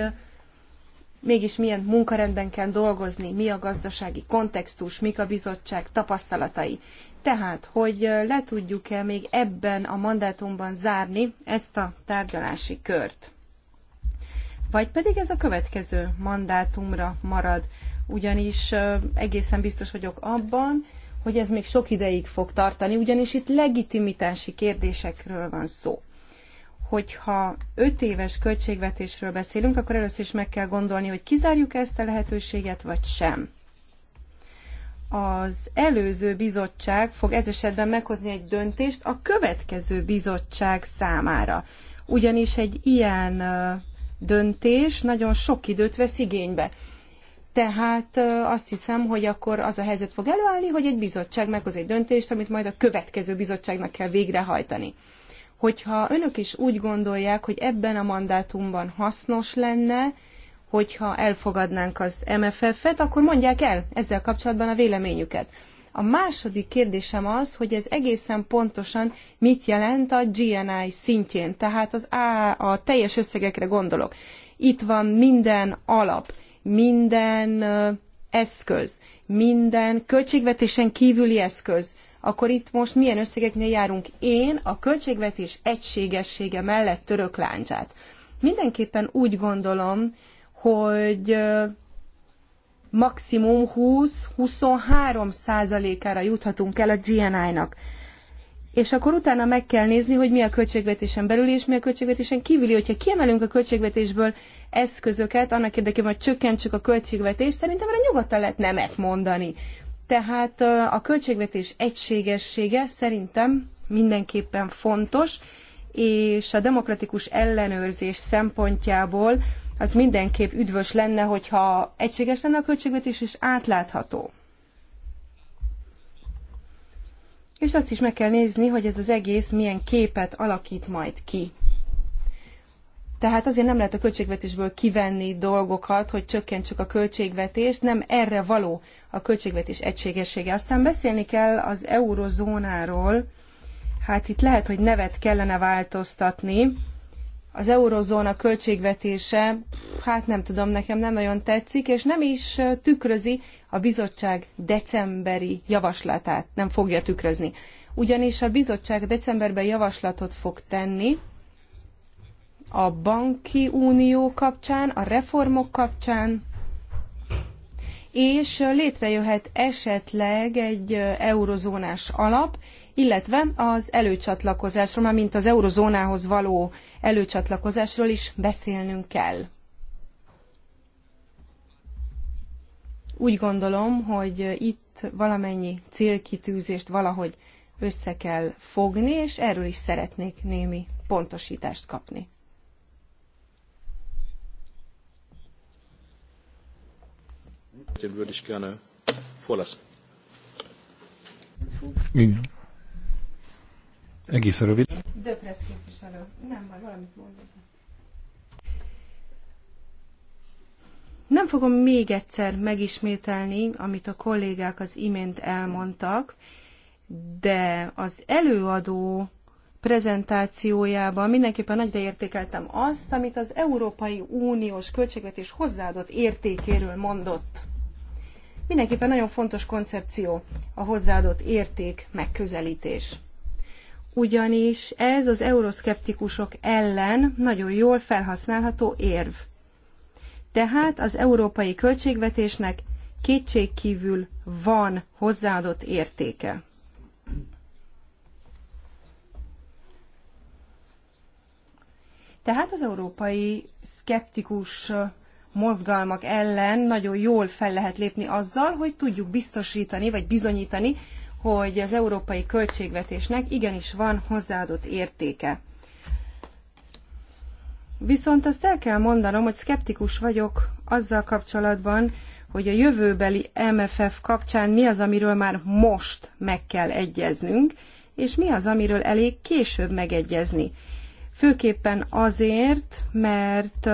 E: mégis milyen munkarendben kell dolgozni, mi a gazdasági kontextus, mik a bizottság tapasztalatai. Tehát, hogy le tudjuk-e még ebben a mandátumban zárni ezt a tárgyalási kört vagy pedig ez a következő mandátumra marad. Ugyanis egészen biztos vagyok abban, hogy ez még sok ideig fog tartani, ugyanis itt legitimitási kérdésekről van szó. Hogyha öt éves költségvetésről beszélünk, akkor először is meg kell gondolni, hogy kizárjuk ezt a lehetőséget, vagy sem. Az előző bizottság fog ez esetben meghozni egy döntést a következő bizottság számára. Ugyanis egy ilyen döntés nagyon sok időt vesz igénybe. Tehát azt hiszem, hogy akkor az a helyzet fog előállni, hogy egy bizottság meghoz egy döntést, amit majd a következő bizottságnak kell végrehajtani. Hogyha önök is úgy gondolják, hogy ebben a mandátumban hasznos lenne, hogyha elfogadnánk az MFF-et, akkor mondják el ezzel kapcsolatban a véleményüket. A második kérdésem az, hogy ez egészen pontosan mit jelent a GNI szintjén, tehát az a, a teljes összegekre gondolok. Itt van minden alap, minden eszköz, minden költségvetésen kívüli eszköz, akkor itt most milyen összegeknél járunk? Én a költségvetés egységessége mellett török láncsát. Mindenképpen úgy gondolom, hogy maximum 20-23 százalékára juthatunk el a GNI-nak. És akkor utána meg kell nézni, hogy mi a költségvetésen belül és mi a költségvetésen kívüli. Hogyha kiemelünk a költségvetésből eszközöket, annak érdekében, hogy csökkentsük a költségvetést, szerintem erre nyugodtan lehet nemet mondani. Tehát a költségvetés egységessége szerintem mindenképpen fontos, és a demokratikus ellenőrzés szempontjából az mindenképp üdvös lenne, hogyha egységes lenne a költségvetés és átlátható. És azt is meg kell nézni, hogy ez az egész milyen képet alakít majd ki. Tehát azért nem lehet a költségvetésből kivenni dolgokat, hogy csökkentsük a költségvetést, nem erre való a költségvetés egységessége. Aztán beszélni kell az eurozónáról, hát itt lehet, hogy nevet kellene változtatni, az eurozóna költségvetése, hát nem tudom, nekem nem nagyon tetszik, és nem is tükrözi a bizottság decemberi javaslatát, nem fogja tükrözni. Ugyanis a bizottság decemberben javaslatot fog tenni a banki unió kapcsán, a reformok kapcsán, és létrejöhet esetleg egy eurozónás alap, illetve az előcsatlakozásról, már mint az eurozónához való előcsatlakozásról is beszélnünk kell. Úgy gondolom, hogy itt valamennyi célkitűzést valahogy össze kell fogni, és erről is szeretnék némi pontosítást kapni.
A: würde ich gerne
E: vorlassen.
B: Igen. Egészen
E: rövid. Döpresz képviselő. Nem majd valamit mondok. Nem fogom még egyszer megismételni, amit a kollégák az imént elmondtak, de az előadó prezentációjában mindenképpen nagyra értékeltem azt, amit az Európai Uniós költségvetés hozzáadott értékéről mondott. Mindenképpen nagyon fontos koncepció a hozzáadott érték megközelítés ugyanis ez az euroszkeptikusok ellen nagyon jól felhasználható érv. Tehát az európai költségvetésnek kétségkívül van hozzáadott értéke. Tehát az európai szkeptikus mozgalmak ellen nagyon jól fel lehet lépni azzal, hogy tudjuk biztosítani vagy bizonyítani, hogy az európai költségvetésnek igenis van hozzáadott értéke. Viszont azt el kell mondanom, hogy szkeptikus vagyok azzal kapcsolatban, hogy a jövőbeli MFF kapcsán mi az, amiről már most meg kell egyeznünk, és mi az, amiről elég később megegyezni. Főképpen azért, mert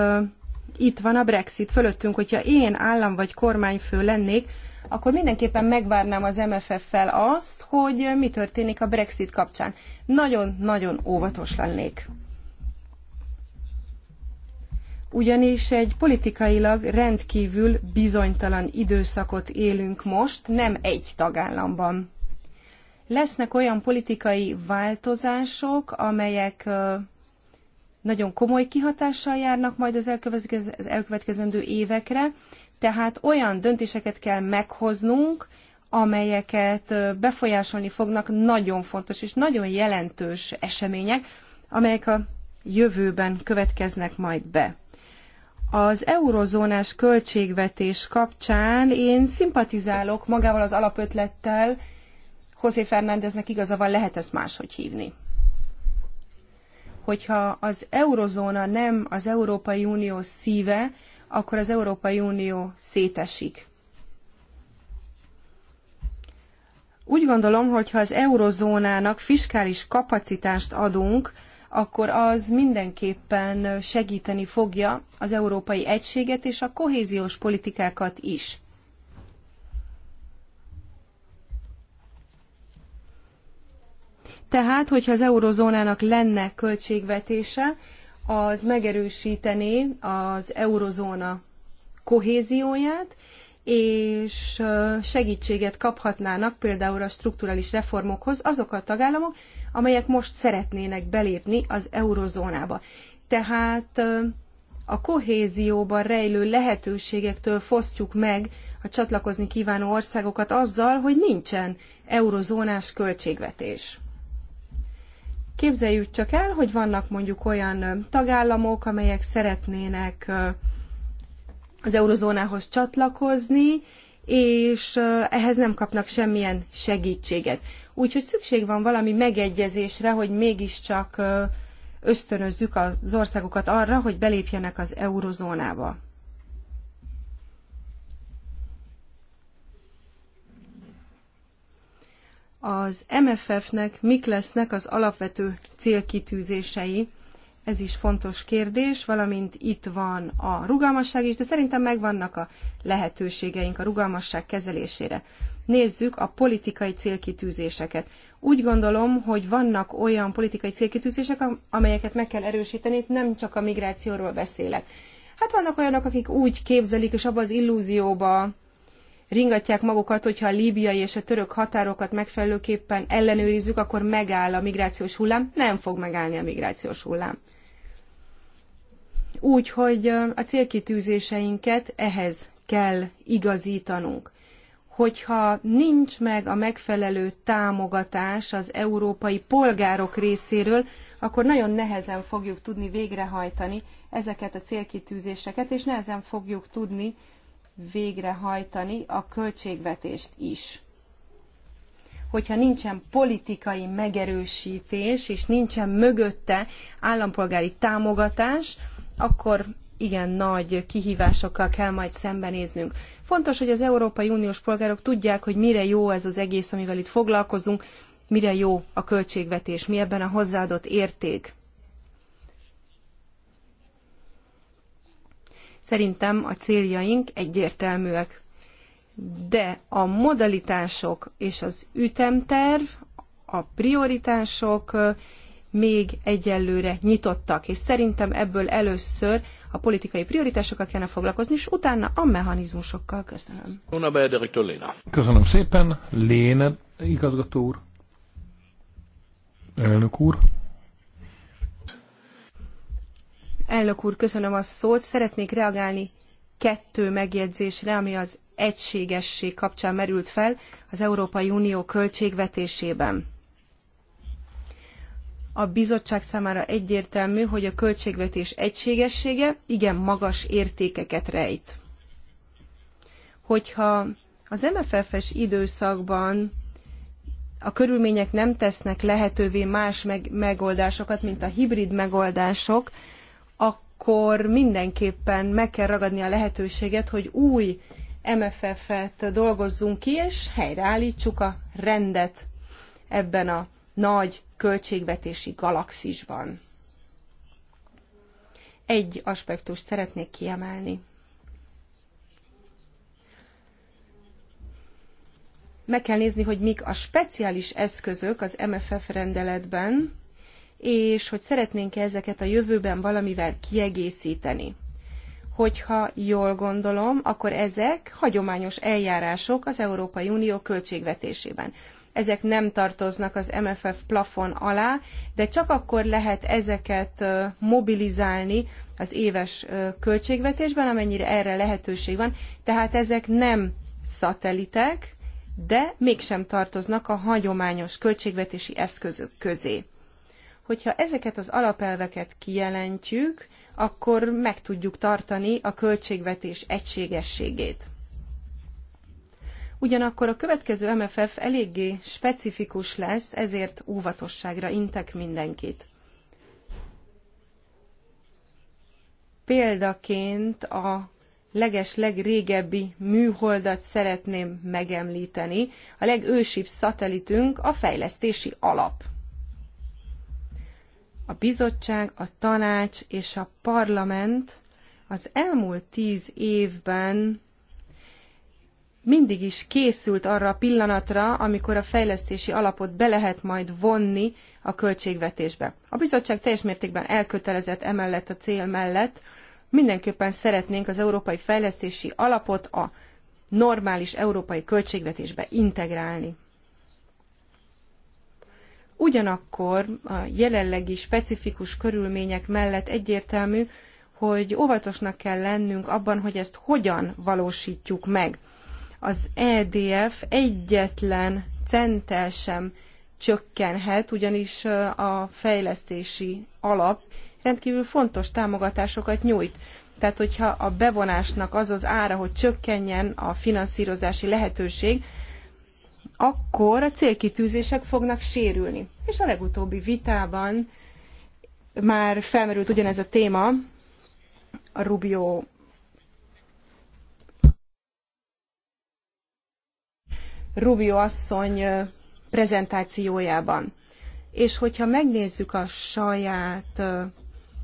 E: itt van a Brexit fölöttünk, hogyha én állam vagy kormányfő lennék, akkor mindenképpen megvárnám az MFF-fel azt, hogy mi történik a Brexit kapcsán. Nagyon-nagyon óvatos lennék. Ugyanis egy politikailag rendkívül bizonytalan időszakot élünk most, nem egy tagállamban. Lesznek olyan politikai változások, amelyek nagyon komoly kihatással járnak majd az elkövetkezendő évekre, tehát olyan döntéseket kell meghoznunk, amelyeket befolyásolni fognak nagyon fontos és nagyon jelentős események, amelyek a jövőben következnek majd be. Az eurozónás költségvetés kapcsán én szimpatizálok magával az alapötlettel, José Fernándeznek igaza van, lehet ezt máshogy hívni hogyha az eurozóna nem az Európai Unió szíve, akkor az Európai Unió szétesik. Úgy gondolom, hogy ha az eurozónának fiskális kapacitást adunk, akkor az mindenképpen segíteni fogja az európai egységet és a kohéziós politikákat is. Tehát, hogyha az eurozónának lenne költségvetése, az megerősítené az eurozóna kohézióját, és segítséget kaphatnának például a strukturális reformokhoz azok a tagállamok, amelyek most szeretnének belépni az eurozónába. Tehát a kohézióban rejlő lehetőségektől fosztjuk meg a csatlakozni kívánó országokat azzal, hogy nincsen eurozónás költségvetés. Képzeljük csak el, hogy vannak mondjuk olyan tagállamok, amelyek szeretnének az eurozónához csatlakozni, és ehhez nem kapnak semmilyen segítséget. Úgyhogy szükség van valami megegyezésre, hogy mégiscsak ösztönözzük az országokat arra, hogy belépjenek az eurozónába. az MFF-nek mik lesznek az alapvető célkitűzései, ez is fontos kérdés, valamint itt van a rugalmasság is, de szerintem megvannak a lehetőségeink a rugalmasság kezelésére. Nézzük a politikai célkitűzéseket. Úgy gondolom, hogy vannak olyan politikai célkitűzések, amelyeket meg kell erősíteni, itt nem csak a migrációról beszélek. Hát vannak olyanok, akik úgy képzelik, és abba az illúzióba ringatják magukat, hogyha a líbiai és a török határokat megfelelőképpen ellenőrizzük, akkor megáll a migrációs hullám. Nem fog megállni a migrációs hullám. Úgyhogy a célkitűzéseinket ehhez kell igazítanunk hogyha nincs meg a megfelelő támogatás az európai polgárok részéről, akkor nagyon nehezen fogjuk tudni végrehajtani ezeket a célkitűzéseket, és nehezen fogjuk tudni végrehajtani a költségvetést is. Hogyha nincsen politikai megerősítés, és nincsen mögötte állampolgári támogatás, akkor igen nagy kihívásokkal kell majd szembenéznünk. Fontos, hogy az Európai Uniós polgárok tudják, hogy mire jó ez az egész, amivel itt foglalkozunk, mire jó a költségvetés, mi ebben a hozzáadott érték. Szerintem a céljaink egyértelműek. De a modalitások és az ütemterv, a prioritások még egyelőre nyitottak, és szerintem ebből először a politikai prioritásokkal kellene foglalkozni, és utána a mechanizmusokkal. Köszönöm.
B: Köszönöm szépen. Léne igazgató úr. Elnök úr.
E: Elnök úr, köszönöm a szót. Szeretnék reagálni kettő megjegyzésre, ami az egységesség kapcsán merült fel az Európai Unió költségvetésében. A bizottság számára egyértelmű, hogy a költségvetés egységessége igen magas értékeket rejt. Hogyha az MFF-es időszakban a körülmények nem tesznek lehetővé más meg megoldásokat, mint a hibrid megoldások, akkor mindenképpen meg kell ragadni a lehetőséget, hogy új MFF-et dolgozzunk ki, és helyreállítsuk a rendet ebben a nagy költségvetési galaxisban. Egy aspektust szeretnék kiemelni. Meg kell nézni, hogy mik a speciális eszközök az MFF rendeletben, és hogy szeretnénk -e ezeket a jövőben valamivel kiegészíteni. Hogyha jól gondolom, akkor ezek hagyományos eljárások az Európai Unió költségvetésében. Ezek nem tartoznak az MFF plafon alá, de csak akkor lehet ezeket mobilizálni az éves költségvetésben, amennyire erre lehetőség van. Tehát ezek nem szatelitek, de mégsem tartoznak a hagyományos költségvetési eszközök közé hogyha ezeket az alapelveket kijelentjük, akkor meg tudjuk tartani a költségvetés egységességét. Ugyanakkor a következő MFF eléggé specifikus lesz, ezért óvatosságra intek mindenkit. Példaként a leges legrégebbi műholdat szeretném megemlíteni, a legősibb szatellitünk a fejlesztési alap a bizottság, a tanács és a parlament az elmúlt tíz évben mindig is készült arra a pillanatra, amikor a fejlesztési alapot be lehet majd vonni a költségvetésbe. A bizottság teljes mértékben elkötelezett emellett a cél mellett, mindenképpen szeretnénk az európai fejlesztési alapot a normális európai költségvetésbe integrálni. Ugyanakkor a jelenlegi specifikus körülmények mellett egyértelmű, hogy óvatosnak kell lennünk abban, hogy ezt hogyan valósítjuk meg. Az EDF egyetlen centel sem csökkenhet, ugyanis a fejlesztési alap rendkívül fontos támogatásokat nyújt. Tehát, hogyha a bevonásnak az az ára, hogy csökkenjen a finanszírozási lehetőség, akkor a célkitűzések fognak sérülni. És a legutóbbi vitában már felmerült ugyanez a téma, a Rubio Rubio asszony prezentációjában. És hogyha megnézzük a saját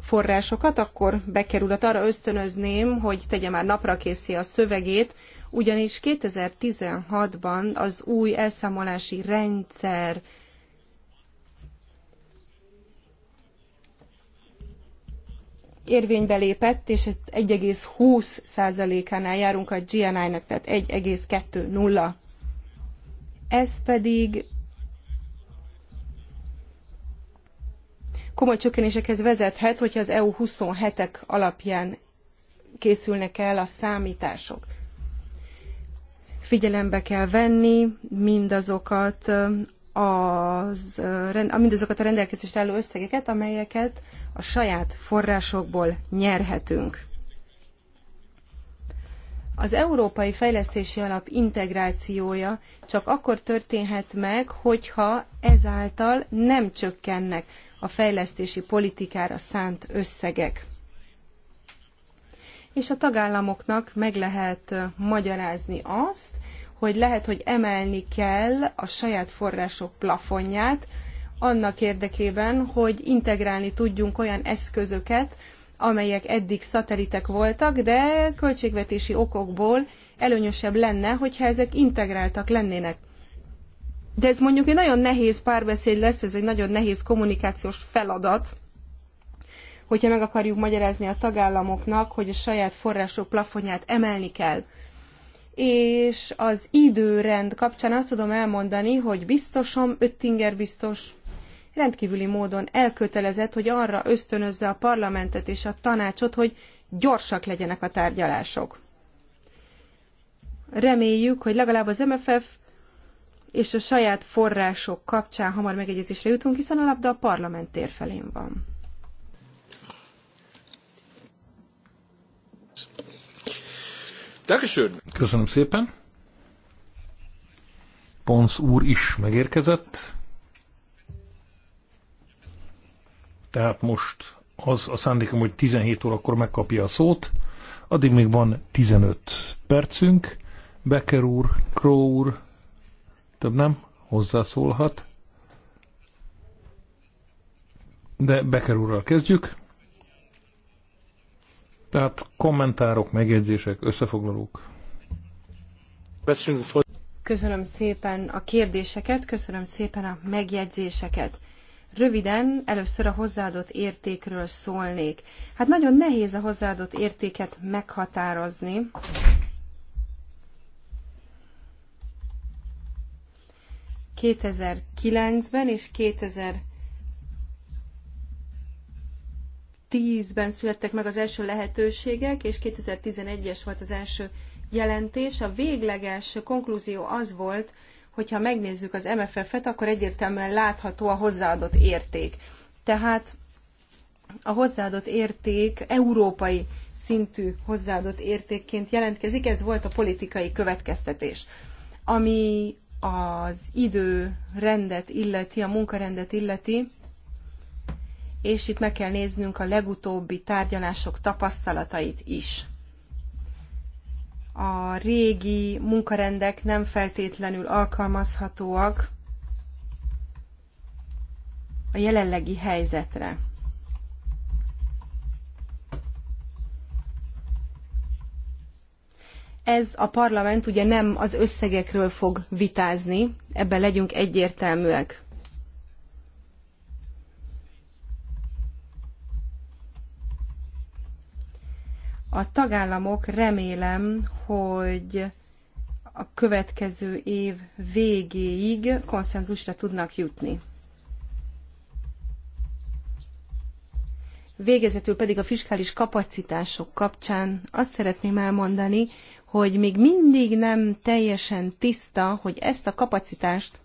E: forrásokat, akkor a arra ösztönözném, hogy tegye már napra készé a szövegét, ugyanis 2016-ban az új elszámolási rendszer érvénybe lépett, és 120 százalékánál járunk a GNI-nak, tehát 1,20. Ez pedig komoly csökkenésekhez vezethet, hogyha az EU 27-ek alapján készülnek el a számítások. Figyelembe kell venni mindazokat, az, mindazokat a rendelkezésre álló összegeket, amelyeket a saját forrásokból nyerhetünk. Az Európai Fejlesztési Alap integrációja csak akkor történhet meg, hogyha ezáltal nem csökkennek a fejlesztési politikára szánt összegek. És a tagállamoknak meg lehet magyarázni azt, hogy lehet, hogy emelni kell a saját források plafonját, annak érdekében, hogy integrálni tudjunk olyan eszközöket, amelyek eddig szatelitek voltak, de költségvetési okokból előnyösebb lenne, hogyha ezek integráltak lennének. De ez mondjuk egy nagyon nehéz párbeszéd lesz, ez egy nagyon nehéz kommunikációs feladat, hogyha meg akarjuk magyarázni a tagállamoknak, hogy a saját források plafonját emelni kell. És az időrend kapcsán azt tudom elmondani, hogy biztosom, Öttinger biztos, rendkívüli módon elkötelezett, hogy arra ösztönözze a parlamentet és a tanácsot, hogy gyorsak legyenek a tárgyalások. Reméljük, hogy legalább az MFF és a saját források kapcsán hamar megegyezésre jutunk, hiszen a labda a parlament térfelén van.
B: Köszönöm szépen. Pons úr is megérkezett. Tehát most az a szándékom, hogy 17 órakor megkapja a szót. Addig még van 15 percünk. Becker úr, Crow úr, több nem? Hozzászólhat. De Becker úrral kezdjük. Tehát kommentárok, megjegyzések, összefoglalók.
E: Köszönöm szépen a kérdéseket, köszönöm szépen a megjegyzéseket. Röviden először a hozzáadott értékről szólnék. Hát nagyon nehéz a hozzáadott értéket meghatározni, 2009-ben és 2010-ben születtek meg az első lehetőségek, és 2011-es volt az első jelentés. A végleges konklúzió az volt, hogyha megnézzük az MFF-et, akkor egyértelműen látható a hozzáadott érték. Tehát a hozzáadott érték európai szintű hozzáadott értékként jelentkezik, ez volt a politikai következtetés. Ami az időrendet illeti, a munkarendet illeti, és itt meg kell néznünk a legutóbbi tárgyalások tapasztalatait is. A régi munkarendek nem feltétlenül alkalmazhatóak a jelenlegi helyzetre. ez a parlament ugye nem az összegekről fog vitázni, ebben legyünk egyértelműek. A tagállamok remélem, hogy a következő év végéig konszenzusra tudnak jutni. Végezetül pedig a fiskális kapacitások kapcsán azt szeretném elmondani, hogy még mindig nem teljesen tiszta, hogy ezt a kapacitást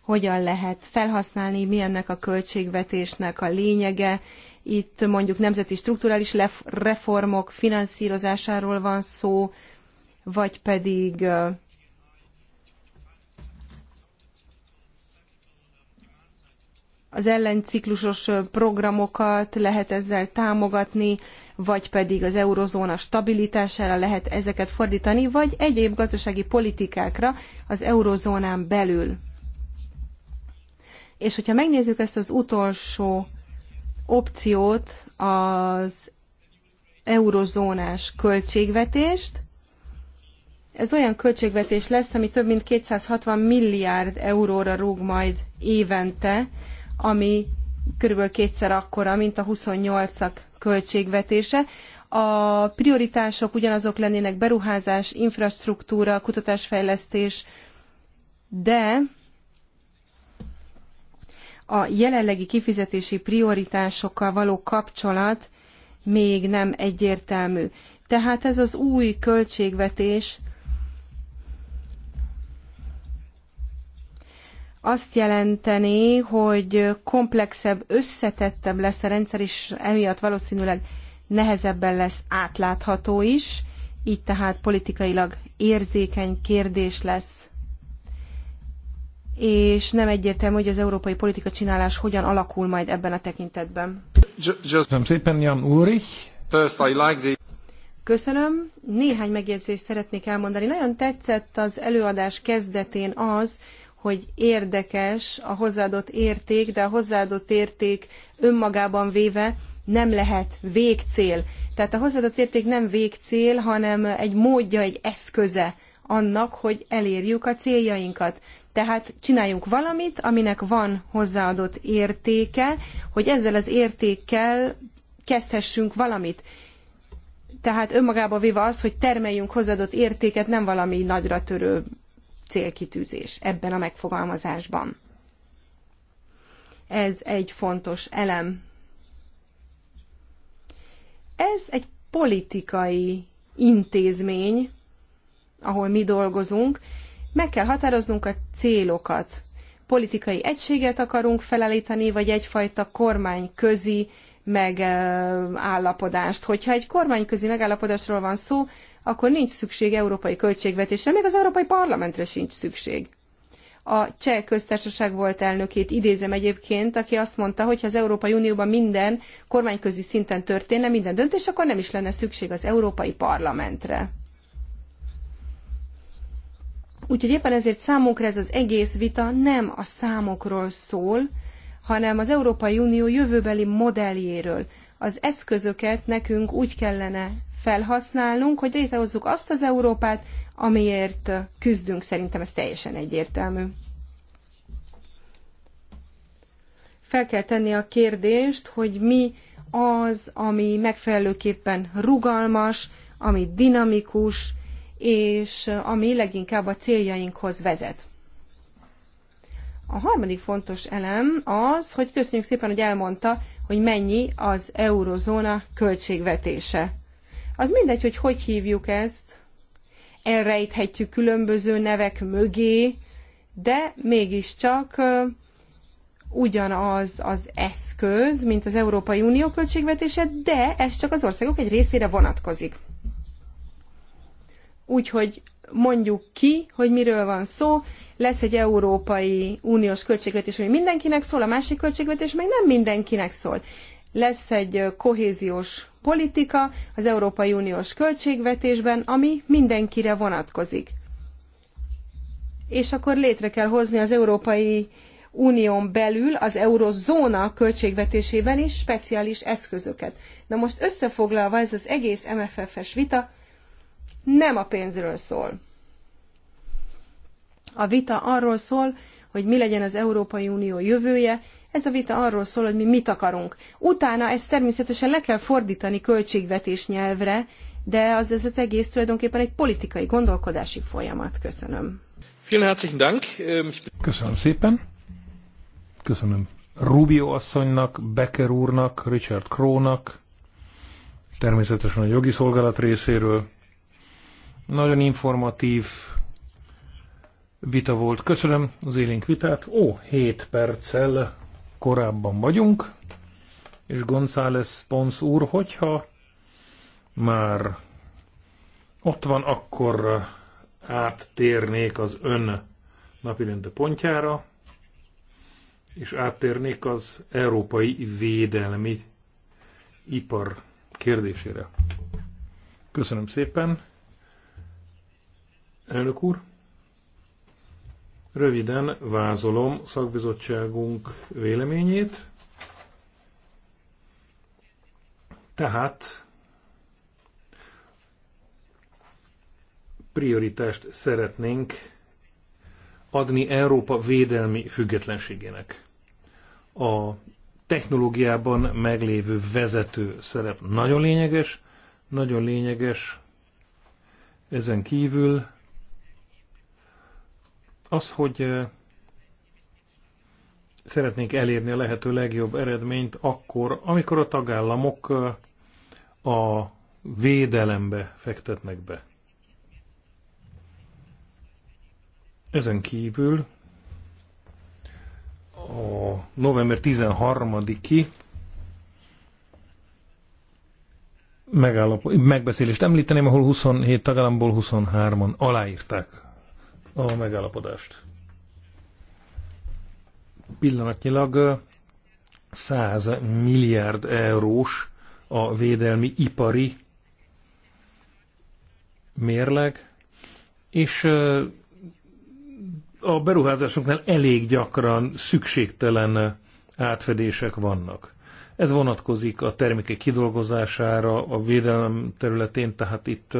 E: hogyan lehet felhasználni, mi ennek a költségvetésnek a lényege. Itt mondjuk nemzeti strukturális reformok finanszírozásáról van szó, vagy pedig az ellenciklusos programokat lehet ezzel támogatni, vagy pedig az eurozóna stabilitására lehet ezeket fordítani, vagy egyéb gazdasági politikákra az eurozónán belül. És hogyha megnézzük ezt az utolsó opciót, az eurozónás költségvetést, ez olyan költségvetés lesz, ami több mint 260 milliárd euróra rúg majd évente, ami körülbelül kétszer akkora, mint a 28-ak költségvetése. A prioritások ugyanazok lennének beruházás, infrastruktúra, kutatásfejlesztés, de a jelenlegi kifizetési prioritásokkal való kapcsolat még nem egyértelmű. Tehát ez az új költségvetés azt jelenteni, hogy komplexebb, összetettebb lesz a rendszer, és emiatt valószínűleg nehezebben lesz átlátható is, így tehát politikailag érzékeny kérdés lesz. És nem egyértelmű, hogy az európai politika csinálás hogyan alakul majd ebben a tekintetben.
B: Köszönöm szépen, Jan Ulrich.
E: Köszönöm. Néhány megjegyzést szeretnék elmondani. Nagyon tetszett az előadás kezdetén az, hogy érdekes a hozzáadott érték, de a hozzáadott érték önmagában véve nem lehet végcél. Tehát a hozzáadott érték nem végcél, hanem egy módja, egy eszköze annak, hogy elérjük a céljainkat. Tehát csináljunk valamit, aminek van hozzáadott értéke, hogy ezzel az értékkel kezdhessünk valamit. Tehát önmagába véve az, hogy termeljünk hozzáadott értéket, nem valami nagyra törő célkitűzés ebben a megfogalmazásban. Ez egy fontos elem. Ez egy politikai intézmény, ahol mi dolgozunk. Meg kell határoznunk a célokat. Politikai egységet akarunk felállítani, vagy egyfajta kormányközi megállapodást. Hogyha egy kormányközi megállapodásról van szó, akkor nincs szükség európai költségvetésre, még az Európai Parlamentre sincs szükség. A cseh köztársaság volt elnökét idézem egyébként, aki azt mondta, hogy ha az Európai Unióban minden kormányközi szinten történne minden döntés, akkor nem is lenne szükség az Európai Parlamentre. Úgyhogy éppen ezért számunkra ez az egész vita nem a számokról szól, hanem az Európai Unió jövőbeli modelljéről, az eszközöket nekünk úgy kellene felhasználnunk, hogy létrehozzuk azt az Európát, amiért küzdünk. Szerintem ez teljesen egyértelmű. Fel kell tenni a kérdést, hogy mi az, ami megfelelőképpen rugalmas, ami dinamikus, és ami leginkább a céljainkhoz vezet. A harmadik fontos elem az, hogy köszönjük szépen, hogy elmondta, hogy mennyi az eurozóna költségvetése. Az mindegy, hogy hogy hívjuk ezt, elrejthetjük különböző nevek mögé, de mégiscsak ugyanaz az eszköz, mint az Európai Unió költségvetése, de ez csak az országok egy részére vonatkozik. Úgyhogy mondjuk ki, hogy miről van szó, lesz egy Európai Uniós költségvetés, ami mindenkinek szól, a másik költségvetés meg nem mindenkinek szól. Lesz egy kohéziós politika az Európai Uniós költségvetésben, ami mindenkire vonatkozik. És akkor létre kell hozni az Európai Unión belül az eurozóna költségvetésében is speciális eszközöket. Na most összefoglalva ez az egész MFF-es vita nem a pénzről szól. A vita arról szól, hogy mi legyen az Európai Unió jövője, ez a vita arról szól, hogy mi mit akarunk. Utána ezt természetesen le kell fordítani költségvetés nyelvre, de az, ez az egész tulajdonképpen egy politikai gondolkodási folyamat. Köszönöm.
A: Vielen herzlichen Dank. Ähm,
B: Köszönöm szépen. Köszönöm Rubio asszonynak, Becker úrnak, Richard Krónak, természetesen a jogi szolgálat részéről. Nagyon informatív vita volt. Köszönöm az élénk vitát. Ó, 7 perccel korábban vagyunk, és González Pons úr, hogyha már ott van, akkor áttérnék az ön napirende pontjára, és áttérnék az európai védelmi ipar kérdésére. Köszönöm szépen, elnök úr! Röviden vázolom szakbizottságunk véleményét. Tehát prioritást szeretnénk adni Európa védelmi függetlenségének. A technológiában meglévő vezető szerep nagyon lényeges, nagyon lényeges ezen kívül az, hogy szeretnénk elérni a lehető legjobb eredményt akkor, amikor a tagállamok a védelembe fektetnek be. Ezen kívül a november 13-i megbeszélést említeném, ahol 27 tagállamból 23-an aláírták a megállapodást. Pillanatnyilag 100 milliárd eurós a védelmi ipari mérleg, és a beruházásoknál elég gyakran szükségtelen átfedések vannak. Ez vonatkozik a termékek kidolgozására, a védelem területén, tehát itt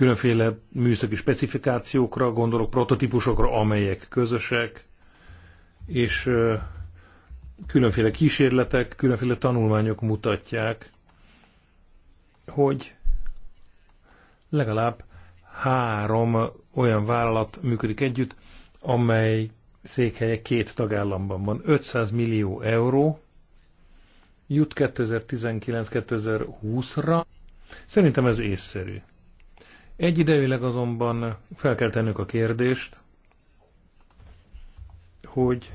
B: különféle műszaki specifikációkra gondolok, prototípusokra, amelyek közösek, és különféle kísérletek, különféle tanulmányok mutatják, hogy legalább három olyan vállalat működik együtt, amely székhelye két tagállamban van. 500 millió euró jut 2019-2020-ra. Szerintem ez észszerű. Egyidejűleg azonban fel kell tennünk a kérdést, hogy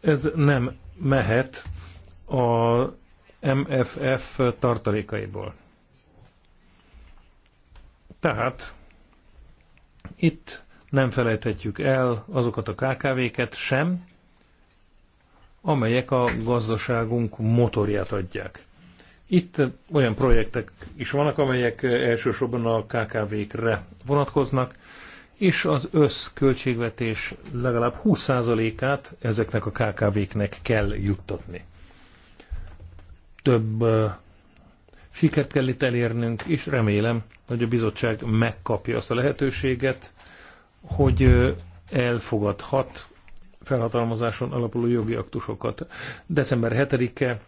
B: ez nem mehet a MFF tartalékaiból. Tehát itt nem felejthetjük el azokat a KKV-ket sem, amelyek a gazdaságunk motorját adják. Itt olyan projektek is vannak, amelyek eh, elsősorban a KKV-kre vonatkoznak, és az összköltségvetés legalább 20%-át ezeknek a KKV-knek kell juttatni. Több eh, sikert kell itt elérnünk, és remélem, hogy a bizottság megkapja azt a lehetőséget, hogy eh, elfogadhat felhatalmazáson alapuló jogi aktusokat. December 7-e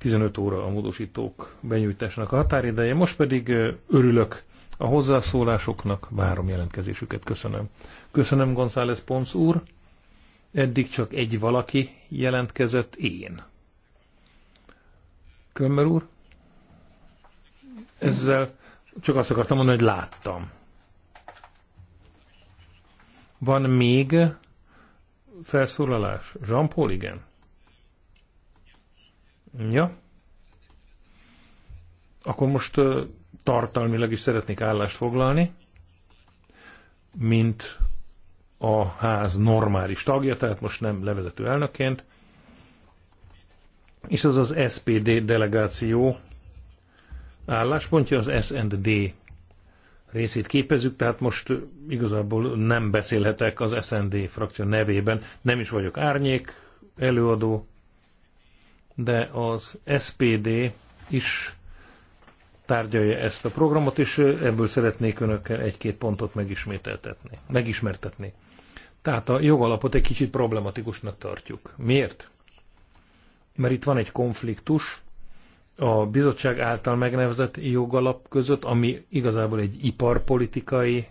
B: 15 óra a módosítók benyújtásának a határideje. Most pedig örülök a hozzászólásoknak, várom jelentkezésüket. Köszönöm. Köszönöm, González Ponc úr. Eddig csak egy valaki jelentkezett, én. Kömmel úr? Ezzel csak azt akartam mondani, hogy láttam. Van még felszólalás? Jean-Paul, igen. Ja. Akkor most tartalmilag is szeretnék állást foglalni, mint a ház normális tagja, tehát most nem levezető elnökként, és az az SPD delegáció álláspontja, az SND részét képezzük, tehát most igazából nem beszélhetek az SND frakció nevében, nem is vagyok árnyék előadó, de az SPD is tárgyalja ezt a programot, és ebből szeretnék önökkel egy-két pontot megismételtetni, megismertetni. Tehát a jogalapot egy kicsit problematikusnak tartjuk. Miért? Mert itt van egy konfliktus a bizottság által megnevezett jogalap között, ami igazából egy iparpolitikai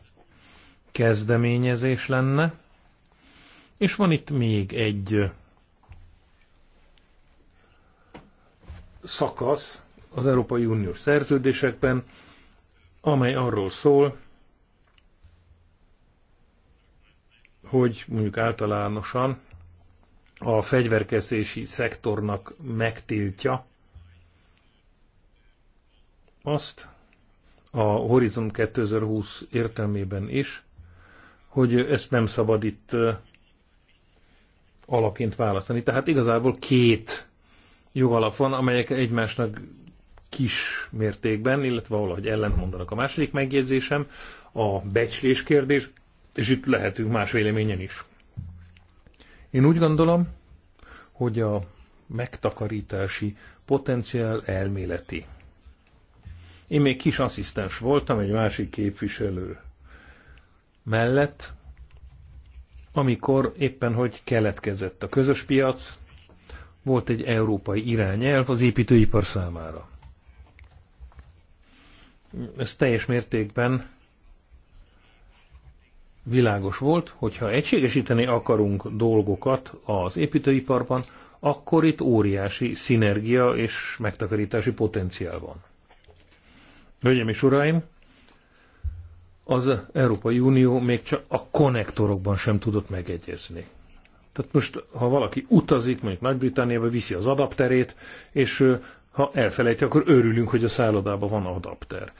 B: kezdeményezés lenne, és van itt még egy szakasz az Európai Uniós szerződésekben, amely arról szól, hogy mondjuk általánosan a fegyverkezési szektornak megtiltja azt a Horizon 2020 értelmében is, hogy ezt nem szabad itt alaként választani. Tehát igazából két jogalap van, amelyek egymásnak kis mértékben, illetve valahogy mondanak. A második megjegyzésem a becslés kérdés, és itt lehetünk más véleményen is. Én úgy gondolom, hogy a megtakarítási potenciál elméleti. Én még kis asszisztens voltam egy másik képviselő mellett, amikor éppen hogy keletkezett a közös piac, volt egy európai irányelv az építőipar számára. Ez teljes mértékben világos volt, hogyha egységesíteni akarunk dolgokat az építőiparban, akkor itt óriási szinergia és megtakarítási potenciál van. Hölgyeim és uraim, az Európai Unió még csak a konnektorokban sem tudott megegyezni. Tehát most, ha valaki utazik, mondjuk Nagy-Britanniába, viszi az adapterét, és ha elfelejti, akkor örülünk, hogy a szállodában van adapter.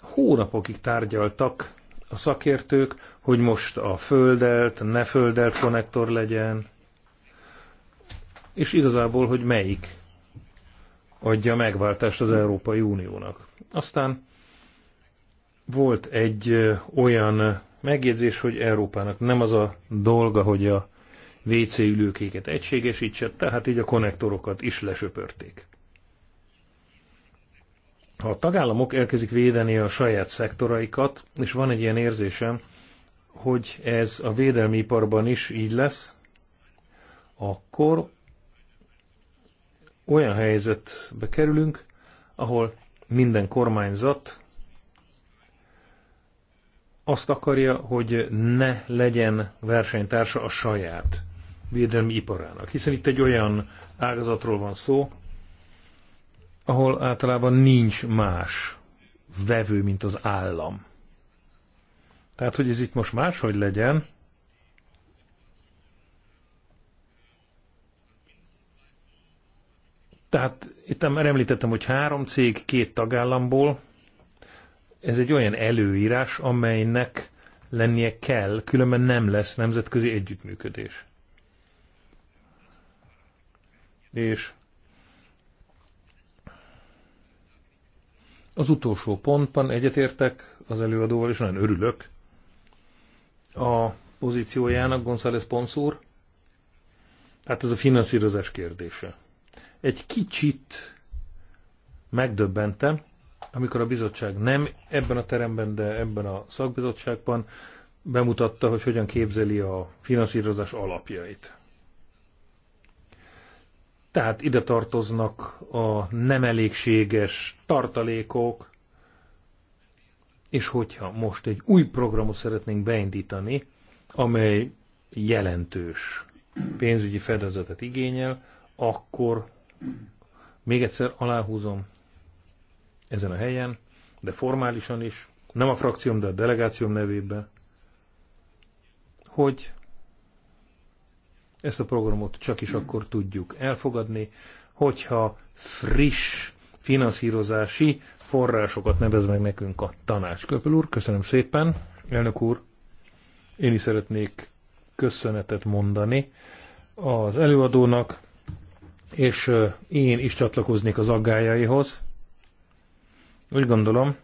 B: Hónapokig tárgyaltak a szakértők, hogy most a földelt, ne földelt konnektor legyen, és igazából, hogy melyik adja megváltást az Európai Uniónak. Aztán volt egy olyan megjegyzés, hogy Európának nem az a dolga, hogy a WC ülőkéket egységesítse, tehát így a konnektorokat is lesöpörték. Ha a tagállamok elkezdik védeni a saját szektoraikat, és van egy ilyen érzésem, hogy ez a védelmi iparban is így lesz, akkor olyan helyzetbe kerülünk, ahol minden kormányzat azt akarja, hogy ne legyen versenytársa a saját védelmi iparának, hiszen itt egy olyan ágazatról van szó, ahol általában nincs más vevő, mint az állam. Tehát, hogy ez itt most máshogy legyen, Tehát itt már említettem, hogy három cég két tagállamból, ez egy olyan előírás, amelynek lennie kell, különben nem lesz nemzetközi együttműködés. És az utolsó pontban egyetértek az előadóval, és nagyon örülök a pozíciójának, González Ponszúr. Hát ez a finanszírozás kérdése. Egy kicsit megdöbbentem, amikor a bizottság nem ebben a teremben, de ebben a szakbizottságban bemutatta, hogy hogyan képzeli a finanszírozás alapjait. Tehát ide tartoznak a nem elégséges tartalékok, és hogyha most egy új programot szeretnénk beindítani, amely jelentős pénzügyi fedezetet igényel, akkor még egyszer aláhúzom ezen a helyen, de formálisan is, nem a frakcióm, de a delegációm nevében, hogy ezt a programot csak is akkor tudjuk elfogadni, hogyha friss finanszírozási forrásokat nevez meg nekünk a tanács. Köpül úr, köszönöm szépen. Elnök úr, én is szeretnék köszönetet mondani az előadónak, és én is csatlakoznék az aggájaihoz. Úgy gondolom,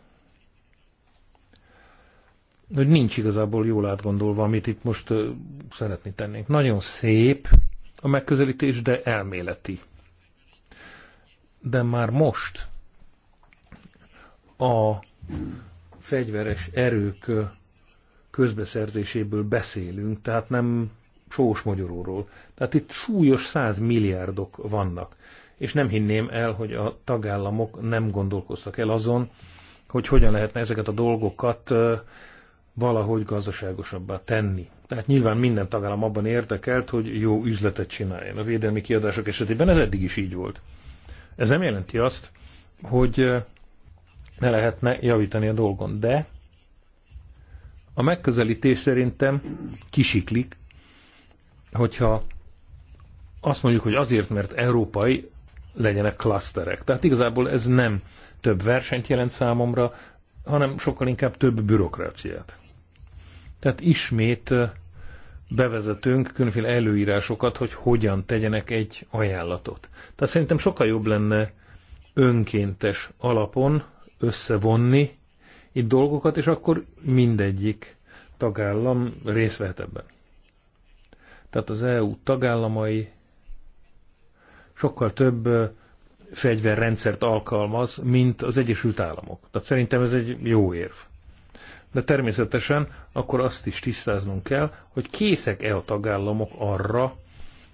B: hogy nincs igazából jól átgondolva, amit itt most szeretni tennénk. Nagyon szép a megközelítés, de elméleti. De már most a fegyveres erők közbeszerzéséből beszélünk, tehát nem sós magyaróról. Tehát itt súlyos milliárdok vannak. És nem hinném el, hogy a tagállamok nem gondolkoztak el azon, hogy hogyan lehetne ezeket a dolgokat valahogy gazdaságosabbá tenni. Tehát nyilván minden tagállam abban érdekelt, hogy jó üzletet csináljon. A védelmi kiadások esetében ez eddig is így volt. Ez nem jelenti azt, hogy eh, ne lehetne javítani a dolgon, de a megközelítés szerintem kisiklik, hogyha azt mondjuk, hogy azért, mert európai legyenek klaszterek. Tehát igazából ez nem több versenyt jelent számomra, hanem sokkal inkább több bürokráciát. Tehát ismét bevezetünk különféle előírásokat, hogy hogyan tegyenek egy ajánlatot. Tehát szerintem sokkal jobb lenne önkéntes alapon összevonni itt dolgokat, és akkor mindegyik tagállam részt vehet ebben. Tehát az EU tagállamai sokkal több fegyverrendszert alkalmaz, mint az Egyesült Államok. Tehát szerintem ez egy jó érv de természetesen akkor azt is tisztáznunk kell, hogy készek-e a tagállamok arra,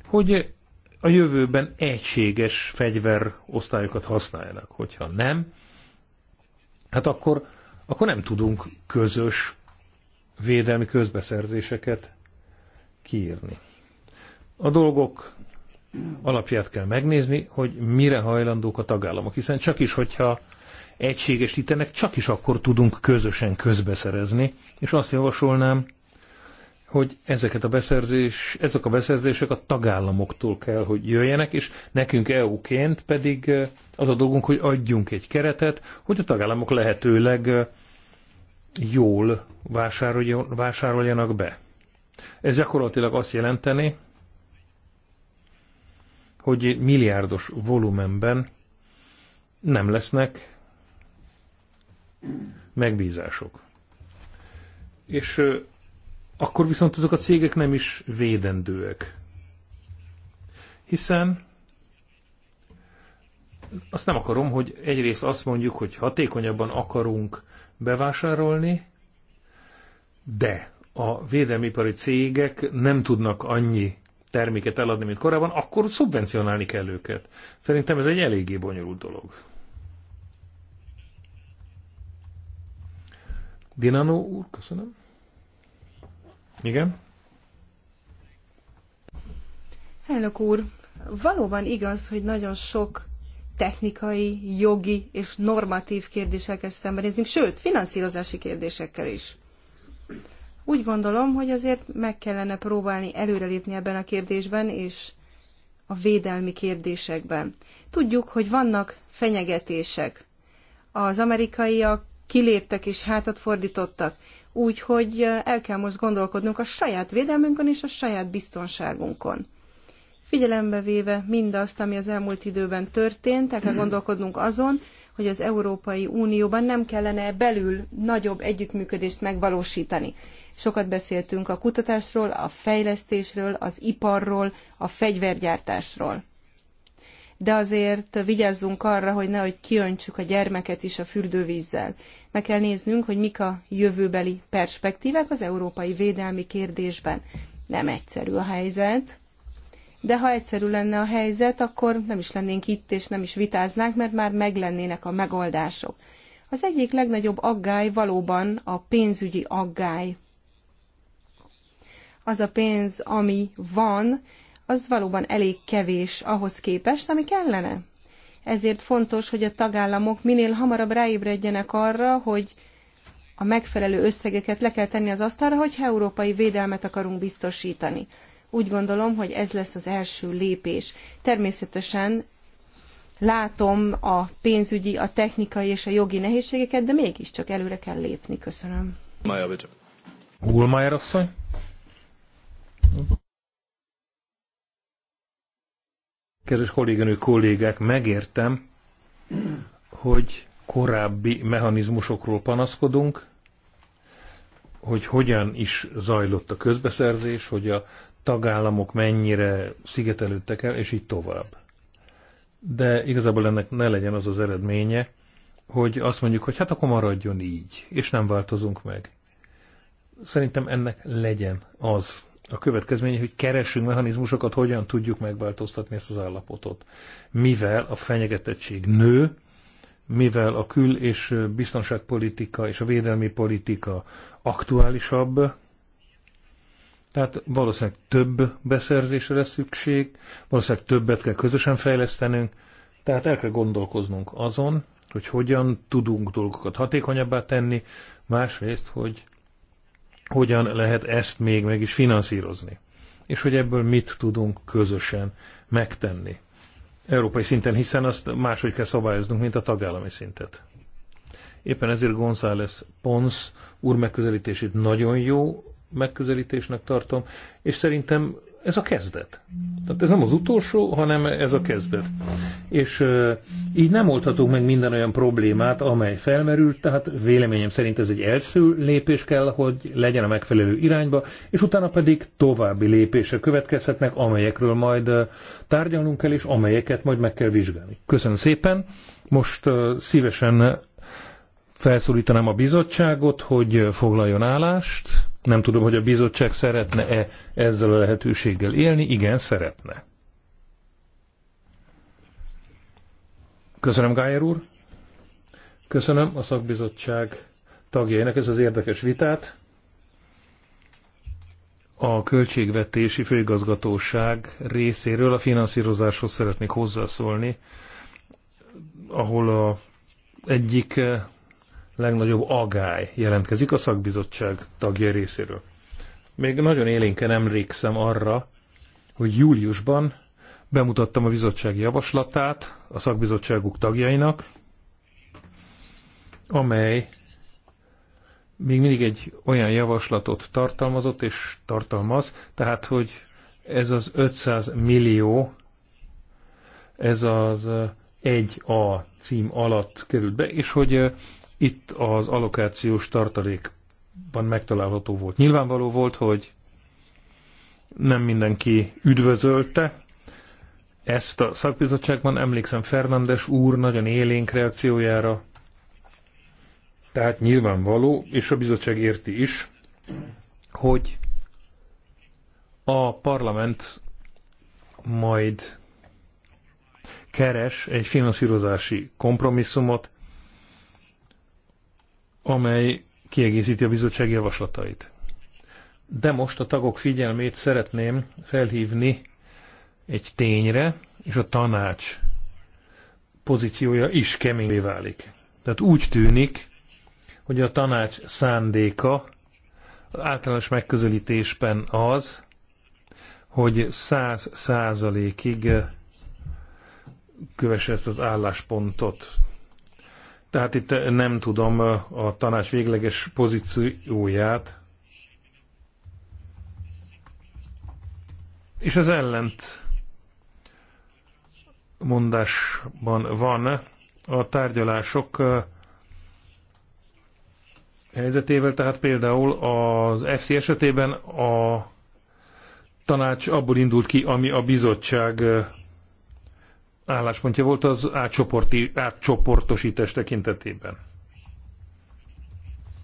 B: hogy a jövőben egységes fegyverosztályokat használjanak. Hogyha nem, hát akkor, akkor nem tudunk közös védelmi közbeszerzéseket kiírni. A dolgok alapját kell megnézni, hogy mire hajlandók a tagállamok, hiszen csak is, hogyha egységesítenek, csak is akkor tudunk közösen közbeszerezni. És azt javasolnám, hogy ezeket a beszerzés, ezek a beszerzések a tagállamoktól kell, hogy jöjjenek, és nekünk EU-ként pedig eh, az a dolgunk, hogy adjunk egy keretet, hogy a tagállamok lehetőleg eh, jól vásároljanak be. Ez gyakorlatilag azt jelenteni, hogy milliárdos volumenben nem lesznek megbízások. És akkor viszont azok a cégek nem is védendőek. Hiszen azt nem akarom, hogy egyrészt azt mondjuk, hogy hatékonyabban akarunk bevásárolni, de a védelmipari cégek nem tudnak annyi terméket eladni, mint korábban, akkor szubvencionálni kell őket. Szerintem ez egy eléggé bonyolult dolog. Dinanó úr, köszönöm. Igen?
E: Elnök úr, valóban igaz, hogy nagyon sok technikai, jogi és normatív kérdésekkel szembenézünk, sőt, finanszírozási kérdésekkel is. Úgy gondolom, hogy azért meg kellene próbálni előrelépni ebben a kérdésben, és a védelmi kérdésekben. Tudjuk, hogy vannak fenyegetések. Az amerikaiak kiléptek és hátat fordítottak. Úgyhogy el kell most gondolkodnunk a saját védelmünkön és a saját biztonságunkon. Figyelembe véve mindazt, ami az elmúlt időben történt, el kell gondolkodnunk azon, hogy az Európai Unióban nem kellene belül nagyobb együttműködést megvalósítani. Sokat beszéltünk a kutatásról, a fejlesztésről, az iparról, a fegyvergyártásról de azért vigyázzunk arra, hogy nehogy kiöntsük a gyermeket is a fürdővízzel. Meg kell néznünk, hogy mik a jövőbeli perspektívek az európai védelmi kérdésben. Nem egyszerű a helyzet, de ha egyszerű lenne a helyzet, akkor nem is lennénk itt, és nem is vitáznánk, mert már meglennének a megoldások. Az egyik legnagyobb aggály valóban a pénzügyi aggály. Az a pénz, ami van, az valóban elég kevés ahhoz képest, ami kellene. Ezért fontos, hogy a tagállamok minél hamarabb ráébredjenek arra, hogy a megfelelő összegeket le kell tenni az asztalra, hogyha európai védelmet akarunk biztosítani. Úgy gondolom, hogy ez lesz az első lépés. Természetesen látom a pénzügyi, a technikai és a jogi nehézségeket, de mégiscsak előre kell lépni. Köszönöm.
B: Maja, bitte. asszony? kedves kolléganő kollégák, megértem, hogy korábbi mechanizmusokról panaszkodunk, hogy hogyan is zajlott a közbeszerzés, hogy a tagállamok mennyire szigetelődtek el, és így tovább. De igazából ennek ne legyen az az eredménye, hogy azt mondjuk, hogy hát akkor maradjon így, és nem változunk meg. Szerintem ennek legyen az a következménye, hogy keressünk mechanizmusokat, hogyan tudjuk megváltoztatni ezt az állapotot. Mivel a fenyegetettség nő, mivel a kül- és biztonságpolitika és a védelmi politika aktuálisabb, tehát valószínűleg több beszerzésre lesz szükség, valószínűleg többet kell közösen fejlesztenünk, tehát el kell gondolkoznunk azon, hogy hogyan tudunk dolgokat hatékonyabbá tenni, másrészt, hogy hogyan lehet ezt még meg is finanszírozni, és hogy ebből mit tudunk közösen megtenni. Európai szinten, hiszen azt máshogy kell szabályoznunk, mint a tagállami szintet. Éppen ezért González Pons úr megközelítését nagyon jó megközelítésnek tartom, és szerintem ez a kezdet. Tehát ez nem az utolsó, hanem ez a kezdet. És így nem oldhatunk meg minden olyan problémát, amely felmerült, tehát véleményem szerint ez egy első lépés kell, hogy legyen a megfelelő irányba, és utána pedig további lépések következhetnek, amelyekről majd tárgyalnunk kell, és amelyeket majd meg kell vizsgálni. Köszönöm szépen, most szívesen felszólítanám a bizottságot, hogy foglaljon állást. Nem tudom, hogy a bizottság szeretne-e ezzel a lehetőséggel élni. Igen, szeretne. Köszönöm, Gájer úr. Köszönöm a szakbizottság tagjainak ez az érdekes vitát. A Költségvetési Főigazgatóság részéről a finanszírozáshoz szeretnék hozzászólni, ahol a egyik legnagyobb agály jelentkezik a szakbizottság tagja részéről. Még nagyon élénken emlékszem arra, hogy júliusban bemutattam a bizottság javaslatát a szakbizottságuk tagjainak, amely még mindig egy olyan javaslatot tartalmazott és tartalmaz, tehát hogy ez az 500 millió, ez az 1A cím alatt került be, és hogy itt az allokációs tartalékban megtalálható volt. Nyilvánvaló volt, hogy nem mindenki üdvözölte ezt a szakbizottságban. Emlékszem Fernandes úr nagyon élénk reakciójára. Tehát nyilvánvaló, és a bizottság érti is, hogy a parlament majd keres egy finanszírozási kompromisszumot, amely kiegészíti a bizottság javaslatait. De most a tagok figyelmét szeretném felhívni egy tényre, és a tanács pozíciója is keményé válik. Tehát úgy tűnik, hogy a tanács szándéka az általános megközelítésben az, hogy száz százalékig kövesse ezt az álláspontot. Tehát itt nem tudom a tanács végleges pozícióját. És az ellent mondásban van a tárgyalások helyzetével, tehát például az FC esetében a tanács abból indult ki, ami a bizottság álláspontja volt az átcsoportosítás tekintetében.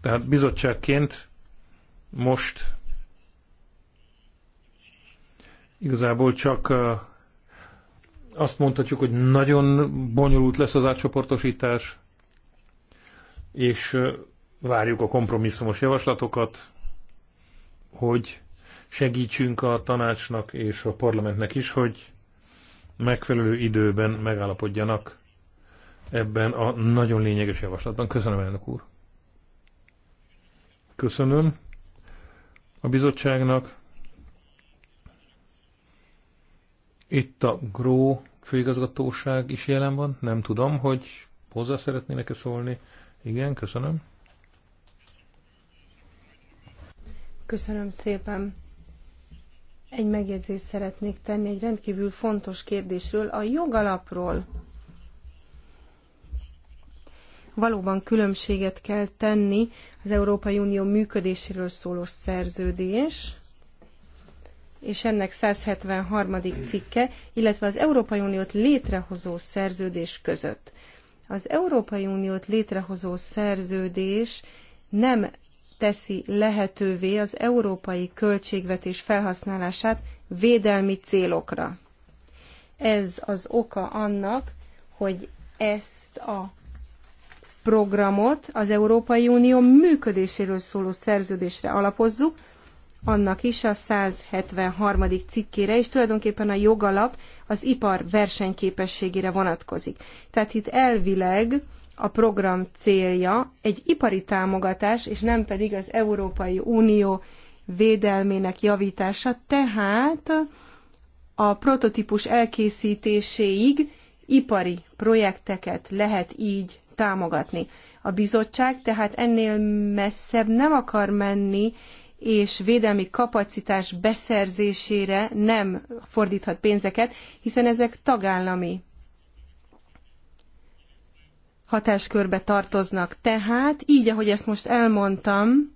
B: Tehát bizottságként most igazából csak azt mondhatjuk, hogy nagyon bonyolult lesz az átcsoportosítás, és várjuk a kompromisszumos javaslatokat, hogy segítsünk a tanácsnak és a parlamentnek is, hogy megfelelő időben megállapodjanak ebben a nagyon lényeges javaslatban. Köszönöm, elnök úr. Köszönöm a bizottságnak. Itt a GRO főigazgatóság is jelen van. Nem tudom, hogy hozzá szeretnének-e szólni. Igen, köszönöm.
E: Köszönöm szépen. Egy megjegyzést szeretnék tenni egy rendkívül fontos kérdésről, a jogalapról. Valóban különbséget kell tenni az Európai Unió működéséről szóló szerződés, és ennek 173. cikke, illetve az Európai Uniót létrehozó szerződés között. Az Európai Uniót létrehozó szerződés nem teszi lehetővé az európai költségvetés felhasználását védelmi célokra. Ez az oka annak, hogy ezt a programot az Európai Unió működéséről szóló szerződésre alapozzuk, annak is a 173. cikkére, és tulajdonképpen a jogalap az ipar versenyképességére vonatkozik. Tehát itt elvileg a program célja egy ipari támogatás, és nem pedig az Európai Unió védelmének javítása, tehát a prototípus elkészítéséig ipari projekteket lehet így támogatni. A bizottság tehát ennél messzebb nem akar menni, és védelmi kapacitás beszerzésére nem fordíthat pénzeket, hiszen ezek tagállami hatáskörbe tartoznak. Tehát, így, ahogy ezt most elmondtam,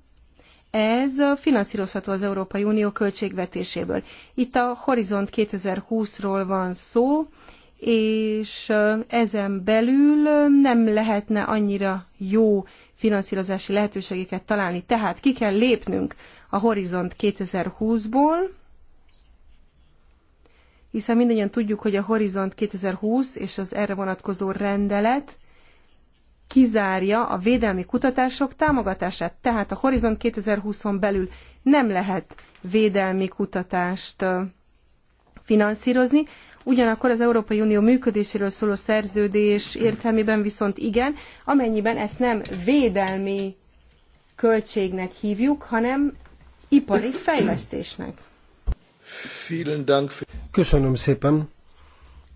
E: ez finanszírozható az Európai Unió költségvetéséből. Itt a Horizont 2020-ról van szó, és ezen belül nem lehetne annyira jó finanszírozási lehetőségeket találni. Tehát ki kell lépnünk a Horizont 2020-ból, hiszen mindannyian tudjuk, hogy a Horizont 2020 és az erre vonatkozó rendelet kizárja a védelmi kutatások támogatását. Tehát a Horizont 2020-on belül nem lehet védelmi kutatást finanszírozni, ugyanakkor az Európai Unió működéséről szóló szerződés értelmében viszont igen, amennyiben ezt nem védelmi költségnek hívjuk, hanem ipari fejlesztésnek.
D: Köszönöm szépen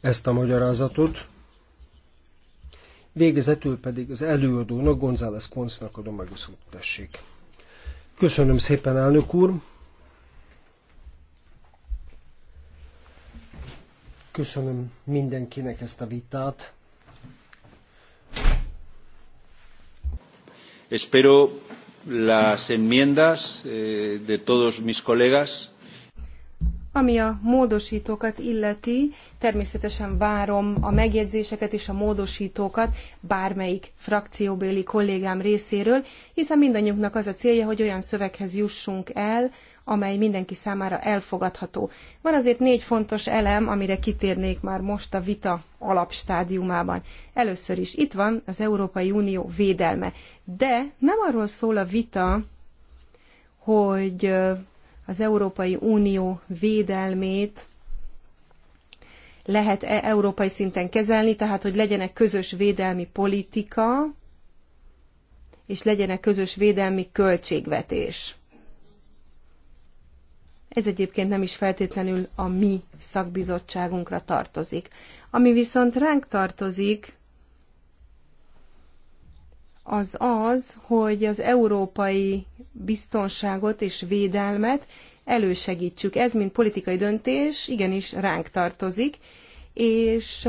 D: ezt a magyarázatot. Végezetül pedig az előadónak, González Ponsznak adom meg a szót, tessék. Köszönöm szépen, elnök úr! Köszönöm mindenkinek ezt a vitát.
A: Espero las enmiendas eh, de todos mis colegas.
E: Ami a módosítókat illeti, Természetesen várom a megjegyzéseket és a módosítókat bármelyik frakcióbéli kollégám részéről, hiszen mindannyiunknak az a célja, hogy olyan szöveghez jussunk el, amely mindenki számára elfogadható. Van azért négy fontos elem, amire kitérnék már most a vita alapstádiumában. Először is itt van az Európai Unió védelme. De nem arról szól a vita, hogy az Európai Unió védelmét lehet-e európai szinten kezelni, tehát hogy legyenek közös védelmi politika, és legyenek közös védelmi költségvetés. Ez egyébként nem is feltétlenül a mi szakbizottságunkra tartozik. Ami viszont ránk tartozik, az az, hogy az európai biztonságot és védelmet elősegítsük. Ez, mint politikai döntés, igenis ránk tartozik, és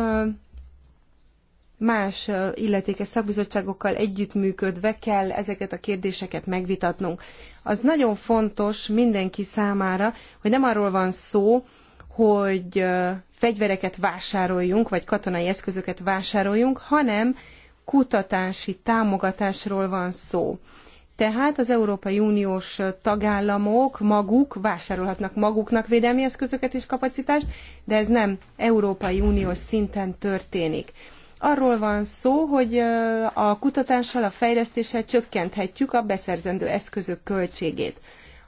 E: más illetékes szakbizottságokkal együttműködve kell ezeket a kérdéseket megvitatnunk. Az nagyon fontos mindenki számára, hogy nem arról van szó, hogy fegyvereket vásároljunk, vagy katonai eszközöket vásároljunk, hanem kutatási támogatásról van szó. Tehát az Európai Uniós tagállamok maguk vásárolhatnak maguknak védelmi eszközöket és kapacitást, de ez nem Európai Uniós szinten történik. Arról van szó, hogy a kutatással, a fejlesztéssel csökkenthetjük a beszerzendő eszközök költségét.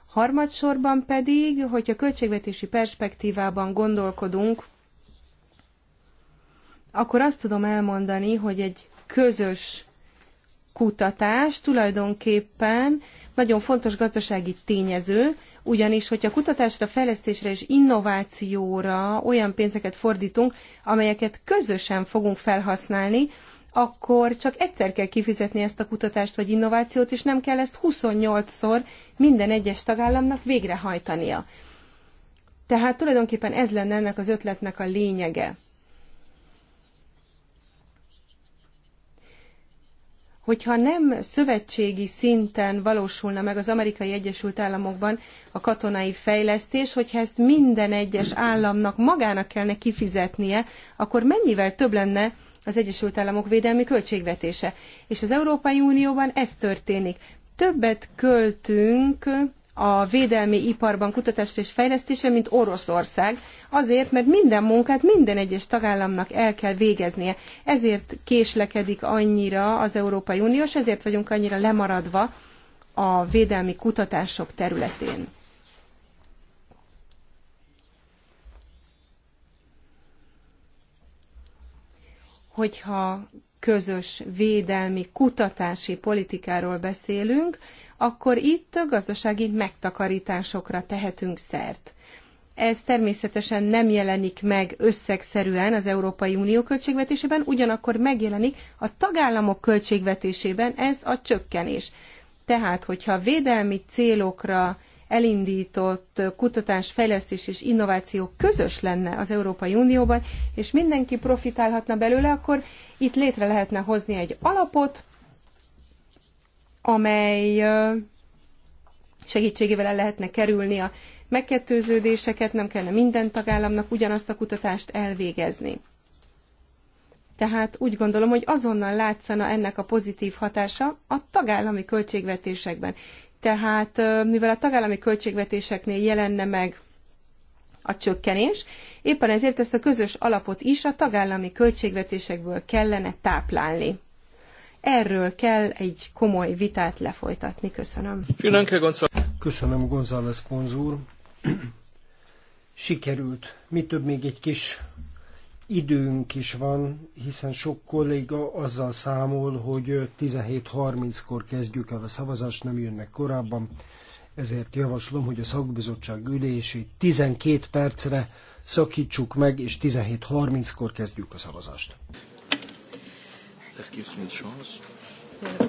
E: Harmadsorban pedig, hogyha költségvetési perspektívában gondolkodunk, akkor azt tudom elmondani, hogy egy közös kutatás tulajdonképpen nagyon fontos gazdasági tényező, ugyanis, hogyha kutatásra, fejlesztésre és innovációra olyan pénzeket fordítunk, amelyeket közösen fogunk felhasználni, akkor csak egyszer kell kifizetni ezt a kutatást vagy innovációt, és nem kell ezt 28-szor minden egyes tagállamnak végrehajtania. Tehát tulajdonképpen ez lenne ennek az ötletnek a lényege. hogyha nem szövetségi szinten valósulna meg az amerikai Egyesült Államokban a katonai fejlesztés, hogyha ezt minden egyes államnak magának kellene kifizetnie, akkor mennyivel több lenne az Egyesült Államok védelmi költségvetése. És az Európai Unióban ez történik. Többet költünk a védelmi iparban kutatásra és fejlesztésre, mint Oroszország, azért, mert minden munkát minden egyes tagállamnak el kell végeznie. Ezért késlekedik annyira az Európai Unió, és ezért vagyunk annyira lemaradva a védelmi kutatások területén. Hogyha közös védelmi kutatási politikáról beszélünk, akkor itt a gazdasági megtakarításokra tehetünk szert. Ez természetesen nem jelenik meg összegszerűen az Európai Unió költségvetésében, ugyanakkor megjelenik a tagállamok költségvetésében ez a csökkenés. Tehát, hogyha védelmi célokra elindított kutatás, fejlesztés és innováció közös lenne az Európai Unióban, és mindenki profitálhatna belőle, akkor itt létre lehetne hozni egy alapot, amely segítségével el lehetne kerülni a megkettőződéseket, nem kellene minden tagállamnak ugyanazt a kutatást elvégezni. Tehát úgy gondolom, hogy azonnal látszana ennek a pozitív hatása a tagállami költségvetésekben. Tehát mivel a tagállami költségvetéseknél jelenne meg a csökkenés, éppen ezért ezt a közös alapot is a tagállami költségvetésekből kellene táplálni. Erről kell egy komoly vitát lefolytatni. Köszönöm.
D: Köszönöm, González Ponzúr. Sikerült. Mi több még egy kis időnk is van, hiszen sok kolléga azzal számol, hogy 17.30-kor kezdjük el a szavazást, nem jönnek korábban. Ezért javaslom, hogy a szakbizottság ülését 12 percre szakítsuk meg, és 17.30-kor kezdjük a szavazást.
B: That gives me a chance. Yes.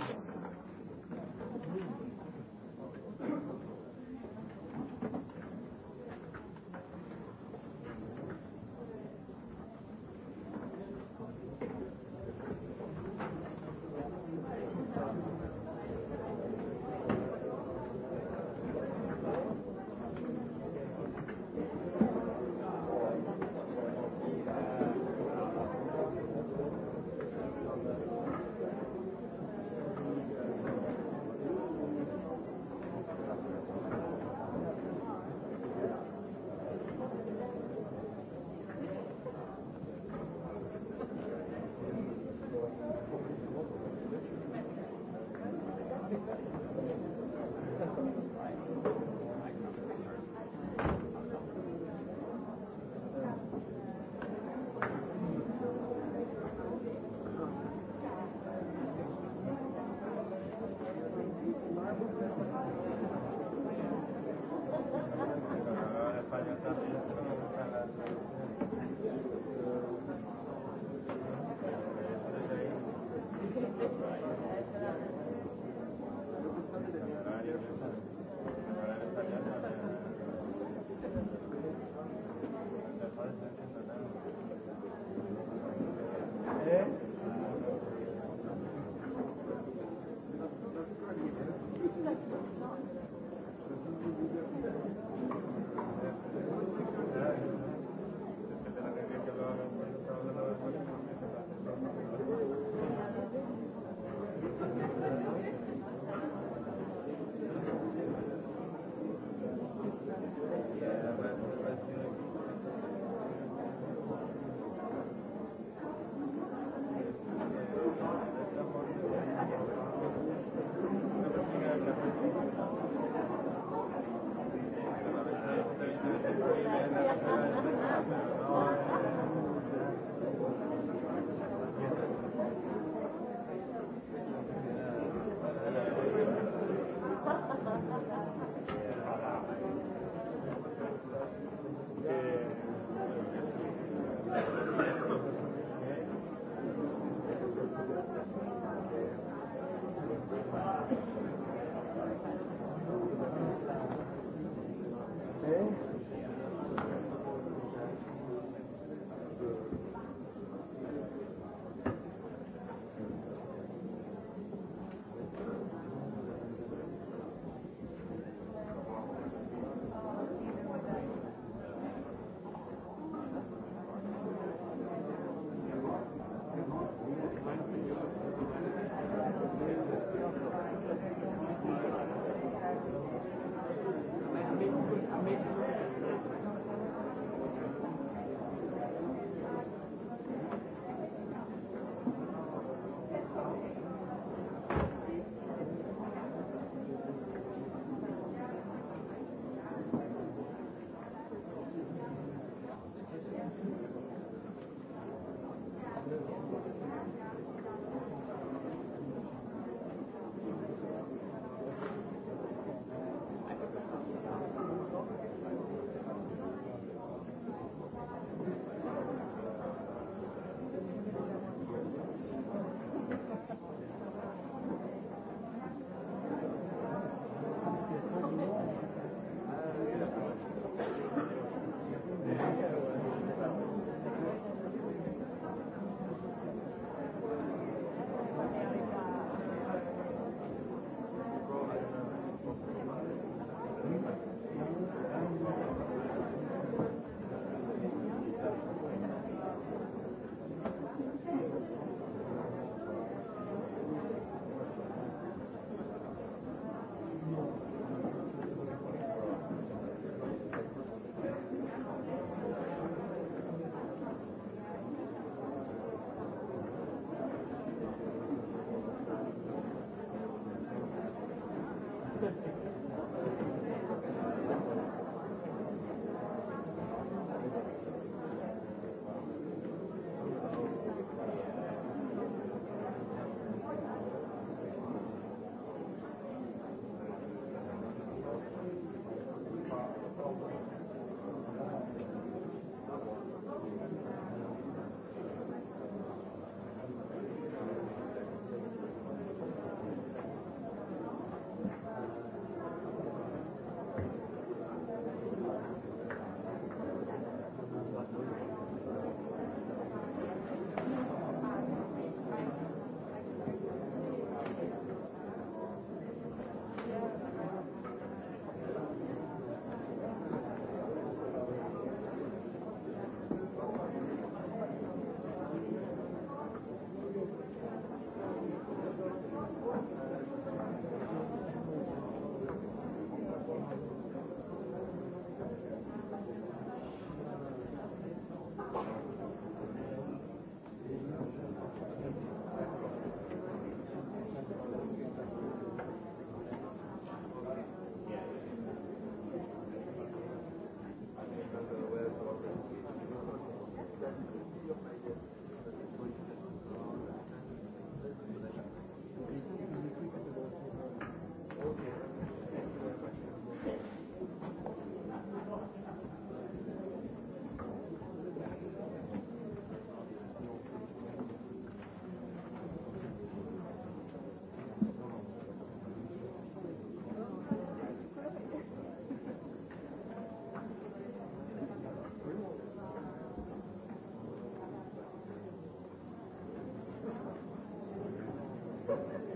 F: Thank you.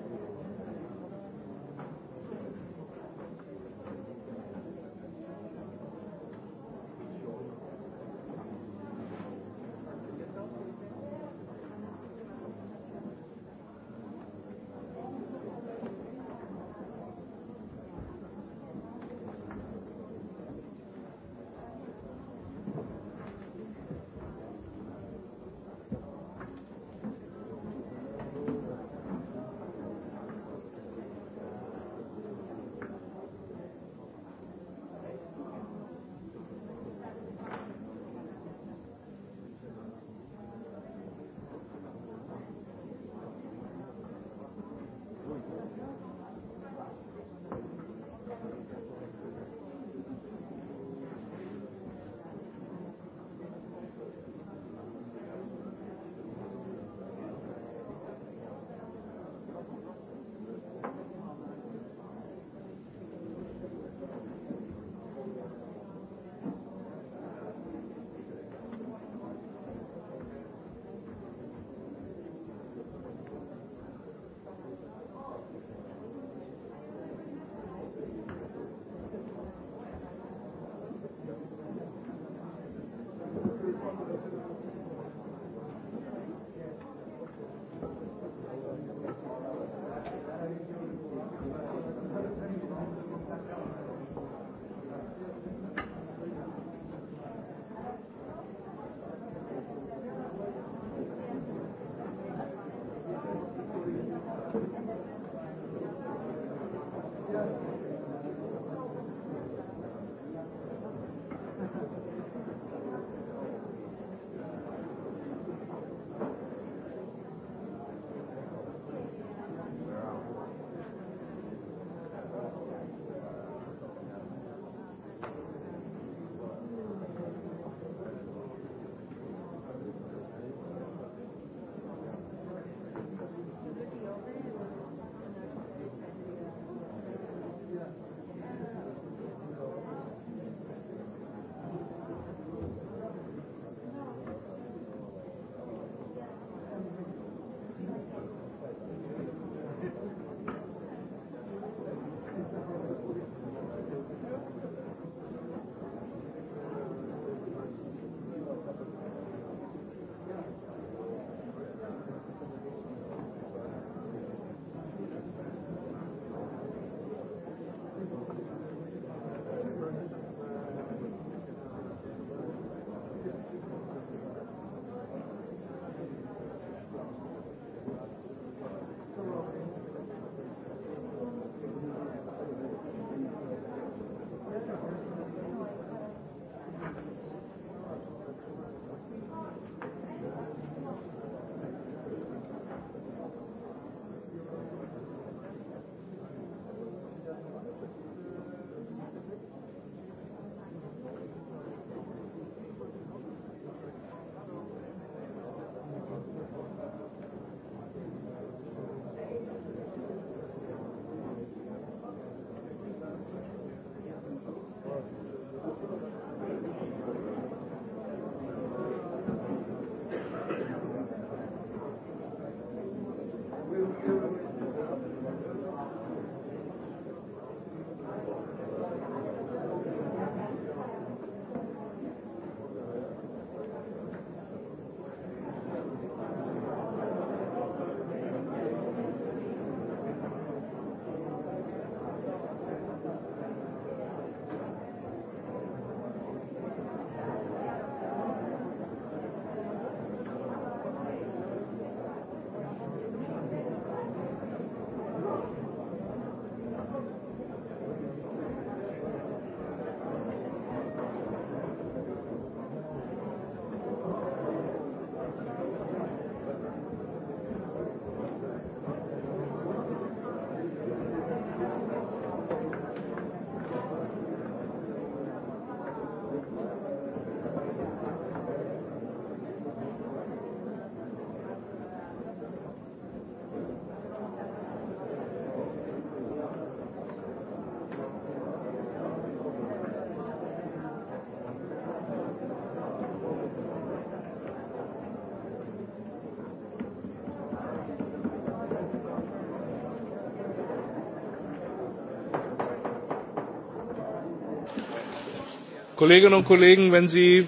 A: Kolleginnen und Kollegen, wenn Sie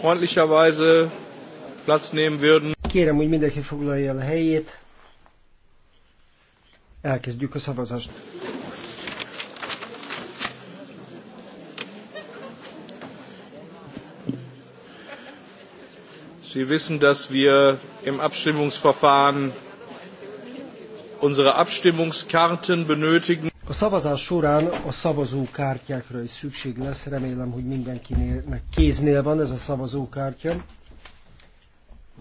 A: freundlicherweise Platz nehmen würden. Kérem,
D: hogy mindenki foglalja el a helyét. Elkezdjük a szavazást.
A: Sie wissen, dass wir im Abstimmungsverfahren unsere Abstimmungskarten benötigen
D: szavazás során a szavazókártyákra is szükség lesz. Remélem, hogy mindenkinek kéznél van ez a szavazókártya.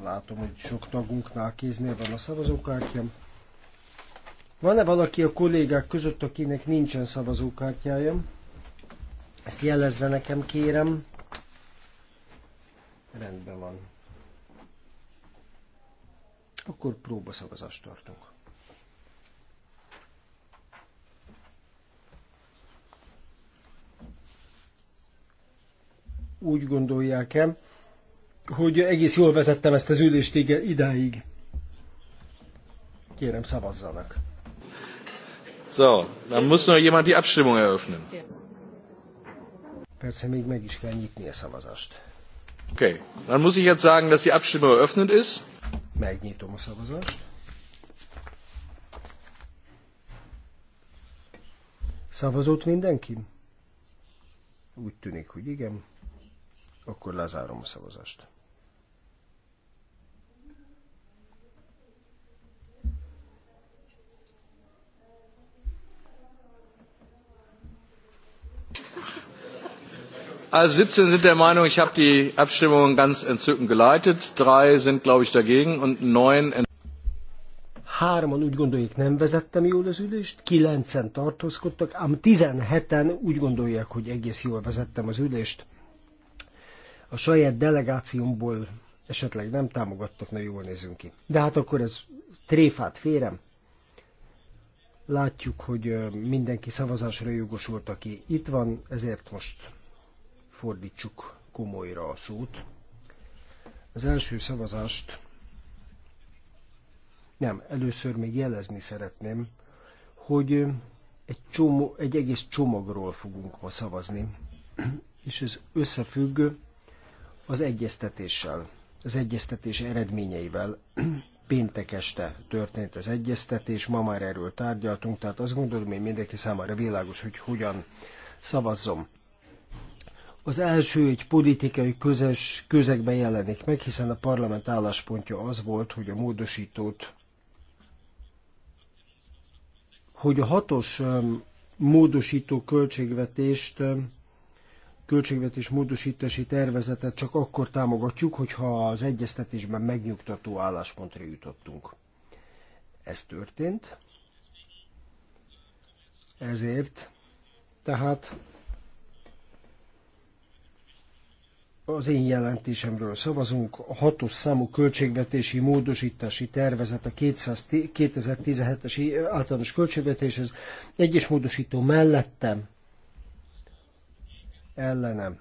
D: Látom, hogy sok tagunknál kéznél van a szavazókártya. Van-e valaki a kollégák között, akinek nincsen szavazókártyája? Ezt jelezze nekem, kérem. Rendben van. Akkor próbaszavazást tartunk. úgy gondolják-e, hogy egész jól vezettem ezt az ülést idáig. Kérem, szavazzanak.
A: So, dann muss noch jemand die Abstimmung eröffnen.
D: Persze még meg is kell
A: nyitni a szavazást. Okay, dann muss ich jetzt sagen, dass die Abstimmung eröffnet ist. Megnyitom a szavazást.
D: Szavazott mindenki? Úgy tűnik, hogy igen. Akkor lezárom a szavazást.
A: Also 17 sind der Meinung, ich habe die Abstimmung ganz entzückend geleitet. Drei sind, glaube ich, dagegen und neun. Ent-
D: Hárman úgy gondolják, nem vezettem jól az ülést, kilencen tartózkodtak, ám tizenheten úgy gondolják, hogy egész jól vezettem az ülést a saját delegációmból esetleg nem támogattak, na jól nézünk ki. De hát akkor ez tréfát férem. Látjuk, hogy mindenki szavazásra jogosult, aki itt van, ezért most fordítsuk komolyra a szót. Az első szavazást nem, először még jelezni szeretném, hogy egy, csomó, egy egész csomagról fogunk ma szavazni, és ez összefügg az egyeztetéssel, az egyeztetés eredményeivel. Péntek este történt az egyeztetés, ma már erről tárgyaltunk, tehát azt gondolom, hogy mindenki számára világos, hogy hogyan szavazzom. Az első egy politikai közös közegben jelenik meg, hiszen a parlament álláspontja az volt, hogy a módosítót, hogy a hatos módosító költségvetést költségvetés módosítási tervezetet csak akkor támogatjuk, hogyha az egyeztetésben megnyugtató álláspontra jutottunk. Ez történt. Ezért tehát az én jelentésemről szavazunk, a hatos számú költségvetési módosítási tervezet a 2017-es általános költségvetéshez, egyes módosító mellettem ellenem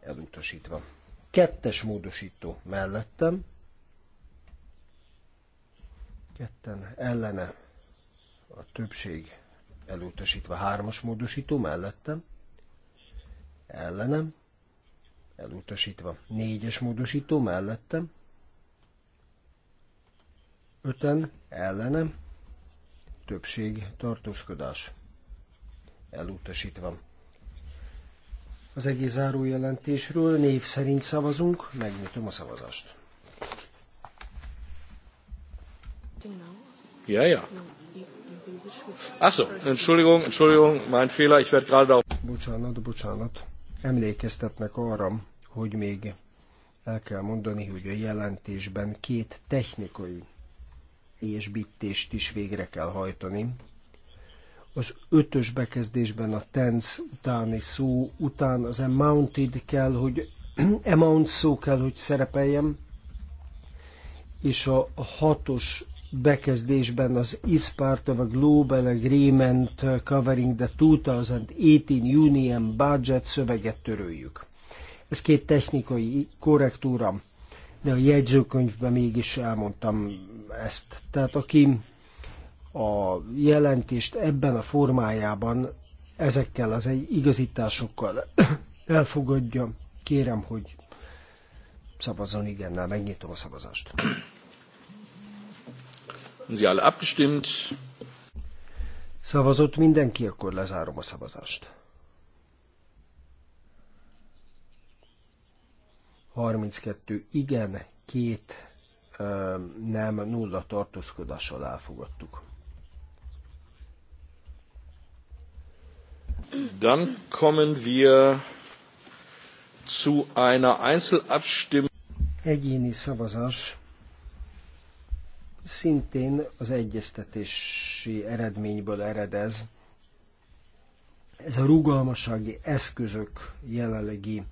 D: elutasítva. Kettes módosító mellettem, ketten ellene a többség elutasítva hármas módosító mellettem, ellenem, elutasítva négyes módosító mellettem, öten ellenem, többség tartózkodás elutasítva az egész jelentésről. Név szerint szavazunk, megnyitom a szavazást.
A: Ja, ja.
F: Achso, Entschuldigung,
A: Entschuldigung, mein Fehler, ich werde gerade auf... Bocsánat, bocsánat.
D: Emlékeztetnek arra, hogy még el kell mondani, hogy a jelentésben két technikai és bittést is végre kell hajtani, az ötös bekezdésben a tense utáni szó után az amounted kell, hogy amount szó kell, hogy szerepeljem, és a hatos bekezdésben az is part of a global agreement covering the 2018 union budget szöveget töröljük. Ez két technikai korrektúra, de a jegyzőkönyvben mégis elmondtam ezt. Tehát aki a jelentést ebben a formájában ezekkel az egy igazításokkal elfogadja. Kérem, hogy szavazzon igennel, megnyitom a
A: szavazást. Sie alle abgestimmt.
D: Szavazott mindenki, akkor lezárom a szavazást. 32 igen, két nem, nulla tartózkodással elfogadtuk.
A: Dann kommen wir zu einer Einzelabstimmung.
D: Egyéni szavazás szintén az egyeztetési eredményből eredez. Ez a rugalmassági eszközök jelenlegi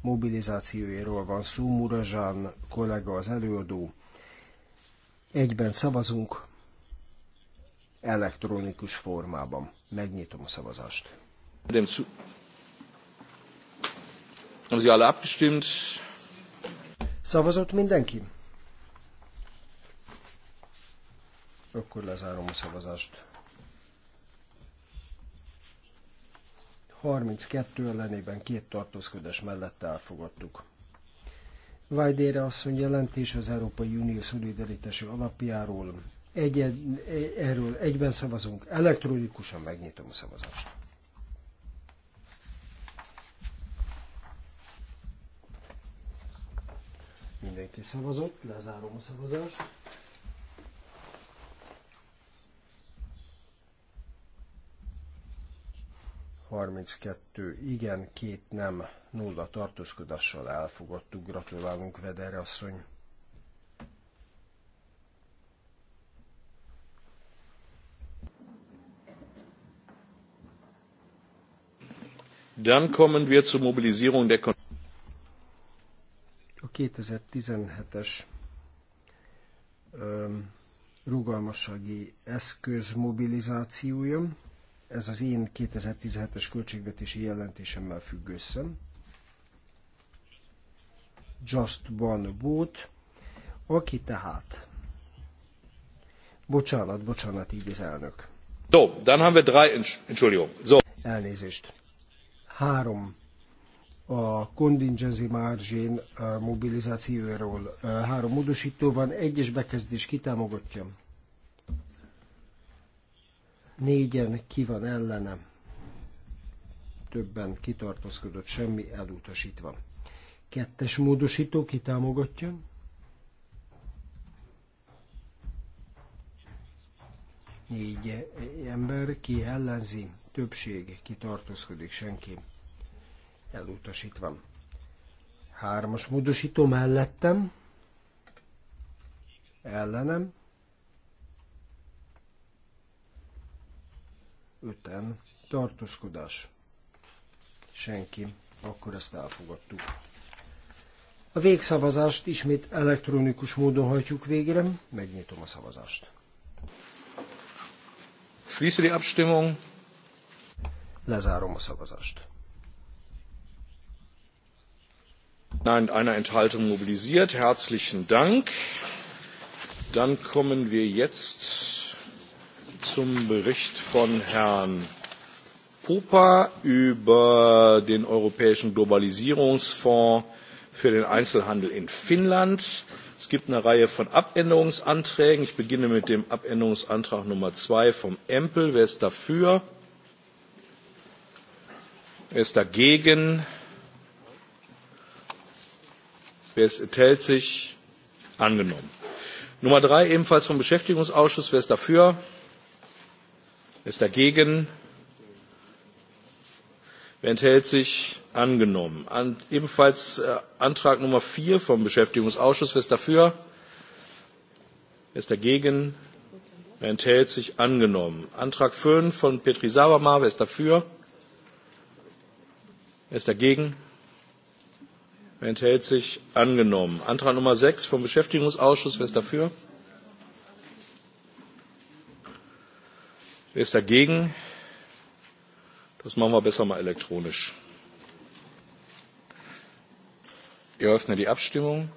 D: mobilizációjáról van szó. Murazsán kollega az előadó. Egyben szavazunk elektronikus formában. Megnyitom a szavazást. Dem zu
A: Haben Sie alle abgestimmt?
D: Szavazott mindenki?
A: Akkor lezárom a szavazást.
D: 32 ellenében két tartózkodás mellett elfogadtuk. Vajdére asszony jelentés az Európai Unió szolidaritási alapjáról. Egy, erről egyben szavazunk, elektronikusan megnyitom a szavazást. Mindenki szavazott, lezárom a szavazást. Kettő. igen, két nem, nulla tartózkodással elfogadtuk. Gratulálunk Vedere asszony.
A: Dann kommen wir zur Mobilisierung der
D: a 2017-es rugalmassági eszköz mobilizációja. Ez az én 2017-es költségvetési jelentésemmel függ össze. Just One Boat, aki tehát... Bocsánat, bocsánat, így az elnök.
A: So, dann haben wir drei, Entschuldigung. So. Elnézést.
D: Három a contingency margin eh, mobilizációról eh, három módosító van, egyes bekezdés kitámogatja. Négyen ki van ellenem. Többen kitartozkodott, semmi elutasítva. Kettes módosító kitámogatja. Négy eh, ember ki ellenzi, többség kitartozkodik, senki elutasítva. Hármas módosító mellettem, ellenem, öten, tartózkodás, senki, akkor ezt elfogadtuk. A végszavazást ismét elektronikus módon hajtjuk végre, megnyitom a szavazást. Schließe die Abstimmung. Lezárom a szavazást.
A: Nein, einer Enthaltung mobilisiert. Herzlichen Dank. Dann kommen wir jetzt zum Bericht von Herrn Popa über den Europäischen Globalisierungsfonds für den Einzelhandel in Finnland. Es gibt eine Reihe von Abänderungsanträgen. Ich beginne mit dem Abänderungsantrag Nummer 2 vom Empel. Wer ist dafür? Wer ist dagegen? Wer es enthält sich? Angenommen. Nummer drei ebenfalls vom Beschäftigungsausschuss. Wer ist dafür? Wer ist dagegen? Wer enthält sich? Angenommen. An, ebenfalls äh, Antrag Nummer vier vom Beschäftigungsausschuss. Wer ist dafür? Wer ist dagegen? Wer enthält sich? Angenommen. Antrag fünf von Petri Savama. Wer ist dafür? Wer ist dagegen? enthält sich angenommen. Antrag Nummer 6 vom Beschäftigungsausschuss. Wer ist dafür? Wer ist dagegen? Das machen wir besser mal elektronisch. Ich öffne die Abstimmung.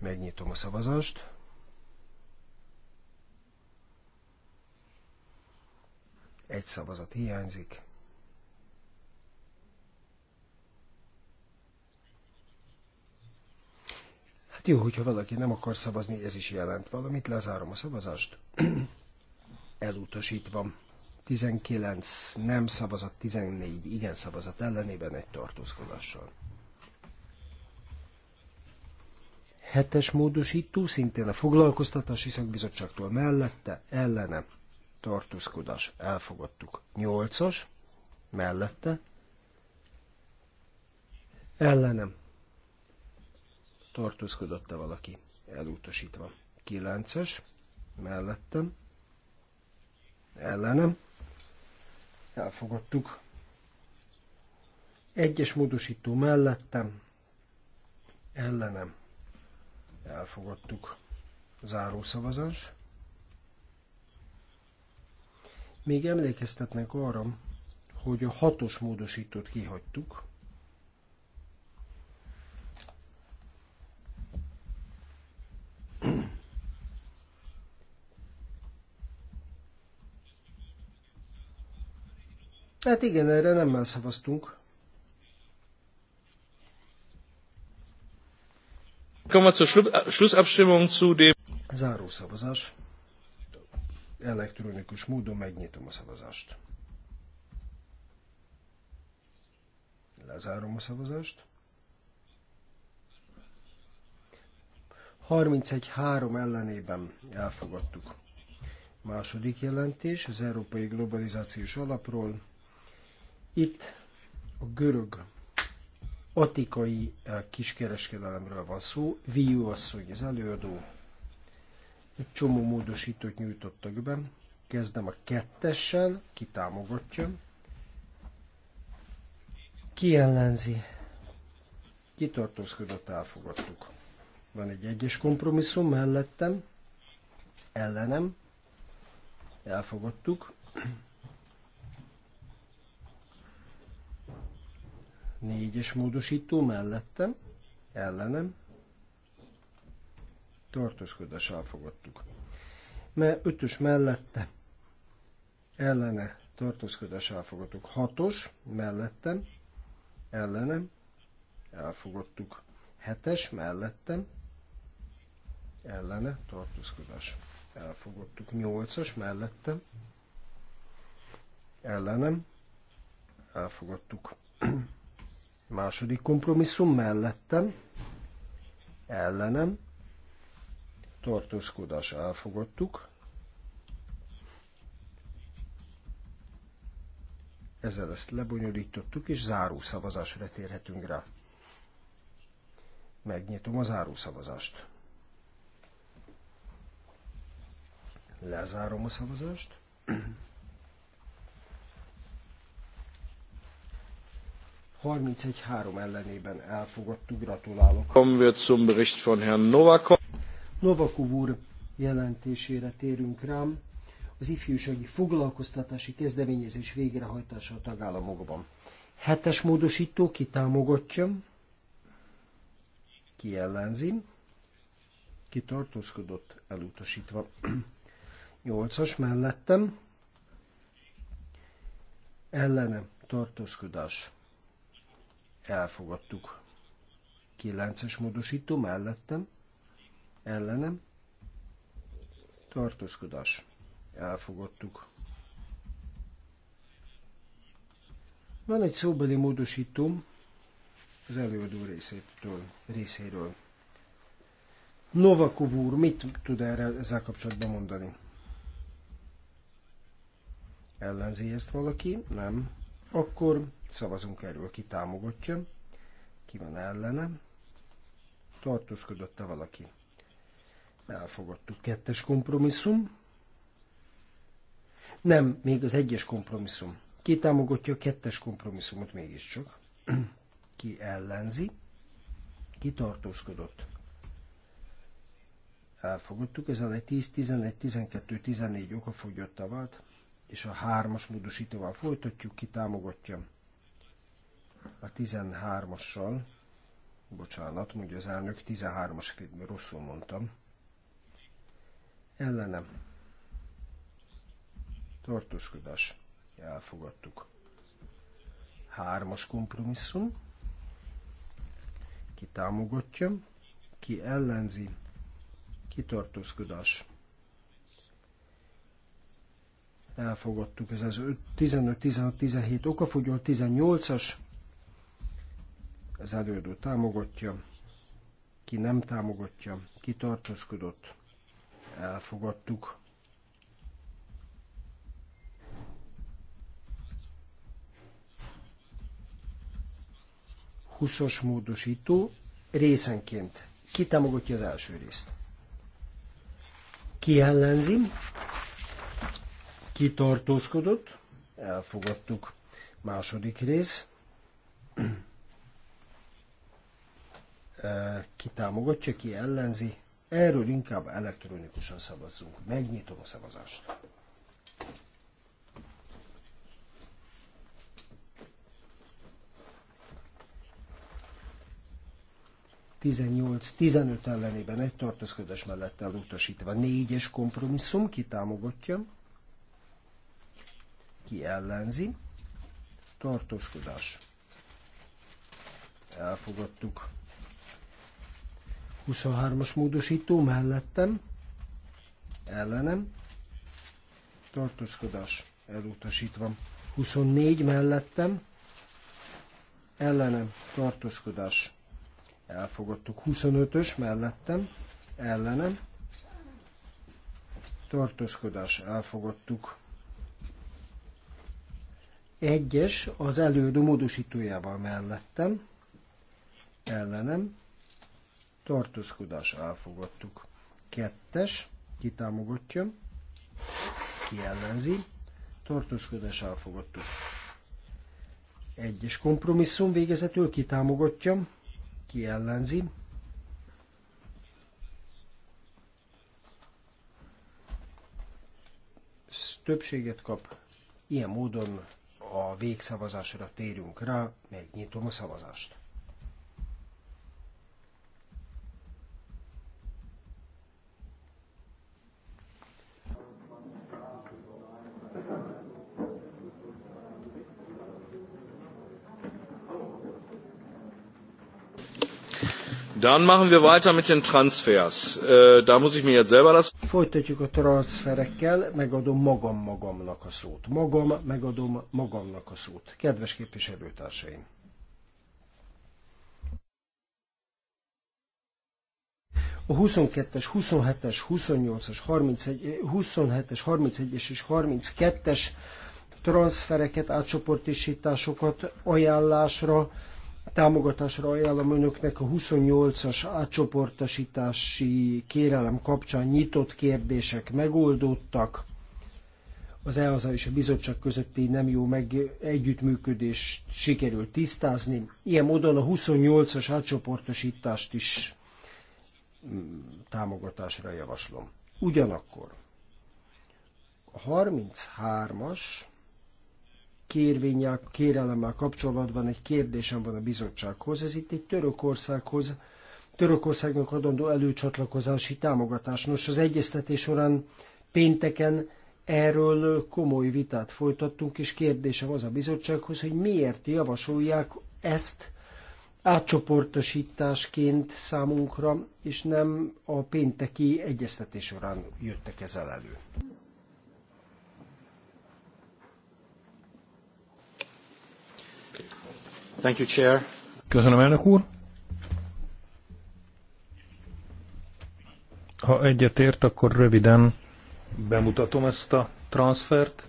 A: Megnyitom a
D: szavazást. Egy szavazat hiányzik. Hát jó, hogyha valaki nem akar szavazni, ez is jelent valamit, lezárom a szavazást. Elutasítva. 19 nem szavazat, 14 igen szavazat ellenében egy tartózkodással. Hetes módosító, szintén a foglalkoztatási szakbizottságtól mellette, ellene, tartózkodás, elfogadtuk. Nyolcas, mellette, ellenem, tartózkodott-e valaki elutasítva. Kilences, mellettem, ellenem, elfogadtuk. Egyes módosító mellettem, ellenem, elfogadtuk. Zárószavazás. Még emlékeztetnek arra, hogy a hatos módosítót kihagytuk, Hát igen, erre nem szavaztunk.
A: Kommen wir zur äh, Schlussabstimmung zu dem... Záró
D: szavazás. Elektronikus módon megnyitom a szavazást. Lezárom a szavazást. 31-3 ellenében elfogadtuk. Második jelentés az Európai Globalizációs Alapról. Itt a görög atikai eh, kiskereskedelemről van szó. Viu asszony az előadó. Egy csomó módosítót nyújtottak be. Kezdem a kettessel, ki támogatja. Ki ellenzi? Kitartózkodott, elfogadtuk. Van egy egyes kompromisszum mellettem, ellenem, elfogadtuk. Négyes módosító mellettem, ellenem, tartózkodás elfogadtuk. Mert ötös mellette, ellene, tartózkodás elfogadtuk. Hatos mellettem, ellenem, elfogadtuk. Hetes mellettem, ellene, tartózkodás elfogadtuk. Nyolcas mellettem, ellenem, elfogadtuk. Második kompromisszum mellettem, ellenem, tartózkodás elfogadtuk. Ezzel ezt lebonyolítottuk, és zárószavazásra térhetünk rá. Megnyitom a zárószavazást. Lezárom a szavazást. 31-3 ellenében elfogadtuk. Gratulálok.
A: Kommen wir zum Bericht von Herrn Novakov.
D: Novakov úr jelentésére térünk rám. Az ifjúsági foglalkoztatási kezdeményezés végrehajtása a tagállamokban. Hetes módosító ki támogatja, ki ellenzi, ki tartózkodott elutasítva. Nyolcas mellettem, ellenem tartózkodás elfogadtuk. 9-es módosító mellettem, ellenem, tartózkodás, elfogadtuk. Van egy szóbeli módosítóm az előadó részétől, részéről. Novakov úr mit tud erre ezzel kapcsolatban mondani? Ellenzi ezt valaki? Nem. Akkor szavazunk erről, ki támogatja, ki van ellenem. Tartózkodott-e valaki? Elfogadtuk. Kettes kompromisszum. Nem, még az egyes kompromisszum. Ki támogatja a kettes kompromisszumot mégiscsak? Ki ellenzi? Ki tartózkodott? Elfogadtuk, ezzel egy 10, 11, 12, 14 oka a vált és a hármas módosítóval folytatjuk, ki támogatja a 13-assal, bocsánat, mondja az elnök, 13-as, rosszul mondtam, ellenem tartózkodás, elfogadtuk. Hármas kompromisszum, ki támogatja, ki ellenzi, kitartózkodás, elfogadtuk. Ez az 15, 16, 17 okafogyó, 18-as, az előadó támogatja, ki nem támogatja, ki tartózkodott, elfogadtuk. Huszos módosító részenként. Ki támogatja az első részt? Ki ellenzi? kitartózkodott, elfogadtuk. Második rész. Ki támogatja, ki ellenzi. Erről inkább elektronikusan szavazzunk. Megnyitom a szavazást. Tizennyolc, tizenöt ellenében egy tartózkodás mellett elutasítva. Négyes kompromisszum, ki támogatja? ki ellenzi, tartózkodás. Elfogadtuk. 23-as módosító mellettem, ellenem, tartózkodás elutasítva. 24 mellettem, ellenem, tartózkodás. Elfogadtuk. 25-ös mellettem, ellenem, tartózkodás. Elfogadtuk egyes az elődő módosítójával mellettem, ellenem, tartózkodás elfogadtuk. Kettes, kitámogatja, kiellenzi, ki ellenzi, tartózkodás elfogadtuk. Egyes kompromisszum végezetül kitámogatja, kiellenzi, ki ellenzi, többséget kap. Ilyen módon a végszavazásra térjünk rá, megnyitom a szavazást.
A: Dann machen wir weiter mit den Transfers. Äh, da muss ich mir jetzt selber das...
D: Folytatjuk a transferekkel, megadom magam magamnak a szót. Magam, megadom magamnak a szót. Kedves képviselőtársaim! A 22-es, 27-es, 28-as, 31, 27-es, 31-es és 32-es transfereket, átcsoportisításokat ajánlásra támogatásra ajánlom önöknek a 28-as átcsoportosítási kérelem kapcsán nyitott kérdések megoldódtak. Az EASA és a bizottság közötti nem jó meg együttműködés sikerült tisztázni. Ilyen módon a 28-as átcsoportosítást is mm, támogatásra javaslom.
B: Ugyanakkor
D: a 33-as kérvényel, kérelemmel kapcsolatban egy kérdésem van a bizottsághoz. Ez itt egy Törökországhoz, Törökországnak adandó előcsatlakozási támogatás. Nos, az egyeztetés során pénteken erről komoly vitát folytattunk, és kérdésem az a bizottsághoz, hogy miért javasolják ezt átcsoportosításként számunkra, és nem a pénteki egyeztetés során jöttek ezzel elő.
F: Thank you, Chair.
B: Köszönöm, elnök úr. Ha egyetért, akkor röviden bemutatom ezt a transfert,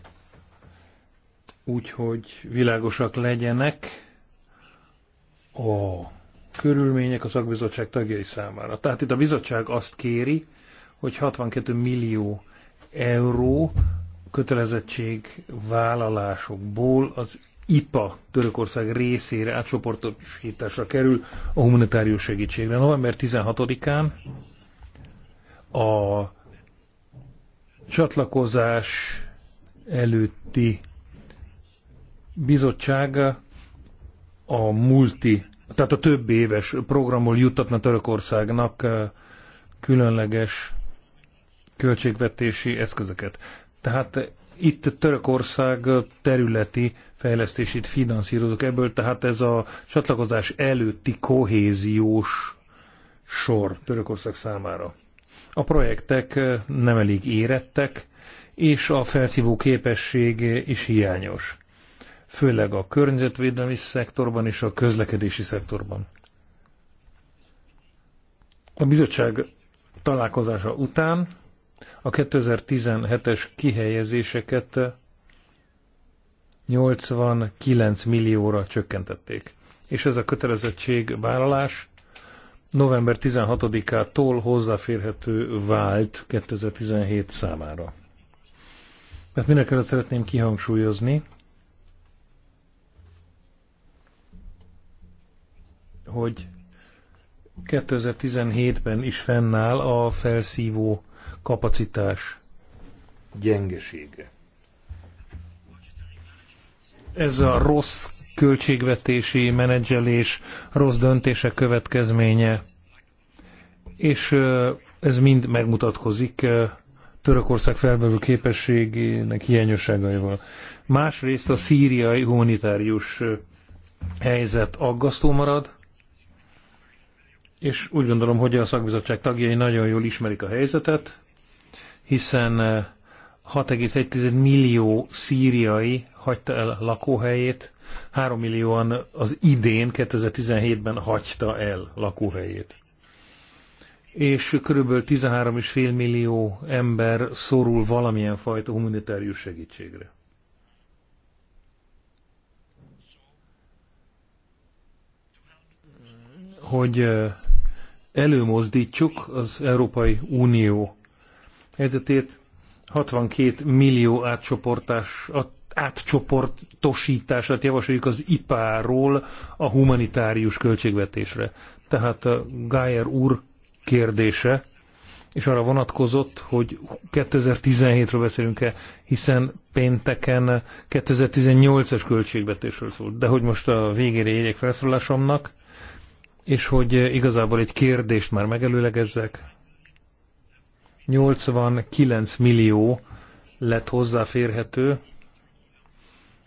B: úgyhogy világosak legyenek a körülmények a szakbizottság tagjai számára. Tehát itt a bizottság azt kéri, hogy 62 millió euró kötelezettség vállalásokból az IPA Törökország részére átcsoportosításra kerül a humanitárius segítségre. November 16-án a csatlakozás előtti bizottság a multi, tehát a több éves programból juttatna Törökországnak eh, különleges költségvetési eszközöket. Tehát eh, itt Törökország területi fejlesztését finanszírozok ebből, tehát ez a csatlakozás előtti kohéziós sor Törökország számára. A projektek eh, nem elég érettek, és a felszívó képesség eh, is hiányos. Főleg a környezetvédelmi szektorban és a közlekedési szektorban. A bizottság találkozása után a 2017-es kihelyezéseket eh, 89 millióra csökkentették. És ez a kötelezettség vállalás november 16-ától hozzáférhető vált 2017 számára. Mert mindenkelőtt szeretném kihangsúlyozni, hogy 2017-ben is fennáll a felszívó kapacitás gyengesége ez a rossz költségvetési menedzselés, rossz döntések következménye, és ez mind megmutatkozik Törökország felbevő képességének hiányosságaival. Másrészt a szíriai humanitárius helyzet aggasztó marad, és úgy gondolom, hogy a szakbizottság tagjai nagyon jól ismerik a helyzetet, hiszen 6,1 millió szíriai hagyta el lakóhelyét, 3 millióan az idén, 2017-ben hagyta el lakóhelyét. És körülbelül 13,5 millió ember szorul valamilyen fajta humanitárius segítségre. Hogy előmozdítsuk az Európai Unió helyzetét, 62 millió átcsoportás, átcsoportosítását javasoljuk az ipáról a humanitárius költségvetésre. Tehát a eh, Geyer úr kérdése, és arra vonatkozott, hogy 2017-ről beszélünk-e, hiszen pénteken 2018-es költségvetésről szólt. De hogy most a végére érjek felszólásomnak, és hogy eh, igazából egy kérdést már megelőlegezzek. 89 millió lett hozzáférhető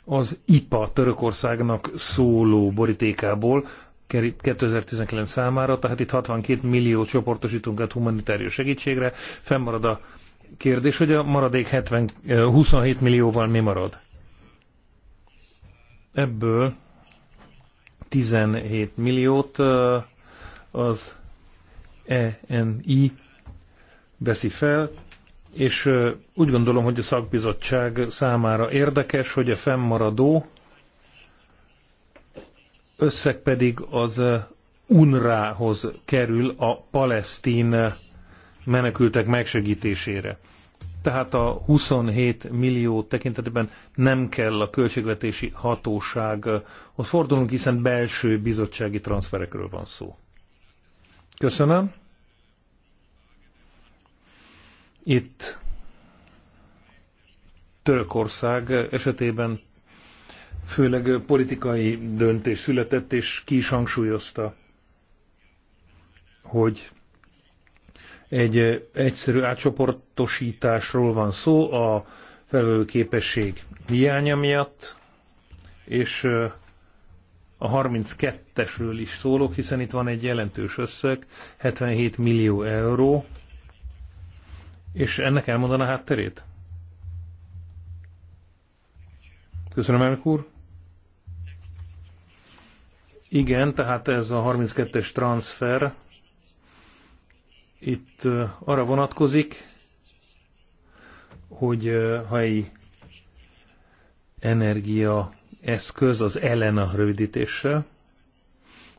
B: az IPA Törökországnak szóló borítékából 2019 számára, tehát itt 62 millió csoportosítunk át humanitárius segítségre. Fennmarad a kérdés, hogy a maradék 70, 27 millióval mi marad? Ebből 17 milliót az ENI veszi fel, és úgy gondolom, hogy a szakbizottság számára érdekes, hogy a fennmaradó összeg pedig az UNRWA-hoz kerül a palesztin menekültek megsegítésére. Tehát a 27 millió tekintetében nem kell a költségvetési hatósághoz fordulnunk, hiszen belső bizottsági transferekről van szó. Köszönöm. Itt Törökország esetében főleg politikai döntés született, és ki is hangsúlyozta, hogy egy egyszerű átcsoportosításról van szó a felvevő képesség hiánya miatt, és a 32-esről is szólok, hiszen itt van egy jelentős összeg, 77 millió euró, és ennek elmondaná hátterét? Köszönöm, elnök úr. Igen, tehát ez a 32-es transfer itt arra vonatkozik, hogy ha egy energia eszköz az ELENA rövidítéssel,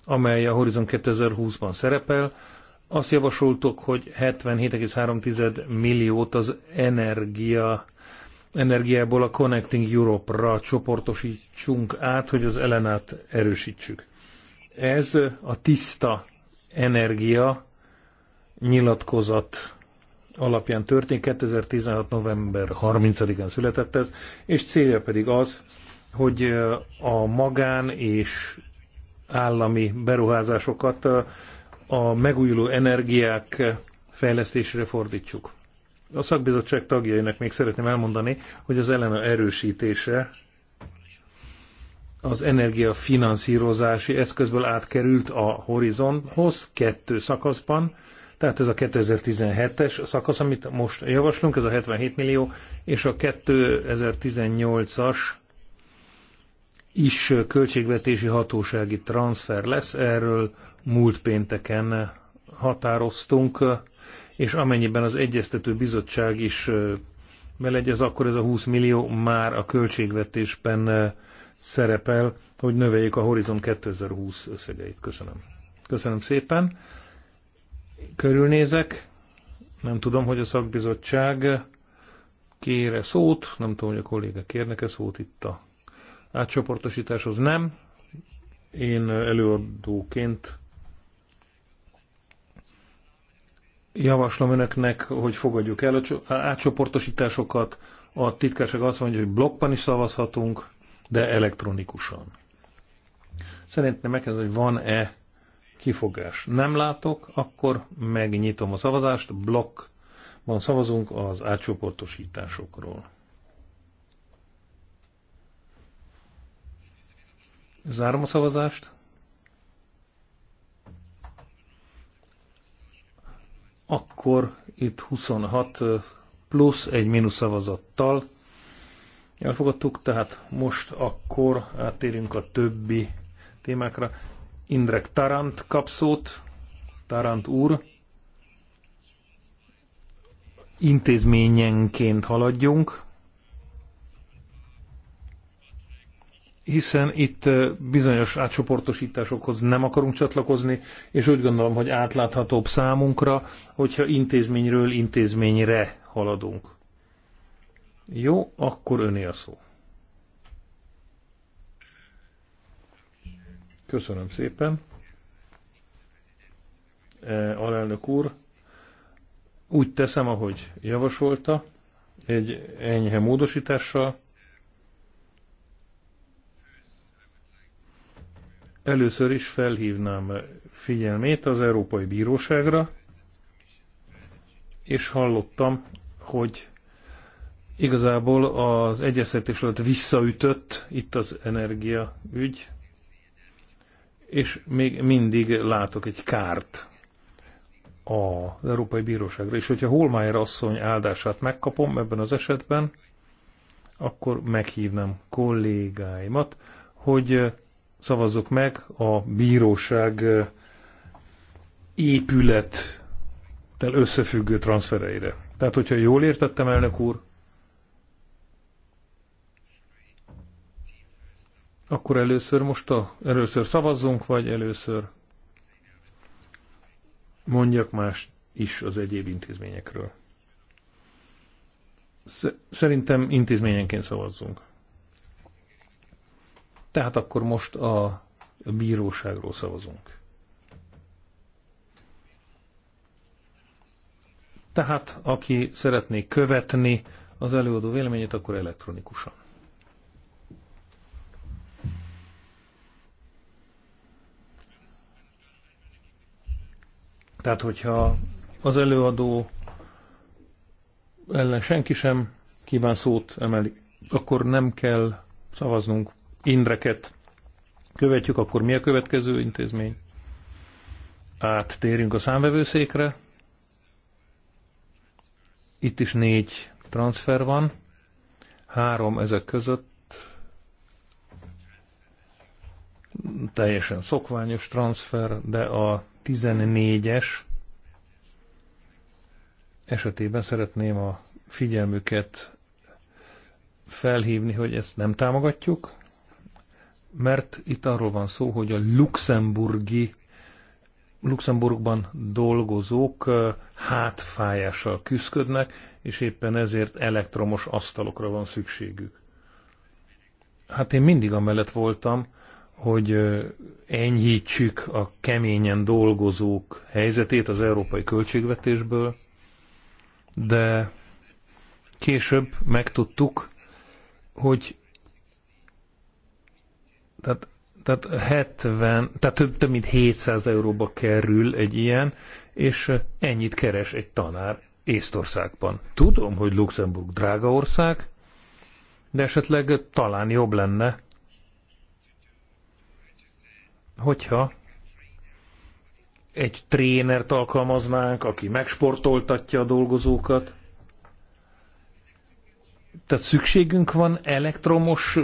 B: amely a Horizon 2020-ban szerepel, azt javasoltuk, hogy 77,3 milliót az energia energiából a Connecting Europe-ra csoportosítsunk át, hogy az Elenát erősítsük. Ez a tiszta energia nyilatkozat alapján történt, 2016. november 30-án született ez, és célja pedig az, hogy a magán és állami beruházásokat a megújuló energiák fejlesztésére fordítsuk. A szakbizottság tagjainak még szeretném elmondani, hogy az elena erősítése az energiafinanszírozási eszközből átkerült a Horizonthoz kettő szakaszban, tehát ez a 2017-es szakasz, amit most javaslunk, ez a 77 millió, és a 2018-as is költségvetési hatósági transfer lesz, erről múlt pénteken határoztunk, és amennyiben az Egyeztető Bizottság is melegyez, akkor ez a 20 millió már a költségvetésben szerepel, hogy növeljük a Horizon 2020 összegeit. Köszönöm. Köszönöm szépen. Körülnézek. Nem tudom, hogy a szakbizottság kére szót, nem tudom, hogy a kolléga kérnek-e szót itt a átcsoportosításhoz. Nem. Én előadóként javaslom önöknek, hogy fogadjuk el a átcsoportosításokat. A titkárság azt mondja, hogy blokkban is szavazhatunk, de elektronikusan. Szerintem megkérdezem, hogy van-e kifogás. Nem látok, akkor megnyitom a szavazást, blokkban szavazunk az átcsoportosításokról. Zárom a szavazást. akkor itt 26 plusz egy mínusz szavazattal elfogadtuk, tehát most akkor átérünk a többi témákra. Indrek Tarant kap szót. Tarant úr. Intézményenként haladjunk. hiszen itt bizonyos átcsoportosításokhoz nem akarunk csatlakozni, és úgy gondolom, hogy átláthatóbb számunkra, hogyha intézményről intézményre haladunk. Jó, akkor öné a szó. Köszönöm szépen. E, alelnök úr, úgy teszem, ahogy javasolta, egy enyhe módosítással, Először is felhívnám figyelmét az Európai Bíróságra, és hallottam, hogy igazából az egyeztetés alatt visszaütött itt az energiaügy, és még mindig látok egy kárt az Európai Bíróságra. És hogyha Holmeier asszony áldását megkapom ebben az esetben, akkor meghívnám kollégáimat, hogy szavazzuk meg a bíróság épülettel összefüggő transfereire. Tehát, hogyha jól értettem, elnök úr, akkor először most a, először szavazzunk, vagy először mondjak más is az egyéb intézményekről. Szerintem intézményenként szavazzunk. Tehát akkor most a bíróságról szavazunk. Tehát aki szeretné követni az előadó véleményét, akkor elektronikusan. Tehát, hogyha az előadó ellen senki sem kíván szót emeli, akkor nem kell szavaznunk indreket követjük, akkor mi a következő intézmény? Áttérünk a számvevőszékre. Itt is négy transfer van, három ezek között teljesen szokványos transfer, de a 14-es esetében szeretném a figyelmüket felhívni, hogy ezt nem támogatjuk, mert itt arról van szó, hogy a luxemburgi Luxemburgban dolgozók hátfájással küzdködnek, és éppen ezért elektromos asztalokra van szükségük. Hát én mindig amellett voltam, hogy enyhítsük a keményen dolgozók helyzetét az európai költségvetésből, de később megtudtuk, hogy tehát, tehát 70, tehát több, több mint 700 euróba kerül egy ilyen, és ennyit keres egy tanár Észtországban. Tudom, hogy Luxemburg drága ország, de esetleg talán jobb lenne, hogyha egy trénert alkalmaznánk, aki megsportoltatja a dolgozókat. Tehát szükségünk van elektromos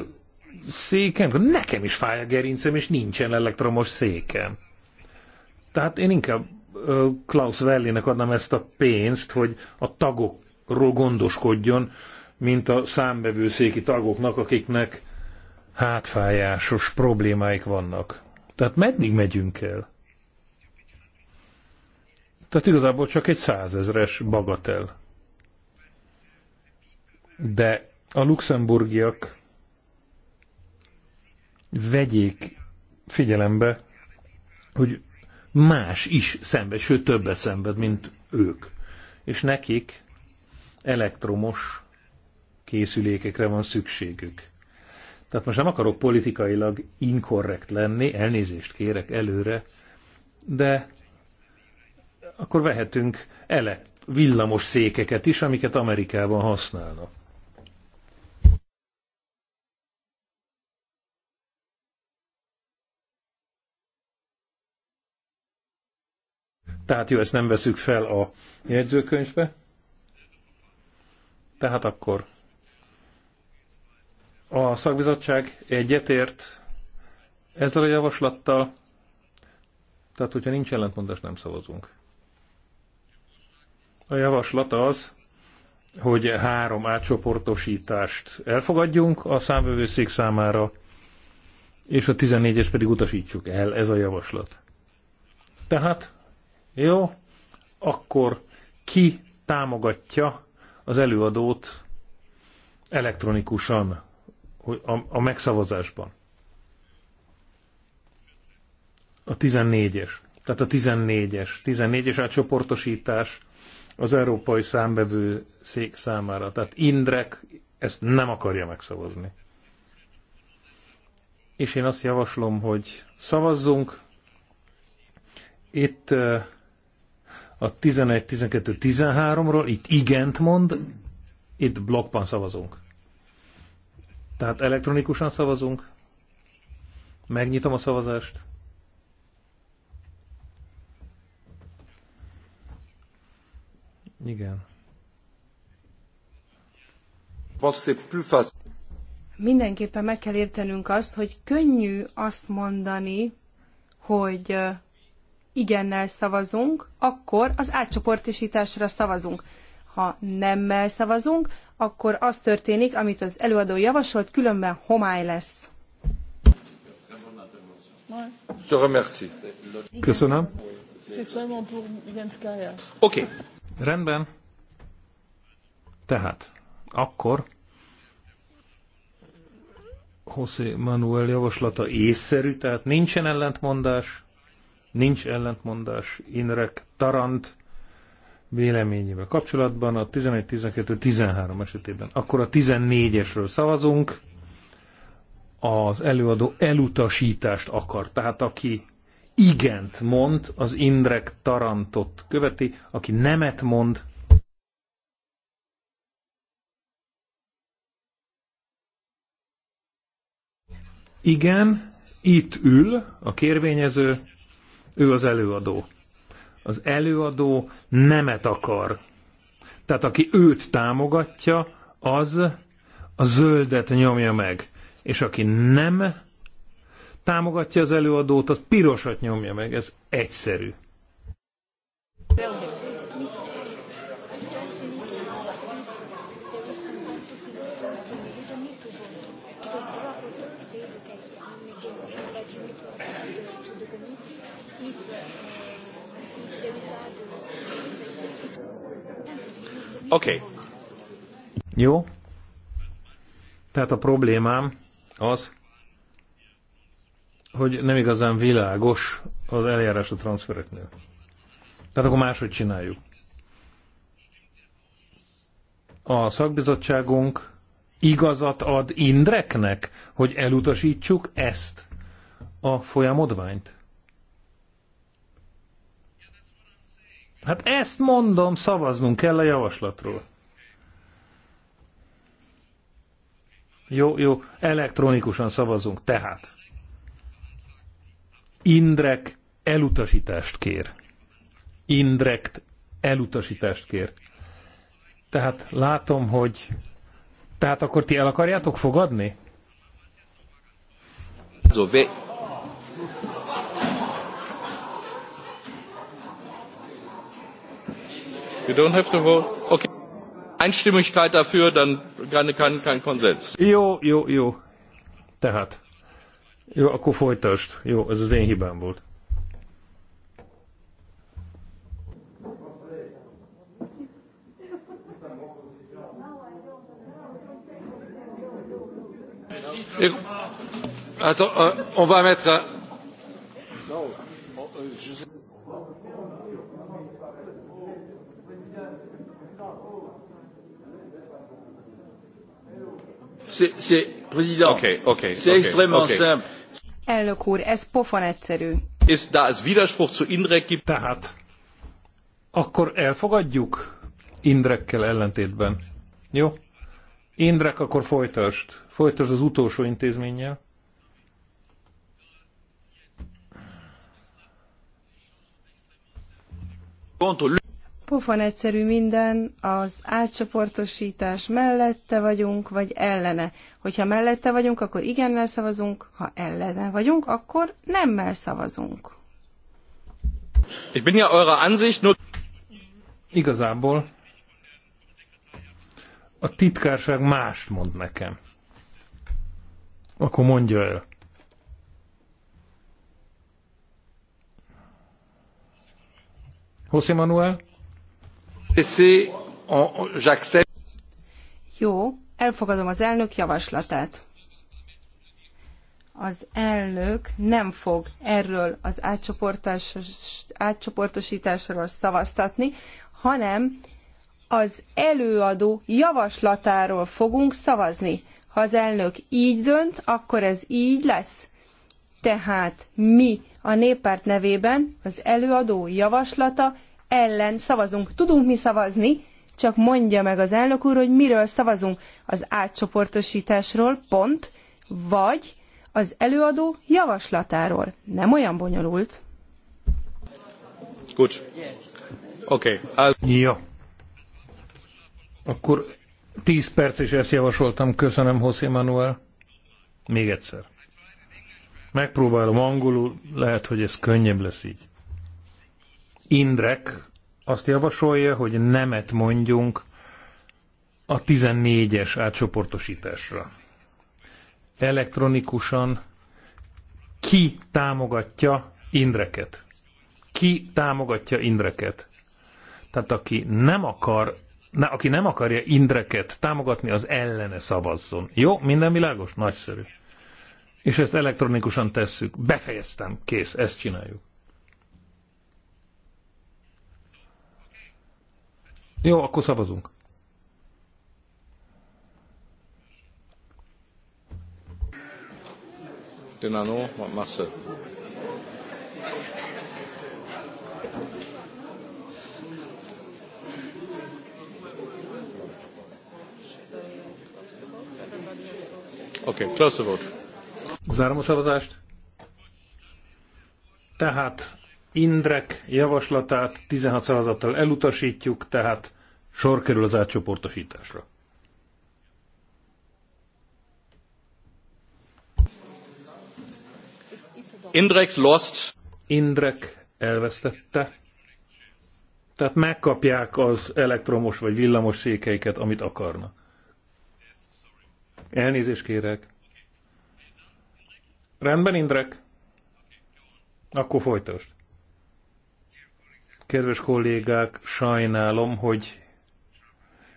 B: székem, nekem is fáj a gerincem, és nincsen elektromos székem. Tehát én inkább Klaus Wellinek adnám ezt a pénzt, hogy a tagokról gondoskodjon, mint a számbevőszéki tagoknak, akiknek hátfájásos problémáik vannak. Tehát meddig megyünk el? Tehát igazából csak egy százezres bagatel. De a luxemburgiak vegyék figyelembe, hogy más is szenved, sőt többet szenved, mint ők. És nekik elektromos készülékekre van szükségük. Tehát most nem akarok politikailag inkorrekt lenni, elnézést kérek előre, de akkor vehetünk ele villamos székeket is, amiket Amerikában használnak. Tehát jó, ezt nem veszük fel a jegyzőkönyvbe. Tehát akkor a szakbizottság egyetért ezzel a javaslattal, tehát hogyha nincs ellentmondás, nem szavazunk. A javaslat az, hogy három átcsoportosítást elfogadjunk a számvevőszék számára, és a 14-es pedig utasítsuk el, ez a javaslat. Tehát jó, akkor ki támogatja az előadót elektronikusan a, a megszavazásban? A 14-es. Tehát a 14-es. 14-es átcsoportosítás az európai számbevő szék számára. Tehát Indrek ezt nem akarja megszavazni. És én azt javaslom, hogy szavazzunk. Itt eh, a 11, 12, 13-ról, itt igent mond, itt blokkban szavazunk. Tehát elektronikusan szavazunk. Megnyitom a szavazást. Igen.
E: Mindenképpen meg kell értenünk azt, hogy könnyű azt mondani, hogy igennel szavazunk, akkor az átcsoportosításra szavazunk. Ha nemmel szavazunk, akkor az történik, amit az előadó javasolt, különben homály lesz.
B: Köszönöm. Oké. Okay. Rendben. Tehát, akkor José Manuel javaslata észszerű, tehát nincsen ellentmondás, nincs ellentmondás Inrek Tarant véleményével kapcsolatban a 11, 12, 13 esetében. Akkor a 14-esről szavazunk, az előadó elutasítást akar. Tehát aki igent mond, az Indrek Tarantot követi, aki nemet mond, igen, itt ül a kérvényező, ő az előadó. Az előadó nemet akar. Tehát aki őt támogatja, az a zöldet nyomja meg. És aki nem támogatja az előadót, az pirosat nyomja meg. Ez egyszerű. Tell Oké. Okay. Jó. Tehát a problémám az, hogy nem igazán világos az eljárás a transfereknél. Tehát akkor máshogy csináljuk. A szakbizottságunk igazat ad Indreknek, hogy elutasítsuk ezt a folyamodványt? Hát ezt mondom, szavaznunk kell a javaslatról. Jó, jó, elektronikusan szavazunk. Tehát Indrek elutasítást kér. Indrekt elutasítást kér. Tehát látom, hogy... Tehát akkor ti el akarjátok fogadni?
A: You don't have to vote? Okay. Einstimmigkeit dafür, dann kann, kann, kein Konsens.
B: Jó, jó, jó. Tehát. Jó, akkor folytasd. Jó, ez az én hibám volt.
F: Attends, euh, on va mettre. Un...
E: Elnök úr, ez pofon egyszerű.
B: Tehát, akkor elfogadjuk Indrekkel ellentétben. Jó? Indrek, akkor folytasd. Folytasd az utolsó intézménnyel. Contre
E: Pofon egyszerű minden, az átcsoportosítás mellette vagyunk, vagy ellene. Hogyha mellette vagyunk, akkor igennel szavazunk, ha ellene vagyunk, akkor nemmel szavazunk.
B: Ich bin ja eurer Ansicht nur... Igazából a titkárság mást mond nekem. Akkor mondja el. José Manuel?
E: Jó, elfogadom az elnök javaslatát. Az elnök nem fog erről az átcsoportosításról szavaztatni, hanem az előadó javaslatáról fogunk szavazni. Ha az elnök így dönt, akkor ez így lesz. Tehát mi a néppárt nevében az előadó javaslata ellen szavazunk. Tudunk mi szavazni, csak mondja meg az elnök úr, hogy miről szavazunk. Az átcsoportosításról pont, vagy az előadó javaslatáról. Nem olyan bonyolult.
B: Kucs. Oké. Okay. Ja. Akkor 10 perc, és ezt javasoltam. Köszönöm, José Manuel. Még egyszer. Megpróbálom angolul, lehet, hogy ez könnyebb lesz így. Indrek azt javasolja, hogy nemet mondjunk a 14-es átcsoportosításra. Elektronikusan ki támogatja Indreket? Ki támogatja Indreket? Tehát aki nem akar Na, aki nem akarja Indreket támogatni, az ellene szavazzon. Jó? Minden világos? Nagyszerű. És ezt elektronikusan tesszük. Befejeztem. Kész. Ezt csináljuk. Jó, akkor szavazunk.
A: Dinano, massa. Oké, okay, close
B: the vote. Zárom a szavazást. Tehát Indrek javaslatát 16 szavazattal elutasítjuk, tehát sor kerül az átcsoportosításra. Indrek lost. Indrek elvesztette. Tehát megkapják az elektromos vagy villamos székeiket, amit akarnak. Elnézést kérek. Rendben, Indrek? Akkor folytasd. Kedves kollégák, sajnálom, hogy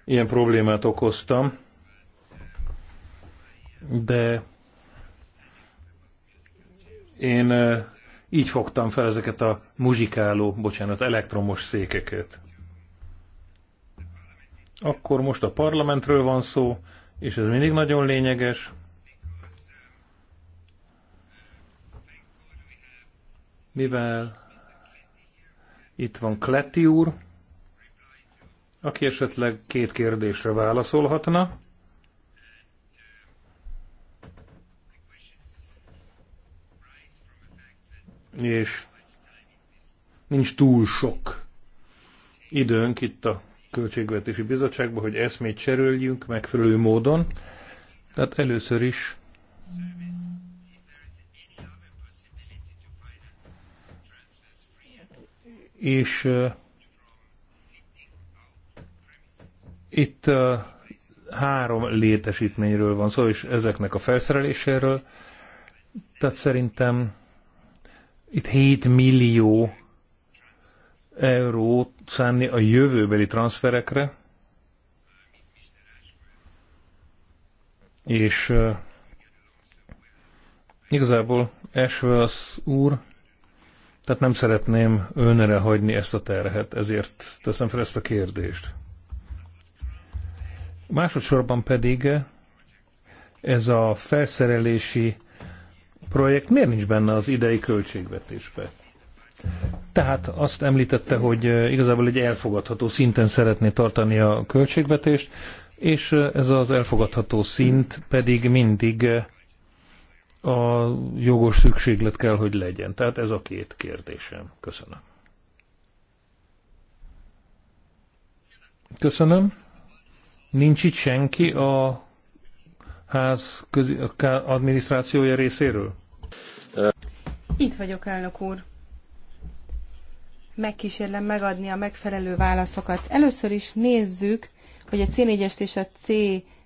B: ilyen problémát okoztam, de én így fogtam fel ezeket a muzsikáló, bocsánat, elektromos székeket. Akkor most a parlamentről van szó, és ez mindig nagyon lényeges. Mivel itt van Kleti úr, aki esetleg két kérdésre válaszolhatna. És nincs túl sok időnk itt a Költségvetési Bizottságban, hogy eszmét cseréljünk megfelelő módon. Tehát először is és itt három létesítményről van szó, és ezeknek a felszereléséről. Tehát szerintem itt 7 millió eurót szánni a jövőbeli transferekre, és igazából Ashworth úr tehát nem szeretném önre hagyni ezt a terhet, ezért teszem fel ezt a kérdést. Másodszorban pedig ez a felszerelési projekt miért nincs benne az idei költségvetésbe? Tehát azt említette, hogy igazából egy elfogadható szinten szeretné tartani a költségvetést, és ez az elfogadható szint pedig mindig a jogos szükséglet kell, hogy legyen. Tehát ez a két kérdésem. Köszönöm. Köszönöm. Nincs itt senki a ház közi, a adminisztrációja részéről?
E: Itt vagyok, elnök úr. Megkísérlem megadni a megfelelő válaszokat. Először is nézzük, hogy a C4-est és a C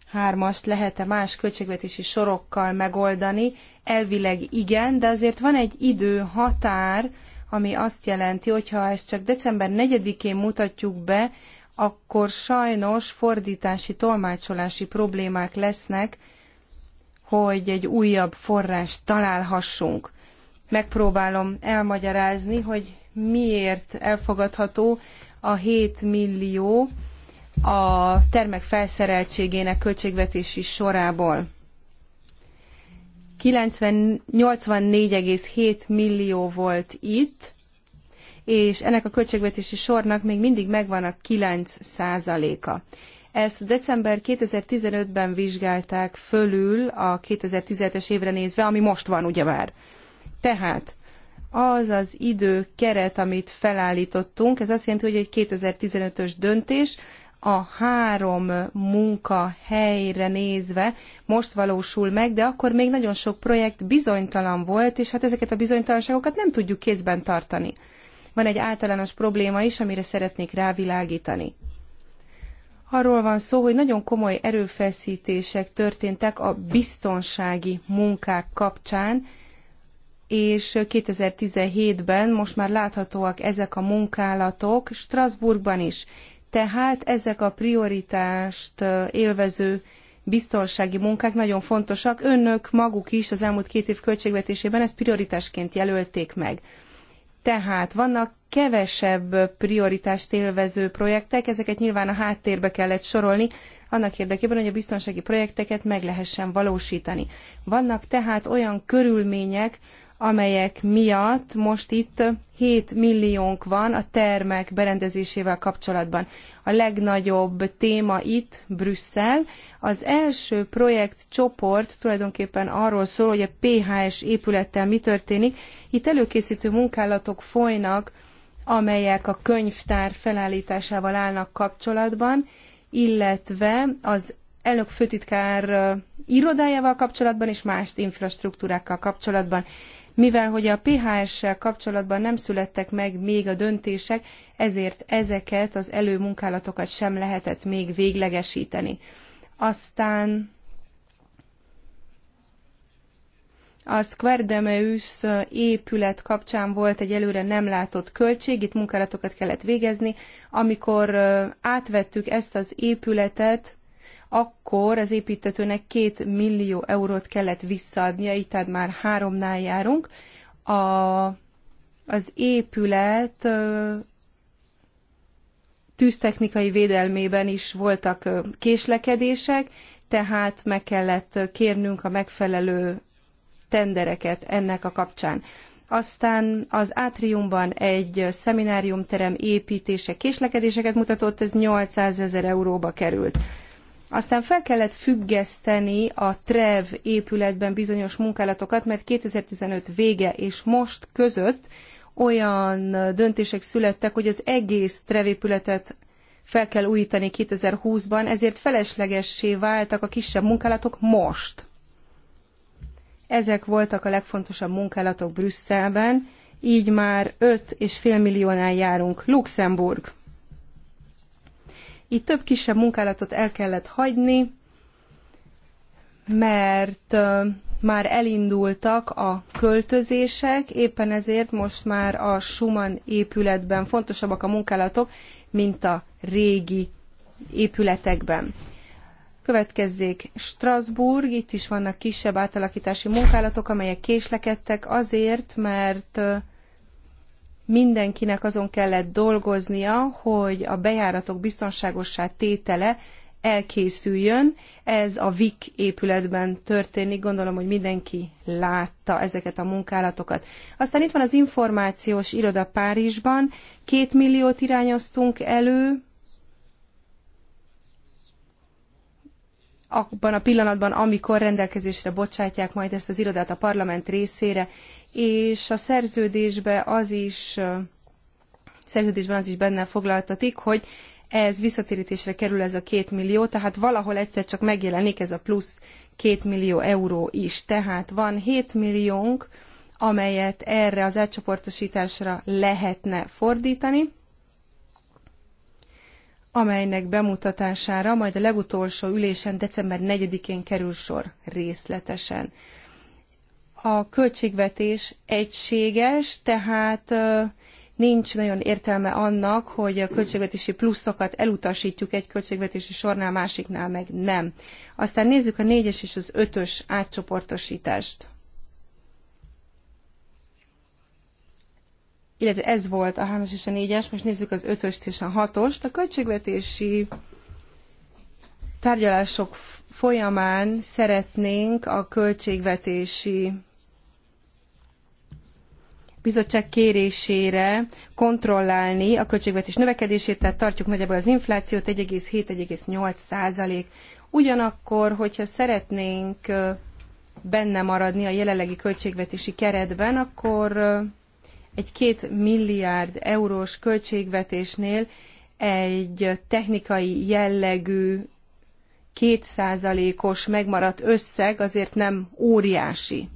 E: hármast lehet-e más költségvetési sorokkal megoldani? Elvileg igen, de azért van egy idő határ, ami azt jelenti, hogy ha ezt csak december 4-én mutatjuk be, akkor sajnos fordítási, tolmácsolási problémák lesznek, hogy egy újabb forrást találhassunk. Megpróbálom elmagyarázni, hogy miért elfogadható a 7 millió, a termek felszereltségének költségvetési sorából. 84,7 millió volt itt, és ennek a költségvetési sornak még mindig megvan a 9 százaléka. Ezt december 2015-ben vizsgálták fölül a 2017-es évre nézve, ami most van ugyebár. Tehát az az időkeret, amit felállítottunk, ez azt jelenti, hogy egy 2015-ös döntés, a három munkahelyre nézve most valósul meg, de akkor még nagyon sok projekt bizonytalan volt, és hát ezeket a bizonytalanságokat nem tudjuk kézben tartani. Van egy általános probléma is, amire szeretnék rávilágítani. Arról van szó, hogy nagyon komoly erőfeszítések történtek a biztonsági munkák kapcsán, és 2017-ben most már láthatóak ezek a munkálatok Strasbourgban is, tehát ezek a prioritást élvező biztonsági munkák nagyon fontosak. Önök maguk is az elmúlt két év költségvetésében ezt prioritásként jelölték meg. Tehát vannak kevesebb prioritást élvező projektek, ezeket nyilván a háttérbe kellett sorolni, annak érdekében, hogy a biztonsági projekteket meg lehessen valósítani. Vannak tehát olyan körülmények, amelyek miatt most itt 7 milliónk van a termek berendezésével kapcsolatban. A legnagyobb téma itt Brüsszel. Az első projektcsoport tulajdonképpen arról szól, hogy a PHS épülettel mi történik. Itt előkészítő munkálatok folynak, amelyek a könyvtár felállításával állnak kapcsolatban, illetve az elnök főtitkár irodájával kapcsolatban és más infrastruktúrákkal kapcsolatban. Mivel hogy a PHS-sel kapcsolatban nem születtek meg még a döntések, ezért ezeket az előmunkálatokat sem lehetett még véglegesíteni. Aztán a Square épület kapcsán volt egy előre nem látott költség, itt munkálatokat kellett végezni. Amikor átvettük ezt az épületet, akkor az építetőnek két millió eurót kellett visszaadnia, így tehát már háromnál járunk. A, az épület tűztechnikai védelmében is voltak késlekedések, tehát meg kellett kérnünk a megfelelő tendereket ennek a kapcsán. Aztán az átriumban egy szemináriumterem építése késlekedéseket mutatott, ez 800 ezer euróba került. Aztán fel kellett függeszteni a TREV épületben bizonyos munkálatokat, mert 2015 vége és most között olyan döntések születtek, hogy az egész TREV épületet fel kell újítani 2020-ban, ezért feleslegessé váltak a kisebb munkálatok most. Ezek voltak a legfontosabb munkálatok Brüsszelben, így már 5,5 milliónál járunk. Luxemburg. Itt több kisebb munkálatot el kellett hagyni, mert már elindultak a költözések, éppen ezért most már a Schumann épületben fontosabbak a munkálatok, mint a régi épületekben. Következzék Strasbourg, itt is vannak kisebb átalakítási munkálatok, amelyek késlekedtek azért, mert mindenkinek azon kellett dolgoznia, hogy a bejáratok biztonságossá tétele elkészüljön. Ez a VIK épületben történik, gondolom, hogy mindenki látta ezeket a munkálatokat. Aztán itt van az információs iroda Párizsban, két milliót irányoztunk elő, abban a pillanatban, amikor rendelkezésre bocsátják majd ezt az irodát a parlament részére, és a szerződésbe az is, szerződésben az is benne foglaltatik, hogy ez visszatérítésre kerül ez a két millió, tehát valahol egyszer csak megjelenik ez a plusz két millió euró is. Tehát van 7 milliónk, amelyet erre az átcsoportosításra lehetne fordítani, amelynek bemutatására majd a legutolsó ülésen december 4-én kerül sor részletesen a költségvetés egységes, tehát nincs nagyon értelme annak, hogy a költségvetési pluszokat elutasítjuk egy költségvetési sornál, másiknál meg nem. Aztán nézzük a négyes és az ötös átcsoportosítást. Illetve ez volt a 3 és a 4-es, most nézzük az 5 és a 6-ost. A költségvetési tárgyalások folyamán szeretnénk a költségvetési bizottság kérésére kontrollálni a költségvetés növekedését, tehát tartjuk nagyjából az inflációt 1,7-1,8 százalék. Ugyanakkor, hogyha szeretnénk benne maradni a jelenlegi költségvetési keretben, akkor egy két milliárd eurós költségvetésnél egy technikai jellegű kétszázalékos megmaradt összeg azért nem óriási.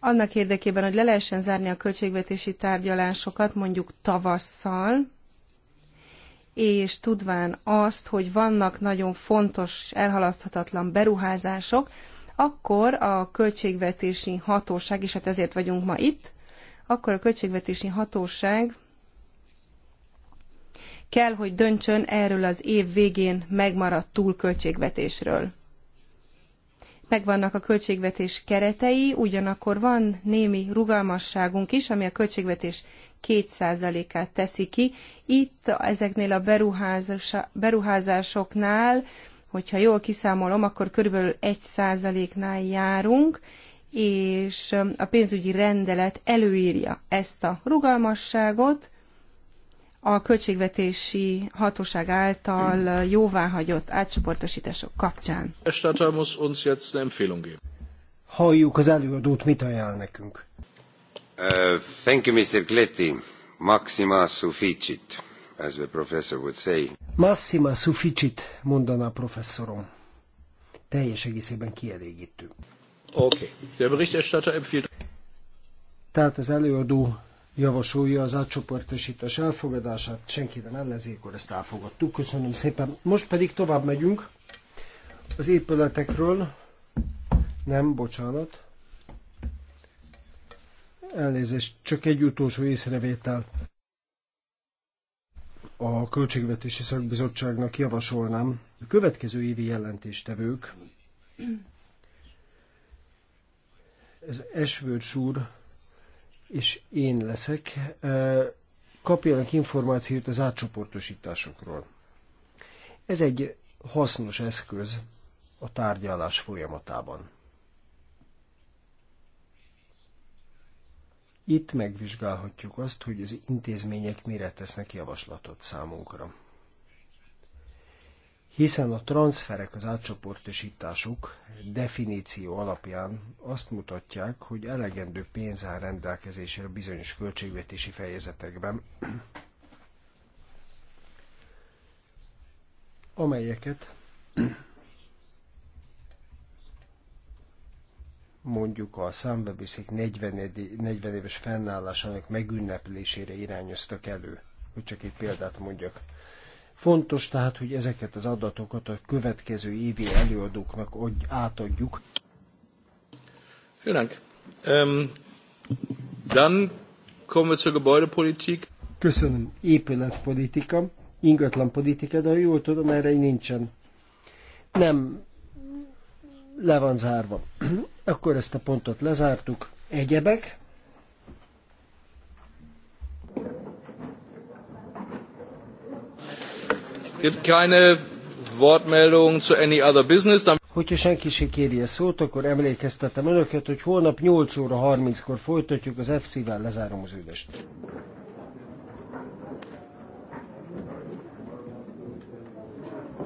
E: annak érdekében, hogy le lehessen zárni a költségvetési tárgyalásokat mondjuk tavasszal, és tudván azt, hogy vannak nagyon fontos és elhalaszthatatlan beruházások, akkor a költségvetési hatóság, és hát ezért vagyunk ma itt, akkor a költségvetési hatóság kell, hogy döntsön erről az év végén megmaradt túlköltségvetésről megvannak a költségvetés keretei, ugyanakkor van némi rugalmasságunk is, ami a költségvetés 2%-át teszi ki. Itt ezeknél a beruházásoknál, hogyha jól kiszámolom, akkor körülbelül 1%-nál járunk, és a pénzügyi rendelet előírja ezt a rugalmasságot, a költségvetési hatóság által jóváhagyott átcsoportosítások kapcsán. Halljuk
D: az előadót, mit ajánl nekünk. Uh, thank you, Mr. Kletti. Maxima sufficit, as the professor would say. Maxima sufficit, mondaná a professzorom. Teljes egészében kielégítő.
B: Oké. Okay. Der
A: Berichterstatter empfiehlt...
D: Tehát az előadó javasolja az átcsoportosítás elfogadását, senki nem ellenzi, akkor ezt elfogadtuk. Köszönöm szépen. Most pedig tovább megyünk az épületekről. Nem, bocsánat. Elnézést, csak egy utolsó észrevétel. A Költségvetési Szakbizottságnak javasolnám a következő évi jelentéstevők. Ez Esvőcs úr és én leszek, kapjanak információt az átcsoportosításokról. Ez egy hasznos eszköz a tárgyalás folyamatában. Itt megvizsgálhatjuk azt, hogy az intézmények mire tesznek javaslatot számunkra hiszen a transferek, az átcsoportosítások definíció alapján azt mutatják, hogy elegendő pénz áll rendelkezésre bizonyos költségvetési fejezetekben, amelyeket mondjuk a számbevőszék 40, 40 éves fennállásának megünneplésére irányoztak elő, hogy csak egy példát mondjak. Fontos tehát, hogy ezeket az adatokat a következő évi előadóknak átadjuk.
A: Vielen Dank. Ähm, dann kommen wir zur Gebäudepolitik.
D: Köszönöm. Épületpolitika, ingatlanpolitika, de jól tudom, erre nincsen. Nem le van zárva. Akkor ezt a pontot lezártuk. Egyebek?
A: Gibt keine Wortmeldung zu any other business. Hogyha
D: senki sem kéri a szót, akkor emlékeztetem önöket, hogy holnap 8 óra 30-kor folytatjuk az FC-vel, lezárom az ülést.